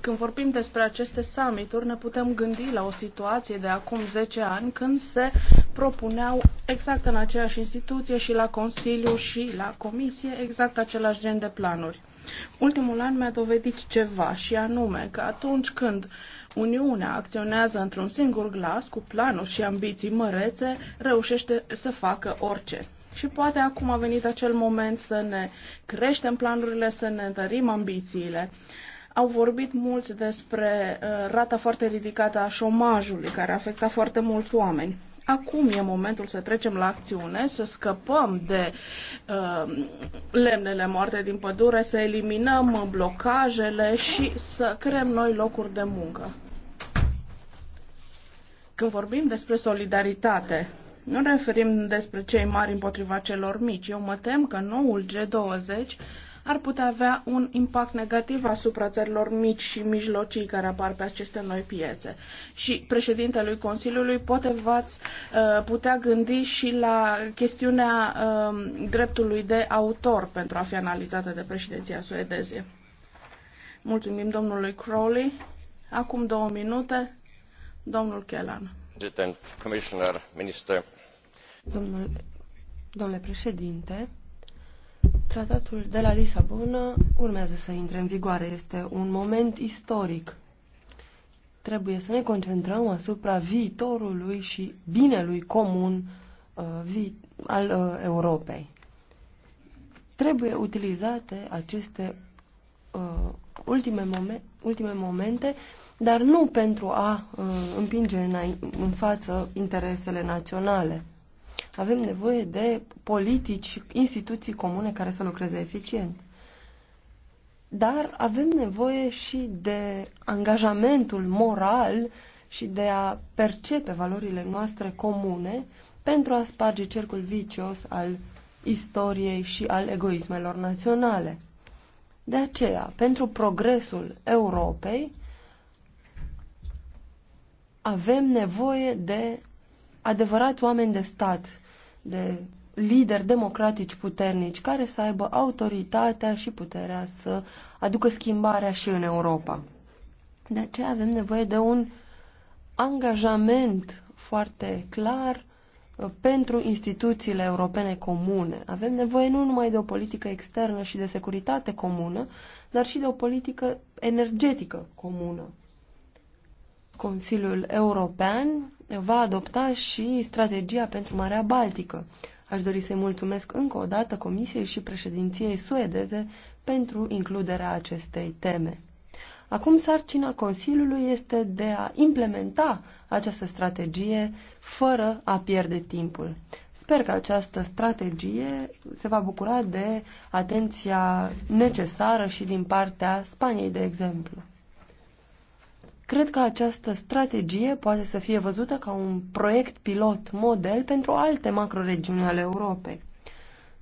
Când vorbim despre aceste summituri, ne putem gândi la o situație de acum 10 ani când se propuneau exact în aceeași instituție și la Consiliu și la Comisie exact același gen de planuri. Ultimul an mi-a dovedit ceva și anume că atunci când Uniunea acționează într-un singur glas cu planuri și ambiții mărețe, reușește să facă orice și poate acum a venit acel moment să ne creștem planurile, să ne întărim ambițiile. Au vorbit mulți despre uh, rata foarte ridicată a șomajului, care afecta foarte mulți oameni. Acum e momentul să trecem la acțiune, să scăpăm de uh, lemnele moarte din pădure, să eliminăm blocajele și să creăm noi locuri de muncă. Când vorbim despre solidaritate, nu referim despre cei mari împotriva celor mici. Eu mă tem că noul G20 ar putea avea un impact negativ asupra țărilor mici și mijlocii care apar pe aceste noi piețe. Și președintelui Consiliului poate v-ați uh, putea gândi și la chestiunea uh, dreptului de autor pentru a fi analizată de președinția suedeze. Mulțumim domnului Crowley. Acum două minute, domnul Kellan. Minister, Domnul, domnule președinte, tratatul de la Lisabona urmează să intre în vigoare. Este un moment istoric. Trebuie să ne concentrăm asupra viitorului și binelui comun uh, vi al uh, Europei. Trebuie utilizate aceste uh, ultime, momen ultime momente dar nu pentru a uh, împinge în, în față interesele naționale. Avem nevoie de politici și instituții comune care să lucreze eficient. Dar avem nevoie și de angajamentul moral și de a percepe valorile noastre comune pentru a sparge cercul vicios al istoriei și al egoismelor naționale. De aceea, pentru progresul Europei, avem nevoie de adevărați oameni de stat de lideri democratici puternici care să aibă autoritatea și puterea să aducă schimbarea și în Europa. De aceea avem nevoie de un angajament foarte clar uh, pentru instituțiile europene comune. Avem nevoie nu numai de o politică externă și de securitate comună, dar și de o politică energetică comună. Consiliul European va adopta și strategia pentru Marea Baltică. Aș dori să-i mulțumesc încă o dată Comisiei și președinției suedeze pentru includerea acestei teme. Acum sarcina Consiliului este de a implementa această strategie fără a pierde timpul. Sper că această strategie se va bucura de atenția necesară și din partea Spaniei, de exemplu. Cred că această strategie poate să fie văzută ca un proiect pilot model pentru alte macroregiuni ale Europei.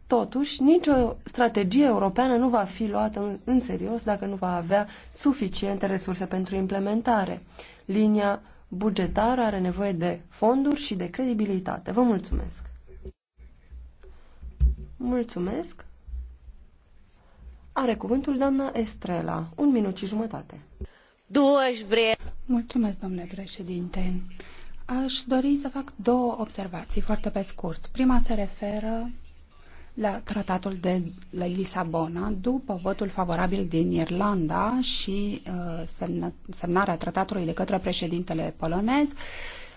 Totuși, nicio strategie europeană nu va fi luată în, serios dacă nu va avea suficiente resurse pentru implementare. Linia bugetară are nevoie de fonduri și de credibilitate. Vă mulțumesc! Mulțumesc! Are cuvântul doamna Estrela. Un minut și jumătate. Mulțumesc, domnule președinte. Aș dori să fac două observații foarte pe scurt. Prima se referă la tratatul de la Lisabona, după votul favorabil din Irlanda și uh, semnă, semnarea tratatului de către președintele polonez,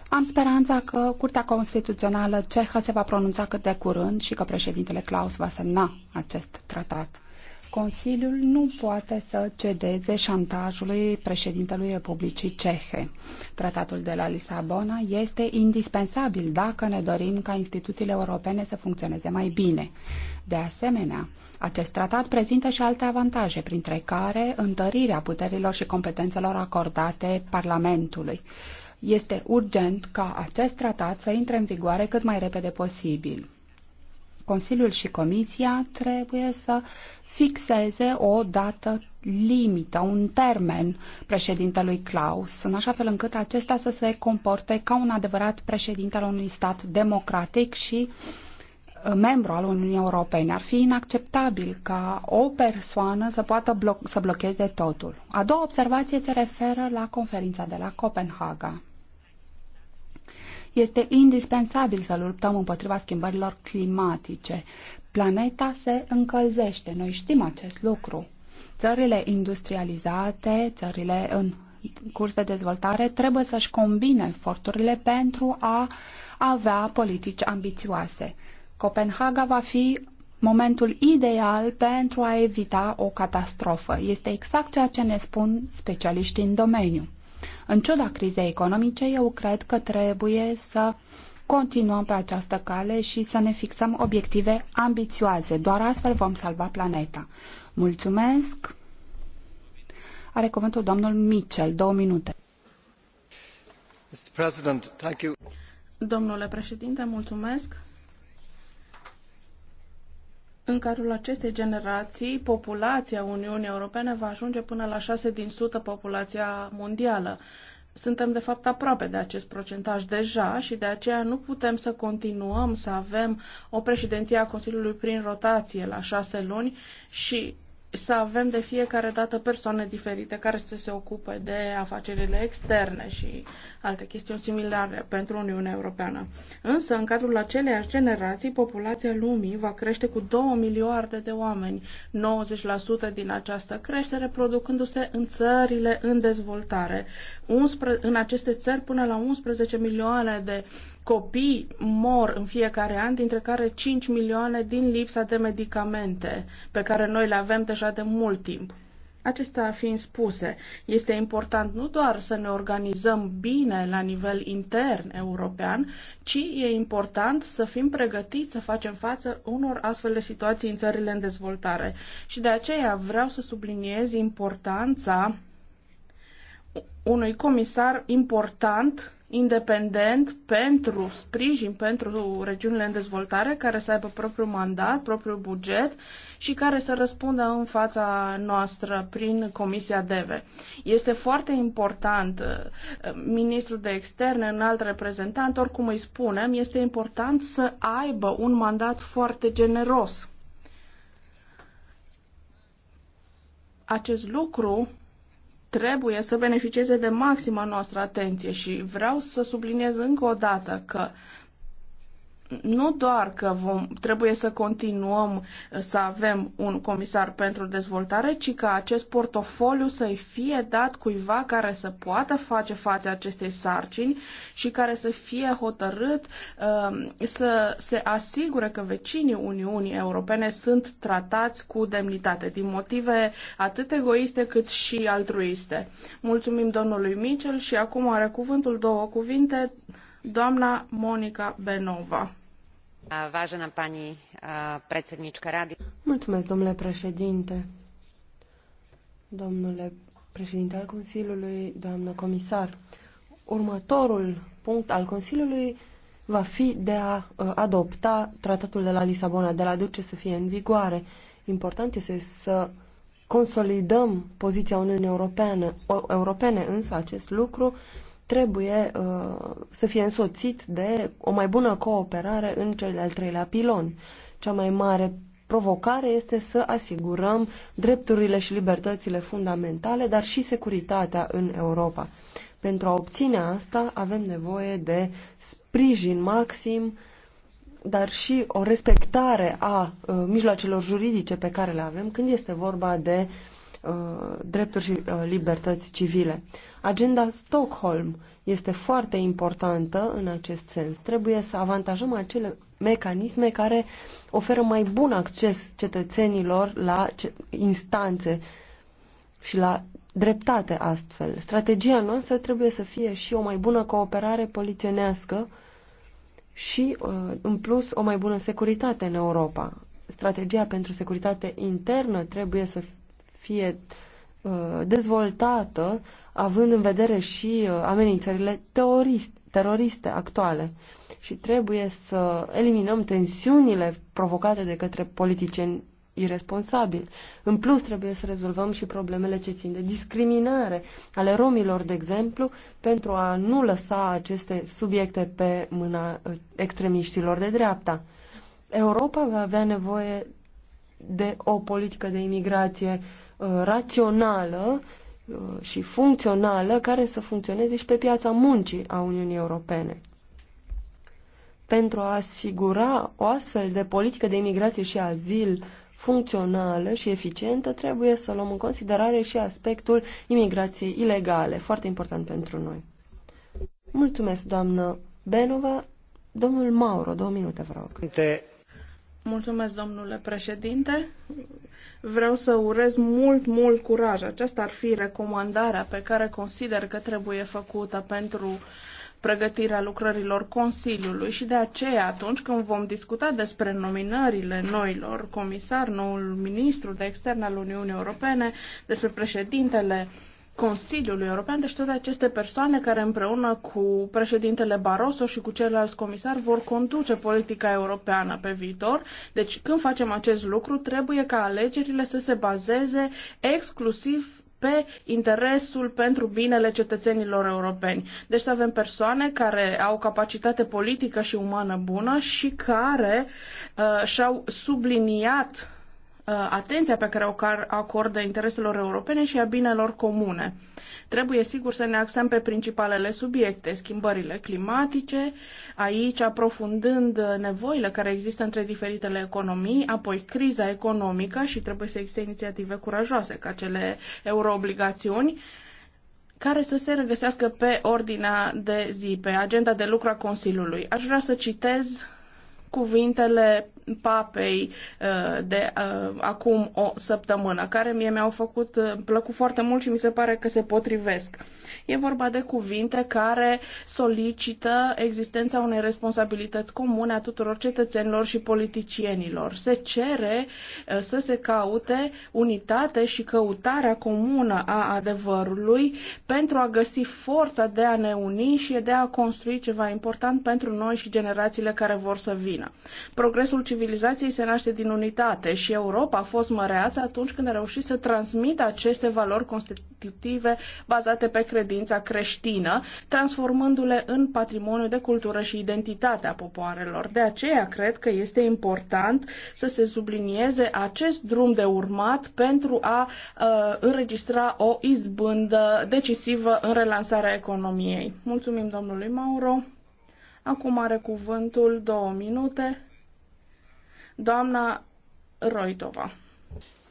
am speranța că Curtea Constituțională Cehă se va pronunța cât de curând și că președintele Klaus va semna acest tratat. Consiliul nu poate să cedeze șantajului președintelui Republicii Cehe. Tratatul de la Lisabona este indispensabil dacă ne dorim ca instituțiile europene să funcționeze mai bine. De asemenea, acest tratat prezintă și alte avantaje, printre care întărirea puterilor și competențelor acordate Parlamentului. Este urgent ca acest tratat să intre în vigoare cât mai repede posibil. Consiliul și Comisia trebuie să fixeze o dată limită, un termen președintelui Klaus, în așa fel încât acesta să se comporte ca un adevărat președinte al unui stat democratic și uh, membru al Uniunii Europene. Ar fi inacceptabil ca o persoană să poată blo- să blocheze totul. A doua observație se referă la conferința de la Copenhaga. Este indispensabil să luptăm împotriva schimbărilor climatice. Planeta se încălzește, noi știm acest lucru. Țările industrializate, țările în curs de dezvoltare trebuie să-și combine eforturile pentru a avea politici ambițioase. Copenhaga va fi momentul ideal pentru a evita o catastrofă. Este exact ceea ce ne spun specialiștii în domeniu. În ciuda crizei economice, eu cred că trebuie să continuăm pe această cale și să ne fixăm obiective ambițioase. Doar astfel vom salva planeta. Mulțumesc! Are cuvântul domnul Mitchell, două minute. Mr. President, thank you. Domnule președinte, mulțumesc în cadrul acestei generații, populația Uniunii Europene va ajunge până la 6 din 100 populația mondială. Suntem, de fapt, aproape de acest procentaj deja și de aceea nu putem să continuăm să avem o președinție a Consiliului prin rotație la șase luni și să avem de fiecare dată persoane diferite care să se ocupe de afacerile externe și alte chestiuni similare pentru Uniunea Europeană. Însă, în cadrul aceleiași generații, populația lumii va crește cu 2 miliarde de oameni, 90% din această creștere producându-se în țările în dezvoltare. 11, în aceste țări, până la 11 milioane de copii mor în fiecare an, dintre care 5 milioane din lipsa de medicamente, pe care noi le avem deja de mult timp. Acestea fiind spuse, este important nu doar să ne organizăm bine la nivel intern european, ci e important să fim pregătiți să facem față unor astfel de situații în țările în dezvoltare. Și de aceea vreau să subliniez importanța unui comisar important independent pentru sprijin pentru regiunile în dezvoltare, care să aibă propriul mandat, propriul buget și care să răspundă în fața noastră prin Comisia DEVE. Este foarte important, uh, ministrul de externe, alt reprezentant, oricum îi spunem, este important să aibă un mandat foarte generos. Acest lucru trebuie să beneficieze de maxima noastră atenție și vreau să subliniez încă o dată că nu doar că vom, trebuie să continuăm să avem un comisar pentru dezvoltare, ci că acest portofoliu să-i fie dat cuiva care să poată face față acestei sarcini și care să fie hotărât um, să se asigure că vecinii Uniunii Europene sunt tratați cu demnitate, din motive atât egoiste cât și altruiste. Mulțumim domnului Mitchell și acum are cuvântul două cuvinte doamna Monica Benova. Vážená pani eh, predsednička rady. Mulțumesc, domnule președinte. Domnule președinte al Consiliului, doamnă comisar, următorul punct al Consiliului va fi de a eh, adopta tratatul de la Lisabona, de la duce să fie în vigoare. Important este să consolidăm poziția Uniunii Europeană, europene, însă acest lucru trebuie uh, să fie însoțit de o mai bună cooperare în cel de-al treilea pilon. Cea mai mare provocare este să asigurăm drepturile și libertățile fundamentale, dar și securitatea în Europa. Pentru a obține asta avem nevoie de sprijin maxim, dar și o respectare a uh, mijloacelor juridice pe care le avem când este vorba de uh, drepturi și uh, libertăți civile. Agenda Stockholm este foarte importantă în acest sens. Trebuie să avantajăm acele mecanisme care oferă mai bun acces cetățenilor la instanțe și la dreptate astfel. Strategia noastră trebuie să fie și o mai bună cooperare polițienească și, uh, în plus, o mai bună securitate în Europa. Strategia pentru securitate internă trebuie să fie uh, dezvoltată având în vedere și uh, amenințările teroriste actuale. Și trebuie să eliminăm tensiunile provocate de către politicieni irresponsabili. În plus, trebuie să rezolvăm și problemele ce țin de discriminare ale romilor, de exemplu, pentru a nu lăsa aceste subiecte pe mâna uh, extremiștilor de dreapta. Europa va avea nevoie de o politică de imigrație uh, rațională Uh, și funcțională care să funcționeze și pe piața muncii a Uniunii Europene. Pentru a asigura o astfel de politică de imigrație și azil funcțională și eficientă, trebuie să luăm în considerare și aspectul imigrației ilegale, foarte important pentru noi. Mulțumesc, doamnă Benova. Domnul Mauro, două minute, vă rog. Mulțumesc, domnule președinte. Vreau să urez mult, mult curaj. Aceasta ar fi recomandarea pe care consider că trebuie făcută pentru pregătirea lucrărilor Consiliului și de aceea atunci când vom discuta despre nominările noilor comisar, noul ministru de externe al Uniunii Europene, despre președintele uh, Consiliului European, deci toate aceste persoane care împreună cu președintele Barroso și cu ceilalți comisari vor conduce politica europeană pe viitor. Deci când facem acest lucru, trebuie ca alegerile să se bazeze exclusiv pe interesul pentru binele cetățenilor europeni. Deci să avem persoane care au capacitate politică și umană bună și care uh, și-au subliniat Uh, atenția pe care o acordă intereselor europene și a binelor comune. Trebuie sigur să ne axăm pe principalele subiecte, schimbările climatice, aici aprofundând uh, nevoile care există între diferitele economii, apoi criza economică și trebuie să existe inițiative curajoase ca cele euroobligațiuni, care să se regăsească pe ordinea de zi, pe agenda de lucru a Consiliului. Aș vrea să citez cuvintele papei uh, de uh, acum o săptămână, care mie mi-au făcut, uh, plăcut foarte mult și mi se pare că se potrivesc. E vorba de cuvinte care solicită existența unei responsabilități comune a tuturor cetățenilor și politicienilor. Se cere să se caute unitate și căutarea comună a adevărului pentru a găsi forța de a ne uni și de a construi ceva important pentru noi și generațiile care vor să vină. Progresul civilizației se naște din unitate și Europa a fost măreață atunci când a reușit să transmită aceste valori constitutive bazate pe credința creștină, transformându-le în patrimoniu de cultură și identitate a popoarelor. De aceea cred că este important să se sublinieze acest drum de urmat pentru a uh, înregistra o izbândă decisivă în relansarea economiei. Mulțumim domnului Mauro. Acum are cuvântul două minute Doamna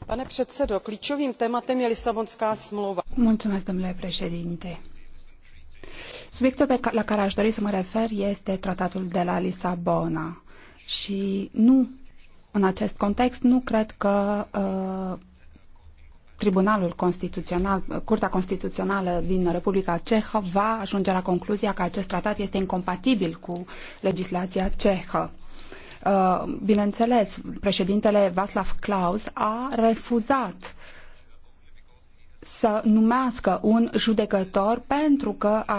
Pane předsedo, klíčovým tématem je Lisabonská smlouva. domnule președinte. Subiectul pe care, la care aș dori să mă refer este tratatul de la Lisabona. Și nu, în acest context, nu cred că uh, Tribunalul Constituțional, Curtea Constituțională din Republica Cehă va ajunge la concluzia că acest tratat este incompatibil cu legislația cehă. Uh, bineînțeles, președintele Václav Klaus a refuzat să numească un judecător pentru că a,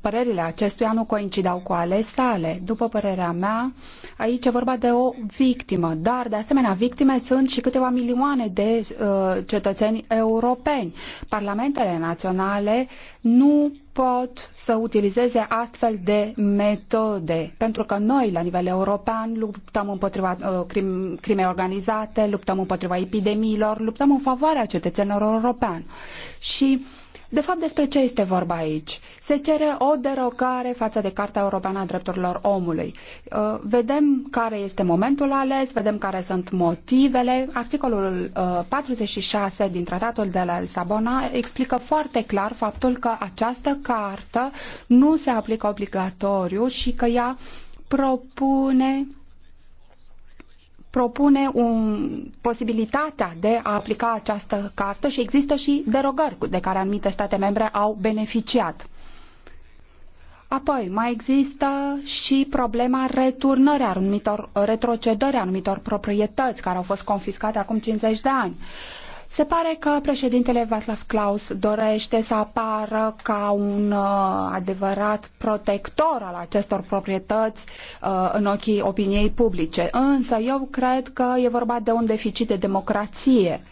părerile acestuia nu coincidau cu ale sale. După părerea mea, aici e vorba de o victimă, dar de asemenea victime sunt și câteva milioane de uh, cetățeni europeni. Parlamentele naționale nu pot să utilizeze astfel de metode, pentru că noi, la nivel european, luptăm împotriva uh, crim, crimei organizate, luptăm împotriva epidemiilor, luptăm în favoarea cetățenilor europeni. Și uh, de fapt, despre ce este vorba aici? Se cere o derogare față de Cartea Europeană a Drepturilor Omului. Uh, vedem care este momentul ales, vedem care sunt motivele. Articolul 46 uh, din Tratatul de la Lisabona explică foarte clar faptul că această cartă nu se aplică obligatoriu și că ea propune propune un, posibilitatea de a aplica această carte și există și derogări de care anumite state membre au beneficiat. Apoi, mai există și problema returnării anumitor, retrocedării anumitor proprietăți care au fost confiscate acum 50 de ani. Se pare că președintele Václav Klaus dorește să apară ca un uh, adevărat protector al acestor proprietăți uh, în ochii opiniei publice. Însă eu cred că e vorba de un deficit de democrație.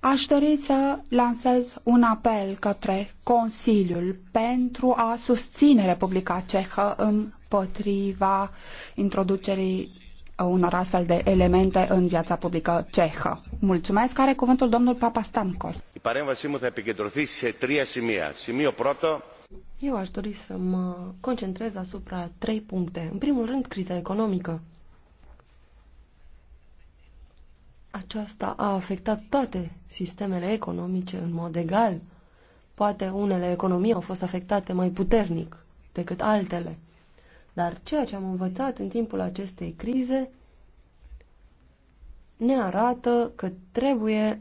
Aș dori să lansez un apel către Consiliul pentru a susține Republica Cehă împotriva introducerii unor astfel de elemente în viața publică cehă. Mulțumesc. Are cuvântul domnul Papastamkos. Eu aș dori să mă concentrez asupra trei puncte. În primul rând, criza economică. Aceasta a afectat toate sistemele economice în mod egal. Poate unele economii au fost afectate mai puternic decât altele. Dar ceea ce am învățat în timpul acestei crize ne arată că trebuie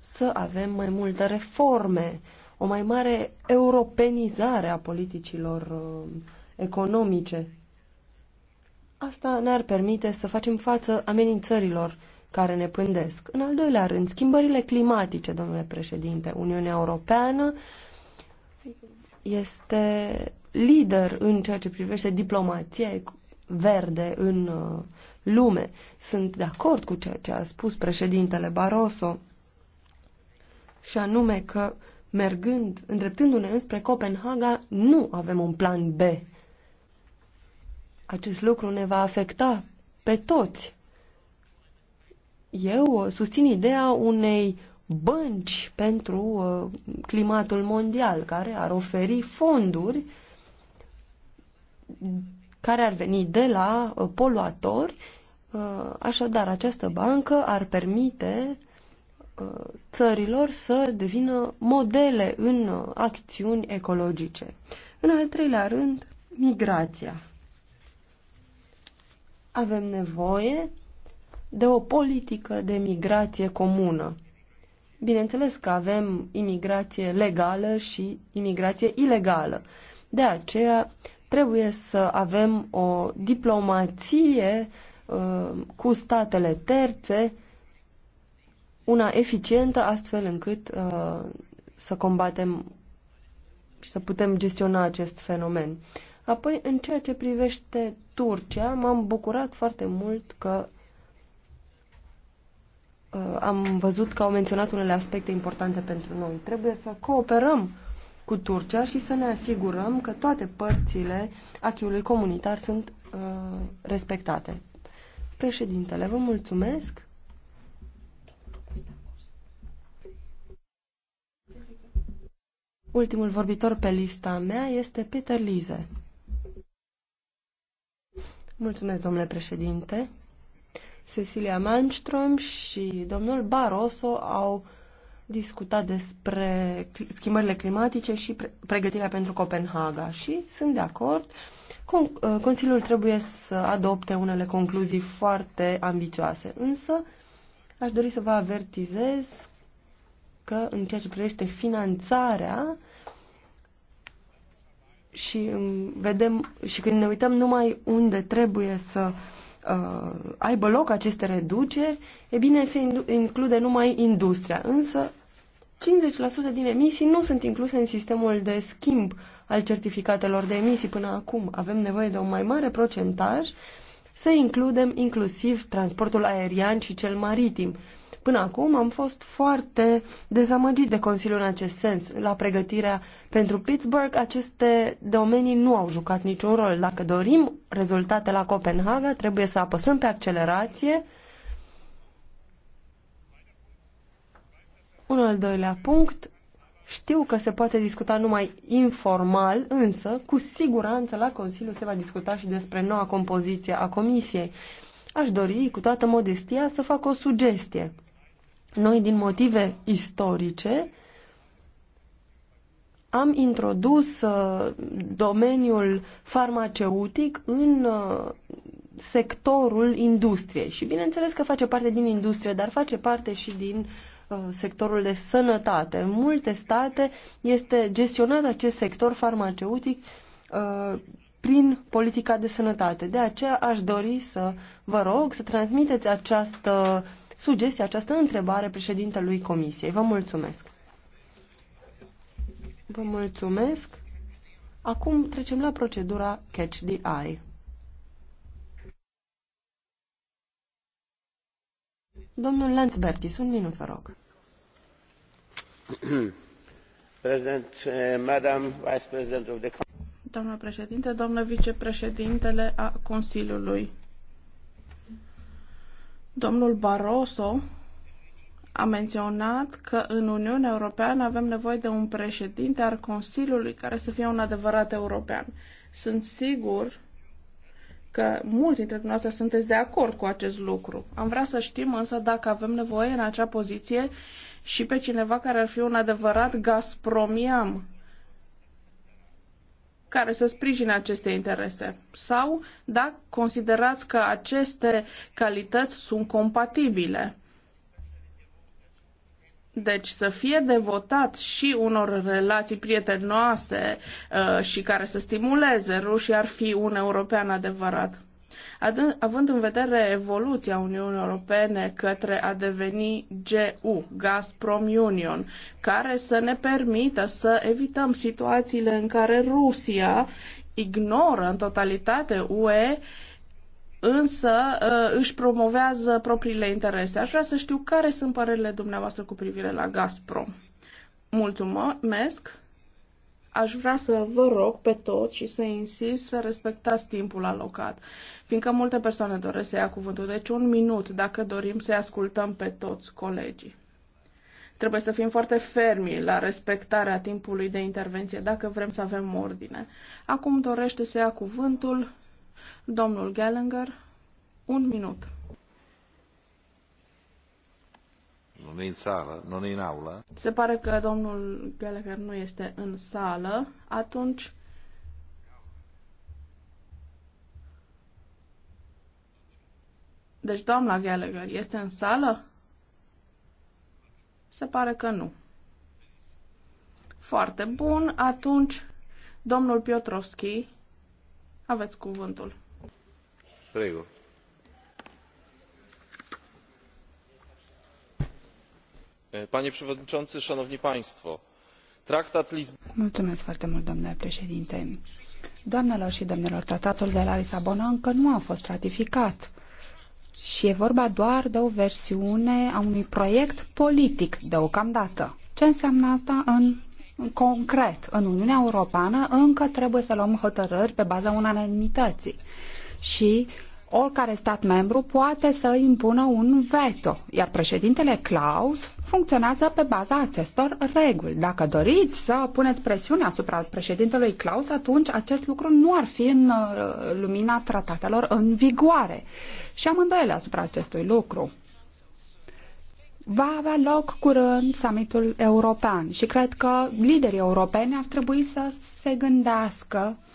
să avem mai multe reforme, o mai mare europenizare a politicilor uh, economice. Asta ne-ar permite să facem față amenințărilor care ne pândesc. În al doilea rând, schimbările climatice, domnule președinte, Uniunea Europeană este lider în ceea ce privește diplomația verde în uh, lume. Sunt de acord cu ceea ce a spus președintele Barroso și anume că mergând, îndreptându-ne înspre Copenhaga, nu avem un plan B. Acest lucru ne va afecta pe toți. Eu uh, susțin ideea unei bănci pentru uh, climatul mondial, care ar oferi fonduri uh, care ar veni de la uh, poluatori. Uh, așadar, această bancă ar permite uh, țărilor să devină modele în acțiuni ecologice. În al treilea rând, migrația. Avem nevoie de o politică de migrație comună. Bineînțeles că avem imigrație legală și imigrație ilegală. De aceea Trebuie să avem o diplomație uh, cu statele terțe, una eficientă, astfel încât uh, să combatem și să putem gestiona acest fenomen. Apoi, în ceea ce privește Turcia, m-am bucurat foarte mult că uh, am văzut că au menționat unele aspecte importante pentru noi. Trebuie să cooperăm cu Turcia și să ne asigurăm că toate părțile achiului comunitar sunt uh, respectate. Președintele, vă mulțumesc. Ultimul vorbitor pe lista mea este Peter Lize. Mulțumesc, domnule președinte. Cecilia Malmström și domnul Barroso au discutat despre schimbările climatice și pregătirea pentru Copenhaga și sunt de acord. Uh, Consiliul trebuie să adopte unele concluzii foarte ambițioase, însă aș dori să vă avertizez că în ceea ce privește finanțarea și vedem și când ne uităm numai unde trebuie să uh, aibă loc aceste reduceri, e bine, se include numai industria. Însă 50% din emisii nu sunt incluse în sistemul de schimb al certificatelor de emisii până acum. Avem nevoie de un mai mare procentaj să includem inclusiv transportul aerian și cel maritim. Până acum am fost foarte dezamăgit de Consiliul în acest sens. La pregătirea pentru Pittsburgh, aceste domenii nu au jucat niciun rol. Dacă dorim rezultate la Copenhaga, trebuie să apăsăm pe accelerație, Un al doilea punct. Știu că se poate discuta numai informal, însă cu siguranță la Consiliu se va discuta și despre noua compoziție a Comisiei. Aș dori, cu toată modestia, să fac o sugestie. Noi, din motive istorice, am introdus uh, domeniul farmaceutic în uh, sectorul industriei și bineînțeles că face parte din industrie, dar face parte și din Uh, sectorul de sănătate. În multe state este gestionat acest sector farmaceutic uh, prin politica de sănătate. De aceea aș dori să vă rog să transmiteți această sugestie, această întrebare președintelui Comisiei. Vă mulțumesc. Vă mulțumesc. Acum trecem la procedura Catch the Eye. Domnul Landsbergis, un minut, vă rog. Eh, doamnă președinte, domnule vicepreședintele a Consiliului. Domnul Barroso a menționat că în Uniunea Europeană avem nevoie de un președinte al Consiliului care să fie un adevărat european. Sunt sigur că mulți dintre dumneavoastră sunteți de acord cu acest lucru. Am vrea să știm însă dacă avem nevoie în acea poziție și pe cineva care ar fi un adevărat gazpromiam care să sprijine aceste interese. Sau dacă considerați că aceste calități sunt compatibile deci să fie devotat și unor relații prietenoase uh, și care să stimuleze Rusia ar fi un european adevărat. Ad- având în vedere evoluția Uniunii Europene către a deveni GU, Gazprom Union, care să ne permită să evităm situațiile în care Rusia ignoră în totalitate UE însă uh, își promovează propriile interese. Aș vrea să știu care sunt părerile dumneavoastră cu privire la Gazprom. Mulțumesc! Aș vrea să vă rog pe toți și să insist să respectați timpul alocat, fiindcă multe persoane doresc să ia cuvântul, deci un minut dacă dorim să ascultăm pe toți colegii. Trebuie să fim foarte fermi la respectarea timpului de intervenție dacă vrem să avem ordine. Acum dorește să ia cuvântul Domnul Gallagher, un minut. Nu e în sală, nu e în aulă. Se pare că domnul Gallagher nu este în sală. Atunci Deci doamna Gallagher este în sală? Se pare că nu. Foarte bun, atunci domnul Piotrovski, aveți cuvântul panie przewodniczący! szanowni państwo! traktat lizboński. doamnelor și domnilor tratatul de la lisabona încă nu a fost ratificat și e vorba doar de o versiune a unui proiect politic deocamdată. Ce înseamnă asta în concret? În Uniunea Europeană încă trebuie să luăm hotărâri pe baza unanimității și oricare stat membru poate să impună un veto, iar președintele Klaus funcționează pe baza acestor reguli. Dacă doriți să puneți presiune asupra președintelui Klaus, atunci acest lucru nu ar fi în uh, lumina tratatelor în vigoare. Și am îndoiele asupra acestui lucru. Va avea loc curând summitul european și cred că liderii europeni ar trebui să se gândească uh,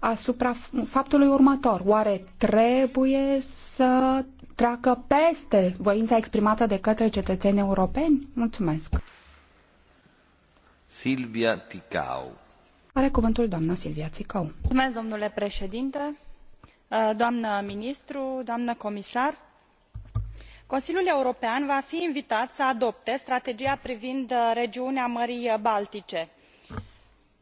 asupra faptului următor. Oare trebuie să treacă peste voința exprimată de către cetățeni europeni? Mulțumesc. Silvia Ticau. Are cuvântul doamna Silvia Ticau. Mulțumesc, domnule președinte, uh, doamnă ministru, doamnă comisar. Consiliul European va fi invitat să adopte strategia privind uh, regiunea Mării Baltice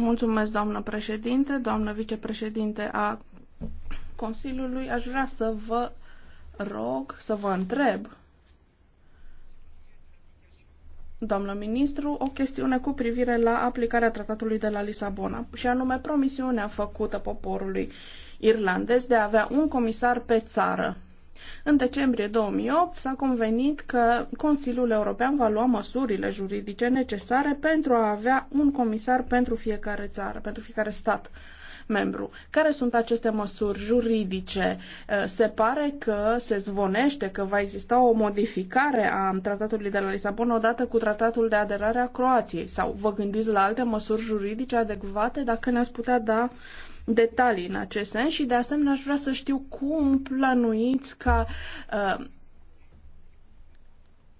Mulțumesc, doamnă președinte, doamnă vicepreședinte a Consiliului. Aș vrea să vă rog, să vă întreb, doamnă ministru, o chestiune cu privire la aplicarea tratatului de la Lisabona, și anume promisiunea făcută poporului irlandez de a avea un comisar pe țară. În decembrie 2008 s-a convenit că Consiliul European va lua măsurile juridice necesare pentru a avea un comisar pentru fiecare țară, pentru fiecare stat membru. Care sunt aceste măsuri juridice? Eh, se pare că se zvonește că va exista o modificare a tratatului de la Lisabona odată cu tratatul de aderare a Croației sau vă gândiți la alte măsuri juridice adecvate dacă ne-ați putea da uh, detalii în acest sens și de asemenea aș vrea să știu cum planuiți ca uh,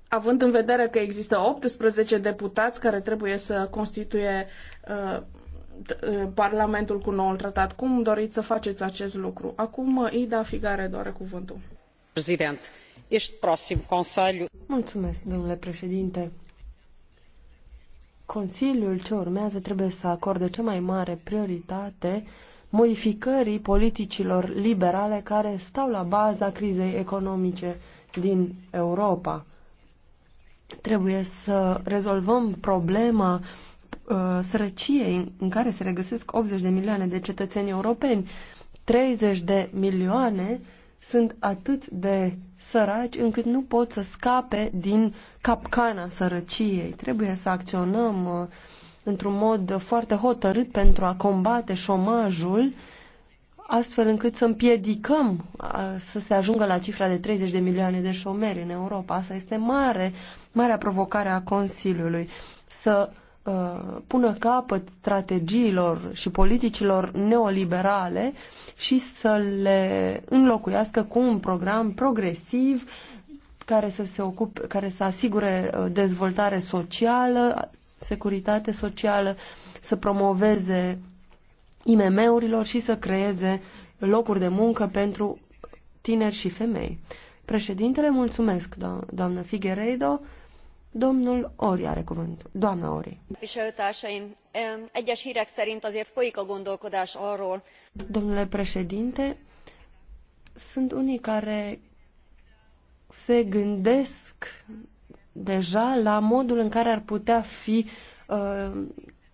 având în vedere că există 18 deputați care trebuie să constituie uh, uh, Parlamentul cu noul tratat. Cum doriți să faceți acest lucru? Acum uh, Ida Figare doare cuvântul. Prezident, ești prosim Consiliu. Mulțumesc, domnule președinte. Consiliul ce urmează trebuie să acorde cea mai mare prioritate modificării politicilor liberale care stau la baza crizei economice din Europa. Trebuie să rezolvăm problema uh, sărăciei în care se regăsesc 80 de milioane de cetățeni europeni. 30 de milioane sunt atât de săraci încât nu pot să scape din capcana sărăciei. Trebuie să acționăm uh, într-un mod foarte hotărât pentru a combate șomajul, astfel încât să împiedicăm să se ajungă la cifra de 30 de milioane de șomeri în Europa. Asta este mare, marea provocare a Consiliului, să uh, pună capăt strategiilor și politicilor neoliberale și să le înlocuiască cu un program progresiv care să se ocupe, care să asigure dezvoltare socială, securitate socială, să promoveze IMM-urilor și să creeze locuri de muncă pentru tineri și femei. Președintele, mulțumesc, do doamnă Figueiredo. Domnul Ori are cuvântul. Doamna Ori. egyes hírek szerint azért folyik a gondolkodás arról. Domnule președinte, sunt unii care se gândesc deja la modul în care ar putea fi uh,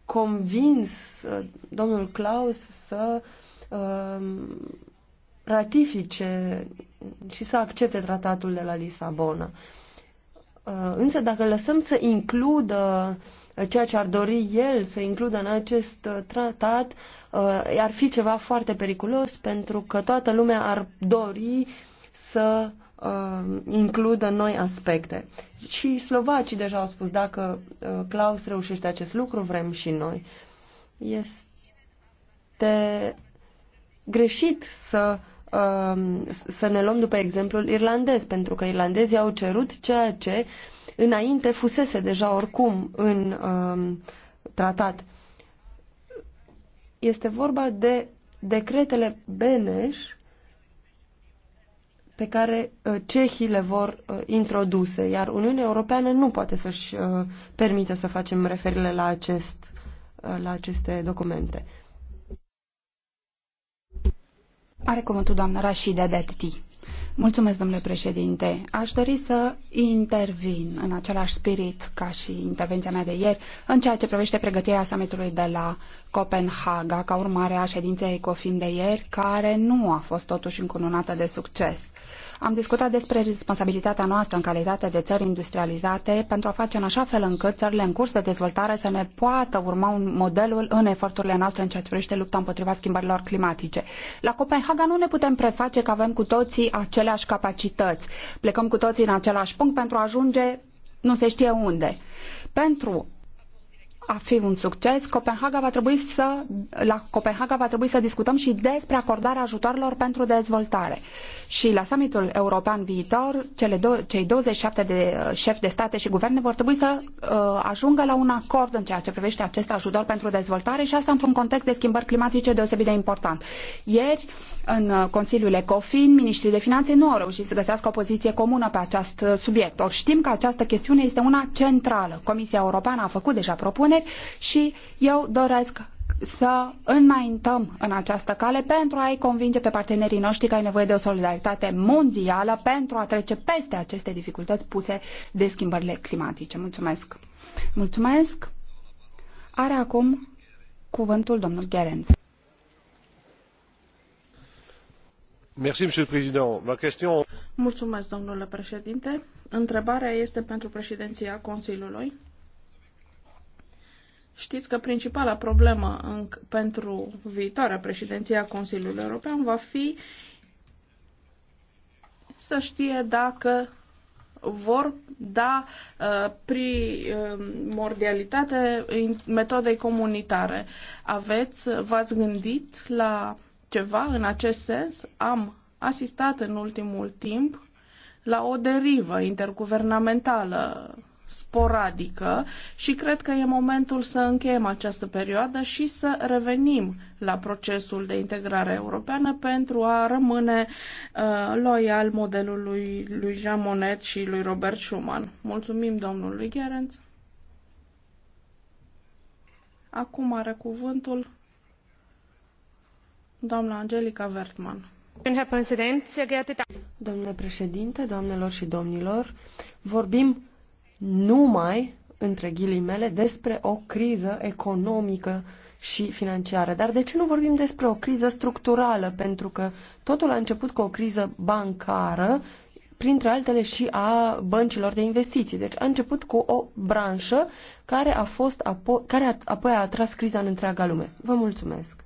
convins uh, domnul Claus să uh, ratifice și să accepte tratatul de la Lisabona. Uh, însă dacă lăsăm să includă uh, ceea ce ar dori el să includă în acest uh, tratat, uh, ar fi ceva foarte periculos pentru că toată lumea ar dori să uh, uh, includă noi aspecte. Și slovacii deja au spus, dacă uh, Klaus reușește acest lucru, vrem și noi. Este greșit să, uh, să ne luăm după exemplul irlandez, pentru că irlandezii au cerut ceea ce înainte fusese deja oricum în uh, tratat. Este vorba de decretele Beneș, pe care uh, cehii le vor uh, introduce, iar Uniunea Europeană nu poate să-și uh, permită să facem referire la, acest, la aceste documente. Are cuvântul doamna Rashida Detti. Mulțumesc, domnule președinte. Aș dori să intervin în același spirit ca și intervenția mea de ieri în ceea ce privește pregătirea summitului de la Copenhaga ca urmare a ședinței ECOFIN de ieri, care nu a fost totuși încununată de succes. Am discutat despre responsabilitatea noastră în calitate de țări industrializate pentru a face în așa fel încât țările în curs de dezvoltare să ne poată urma un modelul în eforturile noastre în ceea ce privește lupta împotriva schimbărilor climatice. La Copenhaga nu ne putem preface că avem cu toții aceleași capacități. Plecăm cu toții în același punct pentru a ajunge nu se știe unde. Pentru a fi un succes, Copenhaga va trebui să, la Copenhaga va trebui să discutăm și despre acordarea ajutoarelor pentru dezvoltare. Și la summitul european viitor, cele do- cei 27 de uh, șefi de state și guverne vor trebui să uh, ajungă la un acord în ceea ce privește acest ajutor pentru dezvoltare și asta într-un context de schimbări climatice deosebit de important. Ieri, în uh, Consiliul ECOFIN, ministrii de finanțe nu au reușit să găsească o poziție comună pe acest uh, subiect. Or, știm că această chestiune este una centrală. Comisia Europeană a făcut deja propuneri tineri și eu doresc să înaintăm în această cale pentru a-i convinge pe partenerii noștri că ai nevoie de o solidaritate mondială pentru a trece peste aceste dificultăți puse de schimbările climatice. Mulțumesc! Mulțumesc! Are acum cuvântul domnul Gerenț. Mulțumesc, domnule președinte. Întrebarea este pentru președinția Consiliului Știți că principala problemă în, pentru viitoarea președinție a Consiliului European va fi să știe dacă vor da uh, primordialitate uh, metodei comunitare. Aveți, v-ați gândit la ceva în acest sens? Am asistat în ultimul timp la o derivă interguvernamentală sporadică și cred că e momentul să încheiem această perioadă și să revenim la procesul de integrare europeană pentru a rămâne uh, loial modelului lui Jean Monnet și lui Robert Schuman. Mulțumim domnului Gerenț. Acum are cuvântul doamna Angelica Wertmann. Domnule președinte, doamnelor și domnilor, vorbim numai, între ghilimele, despre o criză economică și financiară. Dar de ce nu vorbim despre o criză structurală? Pentru că totul a început cu o criză bancară, printre altele și a băncilor de investiții. Deci a început cu o branșă care a fost apo- care a, apoi a atras criza în întreaga lume. Vă mulțumesc.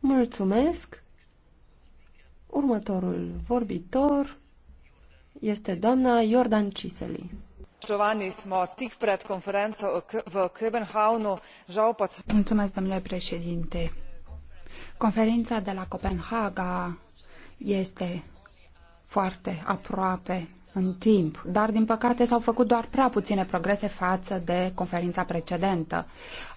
Mulțumesc. Următorul vorbitor este doamna Iordan Ciseli spoštovani smo tik pred konferenco v Copenhavnu, žal pa... Mulțumesc, domnule președinte. Conferința de la Copenhaga este foarte aproape în timp, dar din păcate s-au făcut doar prea puține progrese față de conferința precedentă.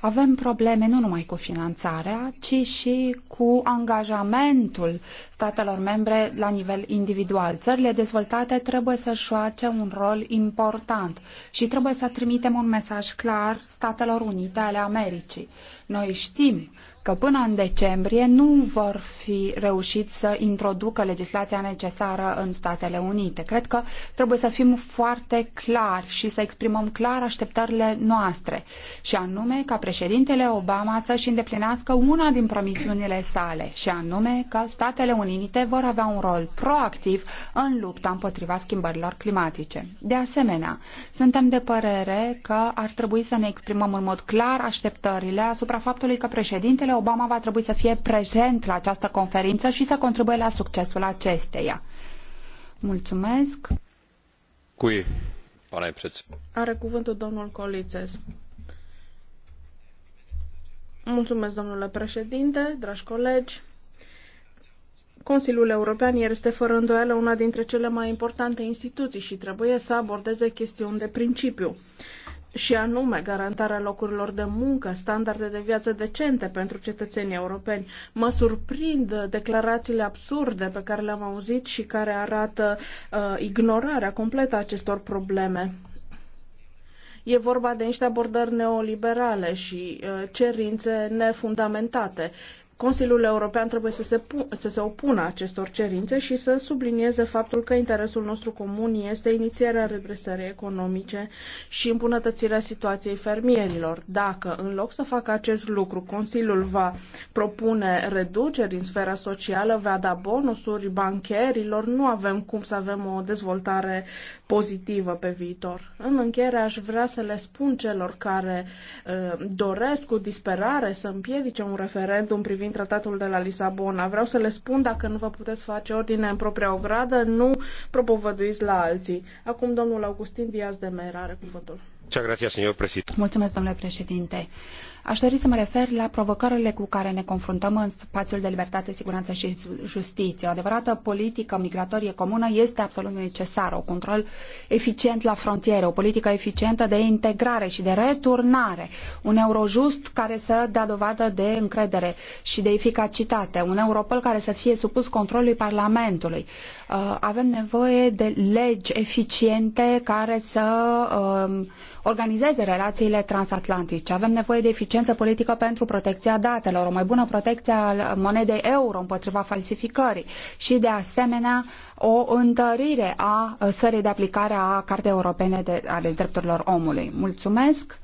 Avem probleme nu numai cu finanțarea, ci și cu angajamentul statelor membre la nivel individual. Țările dezvoltate trebuie să joace un rol important și trebuie să trimitem un mesaj clar Statelor Unite ale Americii. Noi știm că până în decembrie nu vor fi reușit să introducă legislația necesară în Statele Unite. Cred că trebuie să fim foarte clari și să exprimăm clar așteptările noastre, și anume ca președintele Obama să-și îndeplinească una din promisiunile sale, și anume că Statele Unite vor avea un rol proactiv în lupta împotriva schimbărilor climatice. De asemenea, suntem de părere că ar trebui să ne exprimăm în mod clar așteptările asupra faptului că președintele Președintele Obama va trebui să fie prezent la această conferință și să contribuie la succesul acesteia. Mulțumesc. Cui? Pane preț. Are cuvântul domnul Colițes. Mulțumesc, domnule președinte, dragi colegi. Consiliul European este fără îndoială una dintre cele mai importante instituții și trebuie să abordeze chestiuni de principiu și anume garantarea locurilor de muncă, standarde de viață decente pentru cetățenii europeni. Mă surprind declarațiile absurde pe care le-am auzit și care arată uh, ignorarea completă a acestor probleme. E vorba de niște abordări neoliberale și uh, cerințe nefundamentate. Uh, Consiliul European trebuie să se, să se opună acestor cerințe și să sublinieze faptul că interesul nostru comun este inițierea redresării economice și îmbunătățirea situației fermierilor. Dacă, în loc să facă acest lucru, Consiliul va propune reduceri în sfera socială, va da bonusuri bancherilor, nu avem cum să avem o dezvoltare pozitivă pe viitor. În încheiere aș vrea să le spun celor care uh, doresc cu disperare să împiedice un referendum privind tratatul de la Lisabona. Vreau să le spun dacă nu vă puteți face ordine în propria ogradă, nu propovăduiți la alții. Acum domnul Augustin Diaz de Mera are cuvântul. Mulțumesc, domnule președinte. Aș dori să mă refer la provocările cu care ne confruntăm în spațiul de libertate, siguranță și justiție. O adevărată politică migratorie comună este absolut necesară, O control eficient la frontiere, o politică eficientă de integrare și de returnare, un eurojust care să dea dovadă de încredere și de eficacitate, un europol care să fie supus controlului Parlamentului. Uh, avem nevoie de legi eficiente care să uh, organizeze relațiile transatlantice. Avem nevoie de eficiență eficiență politică pentru protecția datelor, o mai bună protecție a monedei euro împotriva falsificării și, de asemenea, o întărire a sferei de aplicare a Cartei Europene de, ale Drepturilor Omului. Mulțumesc!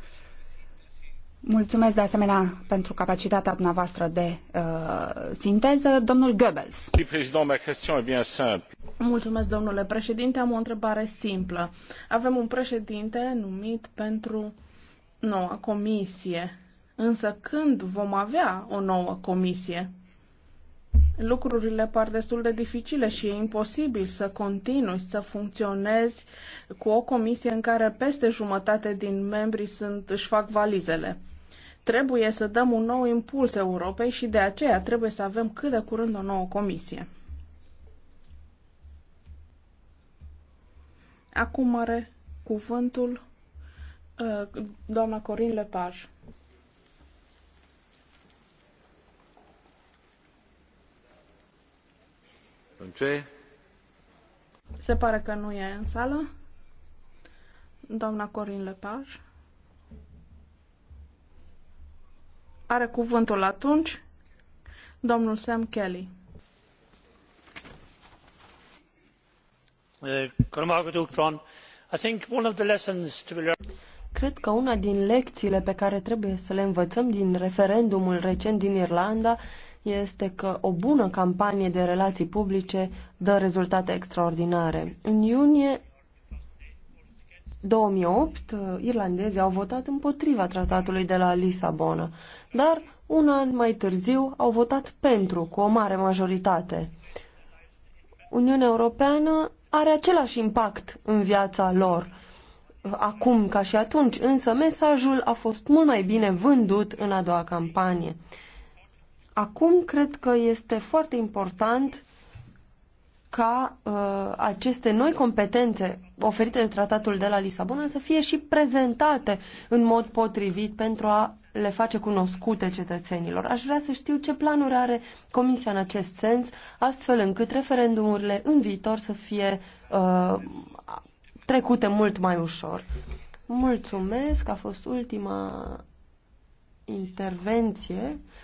Mulțumesc de asemenea pentru capacitatea dumneavoastră de uh, sinteză, domnul Goebbels. Mulțumesc, domnule președinte. Am o întrebare simplă. Avem un președinte numit pentru noua comisie Însă când vom avea o nouă comisie? lucrurile par destul de dificile și e imposibil să continui să funcționezi cu o comisie în care peste jumătate din membrii sunt, își fac valizele. Trebuie să dăm un nou impuls Europei și de aceea trebuie să avem cât de curând o nouă comisie. Acum are cuvântul uh, doamna Corin Lepage. Se pare că nu e în sală. Doamna Corin Lepaj. Are cuvântul atunci domnul Sam Kelly. Eh, Cred că una din lecțiile pe care trebuie să le învățăm din referendumul recent din Irlanda este că o bună campanie de relații publice dă rezultate extraordinare. În iunie 2008, irlandezii au votat împotriva tratatului de la Lisabona, dar un an mai târziu au votat pentru, cu o mare majoritate. Uniunea Europeană are același impact în viața lor. Acum ca și atunci, însă mesajul a fost mult mai bine vândut în a doua campanie. Acum cred că este foarte important ca uh, aceste noi competențe oferite de tratatul de la Lisabona să fie și prezentate în mod potrivit pentru a le face cunoscute cetățenilor. Aș vrea să știu ce planuri are Comisia în acest sens, astfel încât referendumurile în viitor să fie uh, trecute mult mai ușor. Mulțumesc, a fost ultima intervenție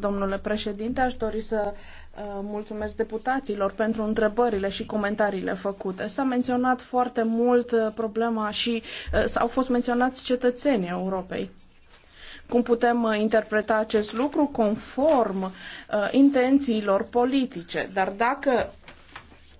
domnule președinte. Aș dori să uh, mulțumesc deputaților pentru întrebările și comentariile făcute. S-a menționat foarte mult uh, problema și uh, au fost menționați cetățenii Europei cum putem interpreta acest lucru conform intențiilor politice. Dar dacă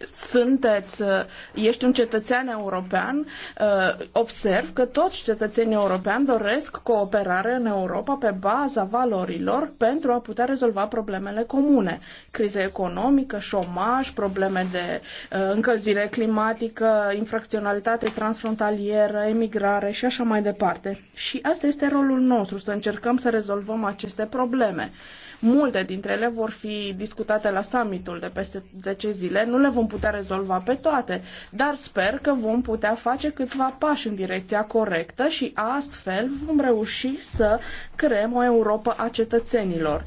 sunteți, uh, ești un cetățean european, uh, observ că toți cetățenii europeni doresc cooperare în Europa pe baza valorilor pentru a putea rezolva problemele comune. Crize economică, șomaj, probleme de uh, încălzire climatică, infracționalitate transfrontalieră, emigrare și așa mai departe. Și asta este rolul nostru, să încercăm să rezolvăm aceste probleme. Multe dintre ele vor fi discutate la summitul de peste 10 zile. Nu le vom putea rezolva pe toate, dar sper că vom putea face câțiva pași în direcția corectă și astfel vom reuși să creăm o Europa a cetățenilor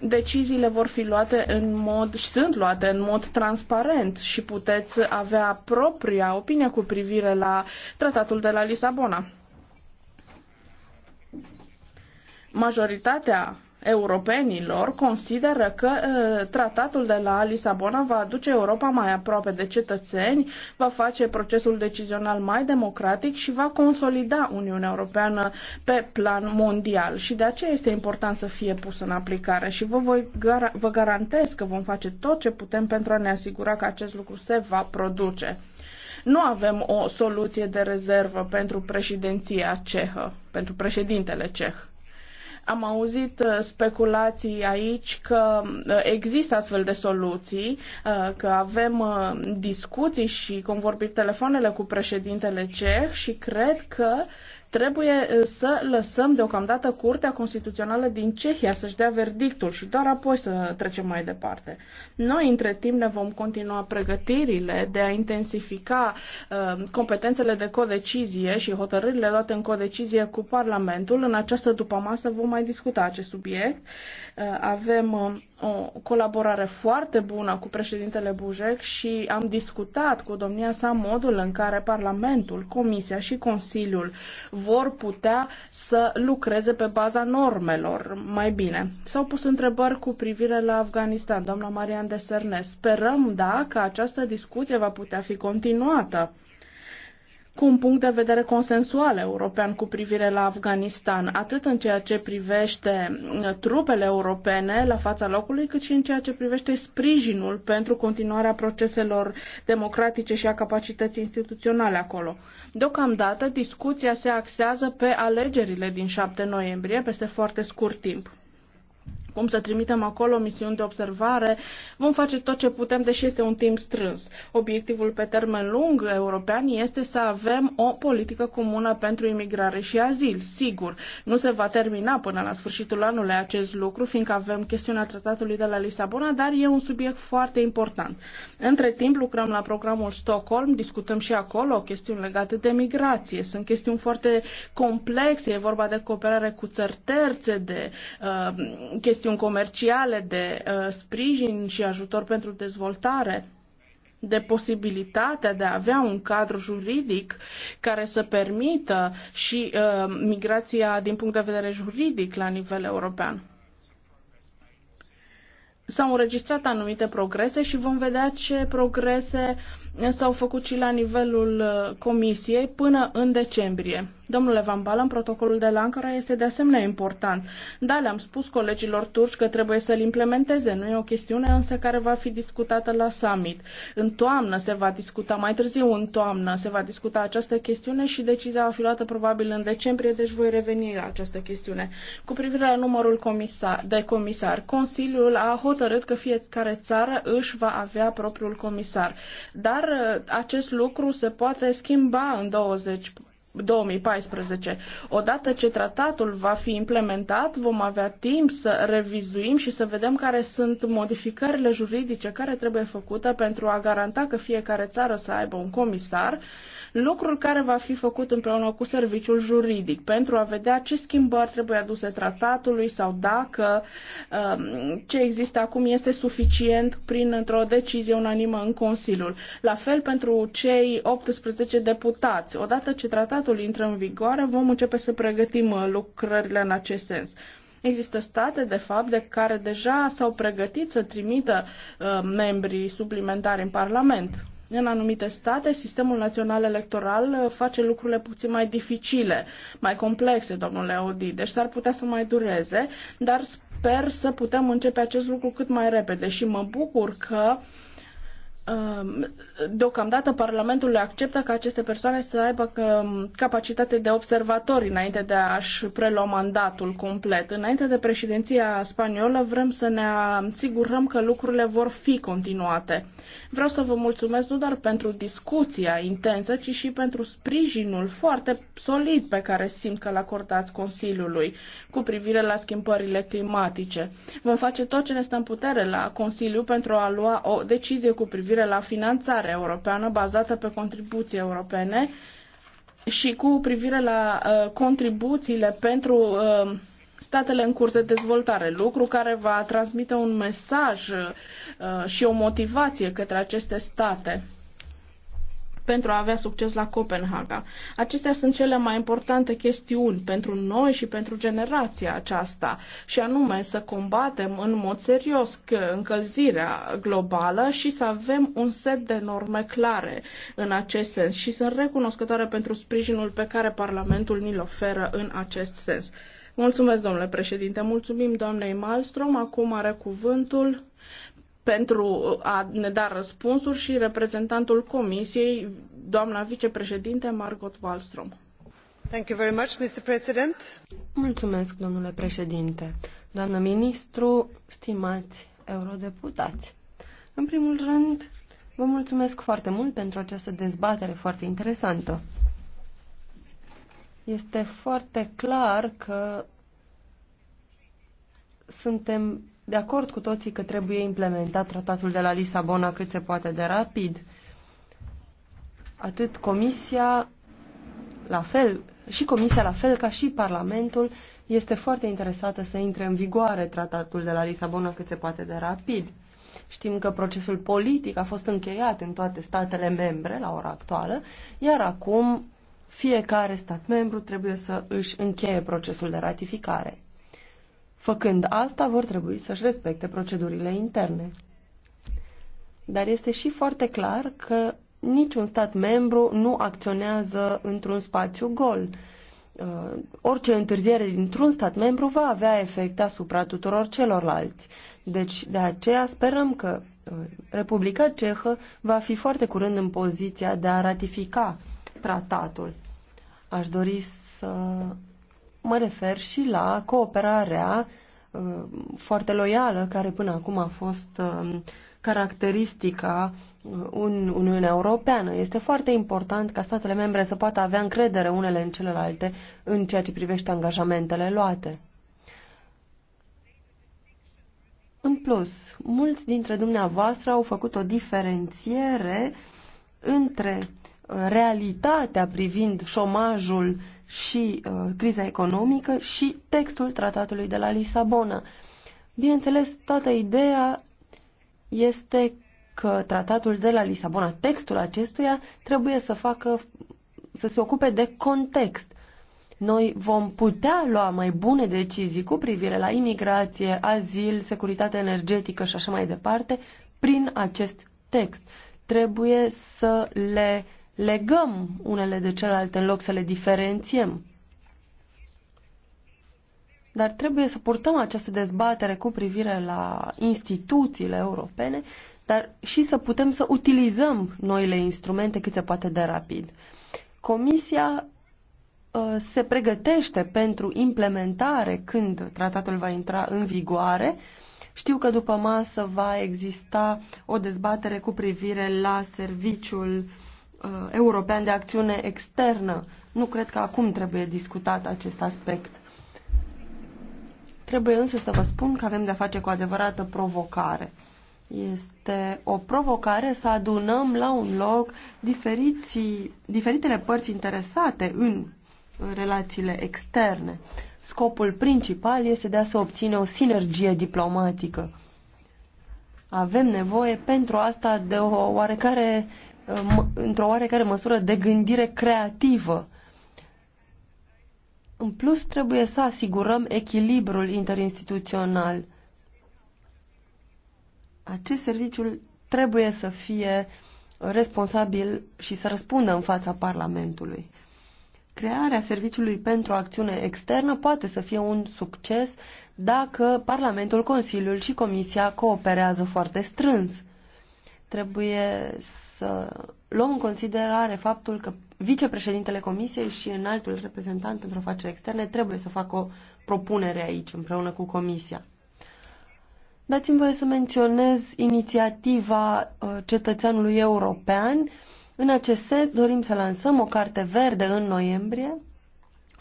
deciziile vor fi luate în mod și sunt luate în mod transparent și puteți avea propria opinie cu privire la tratatul de la Lisabona. Majoritatea europenilor consideră că uh, tratatul de la Lisabona va aduce Europa mai aproape de cetățeni, va face procesul decizional mai democratic și va consolida Uniunea Europeană pe plan mondial. Și de aceea este important să fie pus în aplicare și vă, voi gar- vă garantez că vom face tot ce putem pentru a ne asigura că acest lucru se va produce. Nu avem o soluție de rezervă pentru președinția cehă, pentru președintele ceh am auzit uh, speculații aici că uh, există astfel de soluții, uh, că avem discuții și convorbiri telefoanele cu președintele ceh și cred că Trebuie să lăsăm deocamdată Curtea Constituțională din Cehia să-și dea verdictul și doar apoi să trecem mai departe. Noi, între timp, ne vom continua pregătirile de a intensifica uh, competențele de codecizie și hotărârile luate în codecizie cu Parlamentul. În această masă vom mai discuta acest subiect. Uh, avem uh, o colaborare foarte bună cu președintele Bujec și am discutat cu domnia sa modul în care Parlamentul, Comisia și Consiliul vor putea să lucreze pe baza normelor mai bine. S-au pus întrebări cu privire la Afganistan, doamna Marian de Sperăm, da, că această discuție va putea fi continuată cu un punct de vedere consensual european cu privire la Afganistan, atât în ceea ce privește uh, trupele europene la fața locului, cât și în ceea ce privește sprijinul pentru continuarea proceselor democratice și a capacității instituționale acolo. Deocamdată, discuția se axează pe alegerile din 7 noiembrie, peste foarte scurt timp cum să trimitem acolo misiuni de observare. Vom face tot ce putem, deși este un timp strâns. Obiectivul pe termen lung european este să avem o politică comună pentru imigrare și azil. Sigur, nu se va termina până la sfârșitul anului acest lucru, fiindcă avem chestiunea tratatului de la Lisabona, dar e un subiect foarte important. Între timp lucrăm la programul Stockholm, discutăm și acolo chestiuni legate de migrație. Sunt chestiuni foarte complexe, e vorba de cooperare cu țări terțe, de uh, chestiuni chestiuni comerciale, de uh, sprijin și ajutor pentru dezvoltare, de posibilitatea de a avea un cadru juridic care să permită și uh, migrația din punct de vedere juridic la nivel european. S-au înregistrat anumite progrese și vom vedea ce progrese s-au făcut și la nivelul uh, Comisiei până în decembrie. Domnule Van Balen, protocolul de la Ankara este de asemenea important. Da, le-am spus colegilor turci că trebuie să-l implementeze. Nu e o chestiune însă care va fi discutată la summit. În toamnă se va discuta, mai târziu în toamnă se va discuta această chestiune și decizia va fi luată probabil în decembrie, deci voi reveni la această chestiune. Cu privire la numărul comisar, de comisar, Consiliul a hotărât că fiecare țară își va avea propriul comisar. Dar uh, acest lucru se poate schimba în 20 2014. Odată ce tratatul va fi implementat, vom avea timp să revizuim și să vedem care sunt modificările juridice care trebuie făcute pentru a garanta că fiecare țară să aibă un comisar lucru care va fi făcut împreună cu serviciul juridic pentru a vedea ce schimbări trebuie aduse tratatului sau dacă um, ce există acum este suficient prin într-o decizie unanimă în Consiliul. La fel pentru cei 18 deputați. Odată ce tratatul intră în vigoare, vom începe să pregătim uh, lucrările în acest sens. Există state, de fapt, de care deja s-au pregătit să trimită uh, membrii suplimentari în Parlament. În anumite state, sistemul național electoral uh, face lucrurile puțin mai dificile, mai complexe, domnule Audi, deci s-ar putea să mai dureze, dar sper să putem începe acest lucru cât mai repede și mă bucur că uh, Um, deocamdată Parlamentul acceptă ca aceste persoane să aibă um, capacitate de observatori înainte de a-și prelua mandatul complet. Înainte de președinția spaniolă vrem să ne asigurăm că lucrurile vor fi continuate. Vreau să vă mulțumesc nu doar pentru discuția intensă, ci și pentru sprijinul foarte solid pe care simt că l acordați Consiliului cu privire la schimbările climatice. Vom face tot ce ne stă în putere la Consiliu pentru a lua o decizie cu privire privire la finanțarea europeană bazată pe contribuții europene și cu privire la uh, contribuțiile pentru uh, statele în curs de dezvoltare, lucru care va transmite un mesaj uh, și o motivație către aceste state pentru a avea succes la Copenhaga. Acestea sunt cele mai importante chestiuni pentru noi și pentru generația aceasta, și anume să combatem în mod serios încălzirea globală și să avem un set de norme clare în acest sens. Și sunt recunoscătoare pentru sprijinul pe care Parlamentul ni-l oferă în acest sens. Mulțumesc, domnule președinte. Mulțumim doamnei Malmström. Acum are cuvântul pentru a ne da răspunsuri și reprezentantul Comisiei, doamna vicepreședinte Margot Wallström. Thank you very much, Mr. President. Mulțumesc, domnule președinte. Doamnă ministru, stimați eurodeputați. În primul rând, vă mulțumesc foarte mult pentru această dezbatere foarte interesantă. Este foarte clar că suntem de acord cu toții că trebuie implementat tratatul de la Lisabona cât se poate de rapid. Atât Comisia, la fel, și Comisia, la fel ca și Parlamentul, este foarte interesată să intre în vigoare tratatul de la Lisabona cât se poate de rapid. Știm că procesul politic a fost încheiat în toate statele membre la ora actuală, iar acum fiecare stat membru trebuie să își încheie procesul de ratificare. Făcând asta, vor trebui să-și respecte procedurile interne. Dar este și foarte clar că niciun stat membru nu acționează într-un spațiu gol. Uh, orice întârziere dintr-un stat membru va avea efecte asupra tuturor celorlalți. Deci, de aceea sperăm că uh, Republica Cehă va fi foarte curând în poziția de a ratifica tratatul. Aș dori să mă refer și la cooperarea uh, foarte loială care până acum a fost uh, caracteristica uh, Uniunea Europeană. Este foarte important ca statele membre să poată avea încredere unele în celelalte în ceea ce privește angajamentele luate. În plus, mulți dintre dumneavoastră au făcut o diferențiere între realitatea privind șomajul și uh, criza economică și textul tratatului de la Lisabona. Bineînțeles, toată ideea este că tratatul de la Lisabona, textul acestuia, trebuie să facă, să se ocupe de context. Noi vom putea lua mai bune decizii cu privire la imigrație, azil, securitate energetică și așa mai departe prin acest text. Trebuie să le legăm unele de celelalte în loc să le diferențiem. Dar trebuie să purtăm această dezbatere cu privire la instituțiile europene, dar și să putem să utilizăm noile instrumente cât se poate de rapid. Comisia ă, se pregătește pentru implementare când tratatul va intra în vigoare. Știu că după masă va exista o dezbatere cu privire la serviciul uh, Uh, european de Acțiune Externă. Nu cred că acum trebuie discutat acest aspect. Trebuie însă să vă spun că avem de-a face cu adevărată provocare. Este o provocare să adunăm la un loc diferitele părți interesate în relațiile externe. Scopul principal este de a se obține o sinergie diplomatică. Avem nevoie pentru asta de o oarecare uh, într-o oarecare măsură de gândire creativă. În plus, trebuie să asigurăm echilibrul interinstituțional. Acest serviciu trebuie să fie responsabil și să răspundă în fața Parlamentului. Crearea Serviciului pentru Acțiune Externă poate să fie un succes dacă Parlamentul, Consiliul și Comisia cooperează foarte strâns. Trebuie să luăm în considerare faptul că vicepreședintele Comisiei și înaltul reprezentant pentru afaceri externe trebuie să facă o propunere aici împreună cu Comisia. Dați-mi voie să menționez inițiativa uh, cetățeanului european. În acest sens dorim să lansăm o carte verde în noiembrie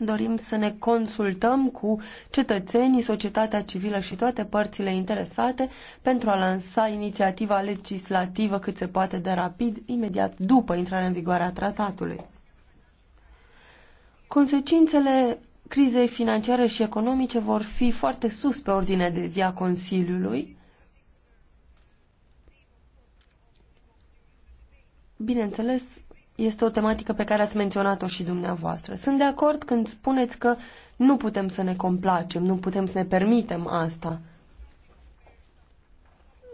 Dorim să ne consultăm cu cetățenii, societatea civilă și toate părțile interesate pentru a lansa inițiativa legislativă cât se poate de rapid, imediat după intrarea în vigoare a tratatului. Consecințele crizei financiare și economice vor fi foarte sus pe ordinea de zi a Consiliului. Bineînțeles, este o tematică pe care ați menționat-o și dumneavoastră. Sunt de acord când spuneți că nu putem să ne complacem, nu putem să ne permitem asta.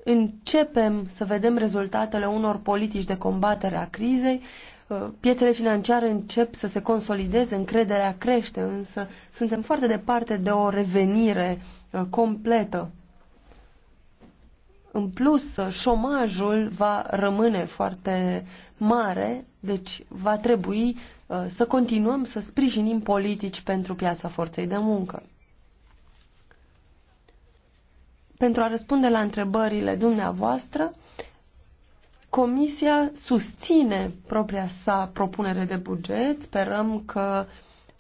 Începem să vedem rezultatele unor politici de combatere a crizei, uh, piețele financiare încep să se consolideze, încrederea crește, însă suntem foarte departe de o revenire uh, completă. În plus, uh, șomajul va rămâne foarte mare, deci va trebui uh, să continuăm să sprijinim politici pentru piața forței de muncă. Pentru a răspunde la întrebările dumneavoastră, Comisia susține propria sa propunere de buget. Sperăm că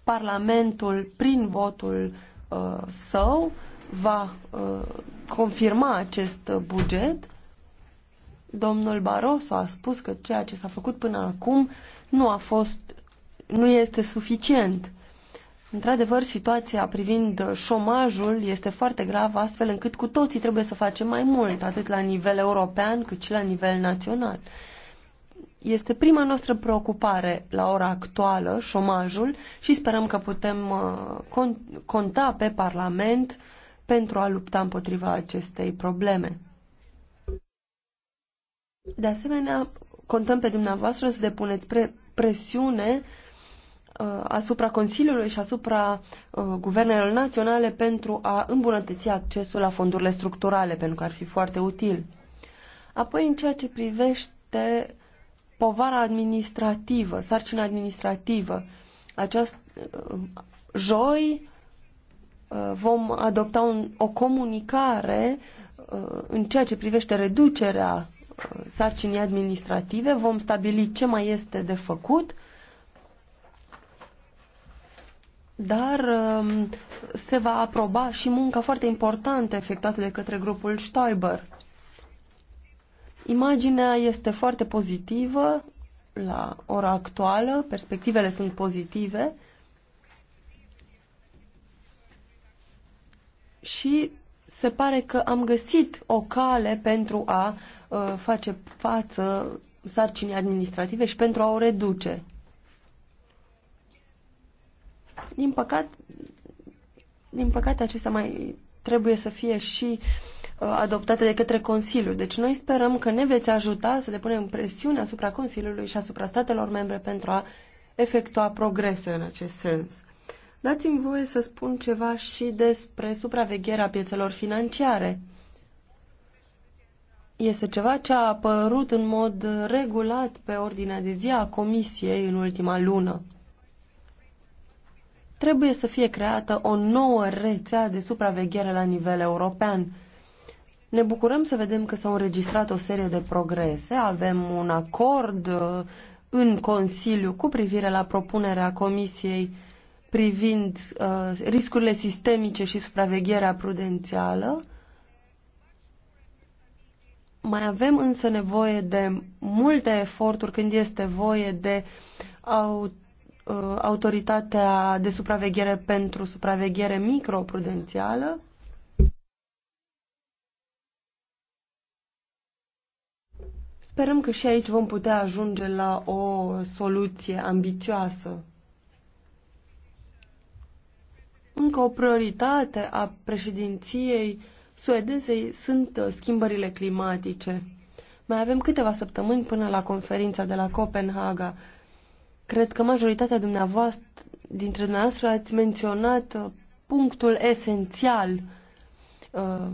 Parlamentul, prin votul uh, său, va uh, confirma acest buget Domnul Barroso a spus că ceea ce s-a făcut până acum nu a fost, nu este suficient. Într-adevăr, situația privind șomajul este foarte gravă, astfel încât cu toții trebuie să facem mai mult, atât la nivel european cât și la nivel național. Este prima noastră preocupare la ora actuală, șomajul, și sperăm că putem uh, conta pe Parlament pentru a lupta împotriva acestei probleme. De asemenea, contăm pe dumneavoastră să depuneți pre presiune uh, asupra Consiliului și asupra uh, guvernelor naționale pentru a îmbunătăți accesul la fondurile structurale, pentru că ar fi foarte util. Apoi, în ceea ce privește povara administrativă, sarcina administrativă, această uh, joi uh, vom adopta un, o comunicare uh, în ceea ce privește reducerea sarcinii administrative, vom stabili ce mai este de făcut, dar um, se va aproba și munca foarte importantă efectuată de către grupul Stoiber. Imaginea este foarte pozitivă la ora actuală, perspectivele sunt pozitive și se pare că am găsit o cale pentru a uh, Uh, face față sarcinii administrative și pentru a o reduce. Din, păcat, din păcate, acestea mai trebuie să fie și uh, adoptate de către Consiliu. Deci noi sperăm că ne veți ajuta să depunem presiune asupra Consiliului și asupra statelor membre pentru a efectua progrese în acest sens. Dați-mi voie să spun ceva și despre supravegherea piețelor financiare este ceva ce a apărut în mod regulat pe ordinea de zi a Comisiei în ultima lună. Trebuie să fie creată o nouă rețea de supraveghere la nivel european. Ne bucurăm să vedem că s-au înregistrat o serie de progrese, avem un acord uh, în Consiliu cu privire la propunerea Comisiei privind uh, riscurile sistemice și supravegherea prudențială mai avem însă nevoie de multe eforturi când este voie de au, uh, autoritatea de supraveghere pentru supraveghere microprudențială. Sperăm că și aici vom putea ajunge la o soluție ambițioasă. Încă o prioritate a președinției suedezei sunt uh, schimbările climatice. Mai avem câteva săptămâni până la conferința de la Copenhaga. Cred că majoritatea dumneavoastră, dintre dumneavoastră ați menționat uh, punctul esențial. Uh,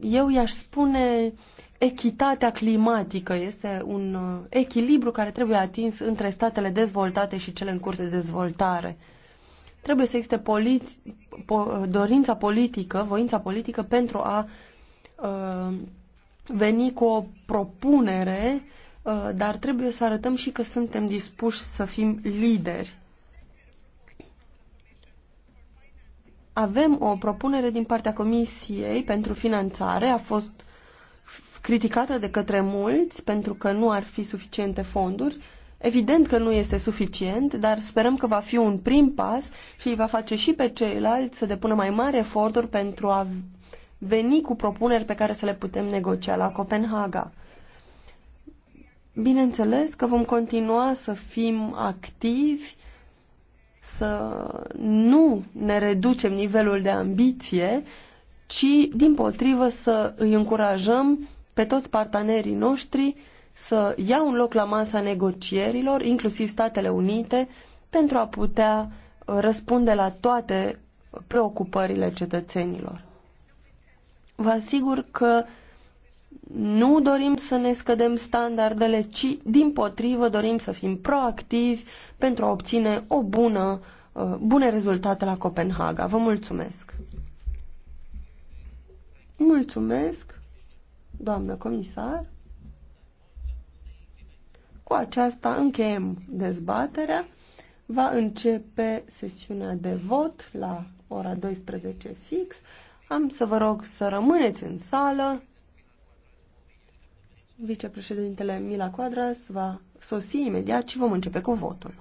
eu i-aș spune echitatea climatică. Este un echilibru care trebuie atins între statele dezvoltate și cele în curs de dezvoltare. Trebuie să existe politi- po- dorința politică, voința politică pentru a uh, veni cu o propunere, uh, dar trebuie să arătăm și că suntem dispuși să fim lideri. Avem o propunere din partea Comisiei pentru finanțare, a fost criticată de către mulți pentru că nu ar fi suficiente fonduri, Evident că nu este suficient, dar sperăm că va fi un prim pas și îi va face și pe ceilalți să depună mai mari eforturi pentru a veni cu propuneri pe care să le putem negocia la Copenhaga. Bineînțeles că vom continua să fim activi, să nu ne reducem nivelul de ambiție, ci, din potrivă, să îi încurajăm pe toți partenerii noștri să ia un loc la masa negocierilor, inclusiv Statele Unite, pentru a putea uh, răspunde la toate preocupările cetățenilor. Vă asigur că nu dorim să ne scădem standardele, ci din potrivă dorim să fim proactivi pentru a obține o bună, uh, bune rezultate la Copenhaga. Vă mulțumesc! Mulțumesc, doamnă comisar! Cu aceasta încheiem dezbaterea. Va începe sesiunea de vot la ora 12 fix. Am să vă rog să rămâneți în sală. Vicepreședintele Mila Quadras va sosi imediat și vom începe cu votul.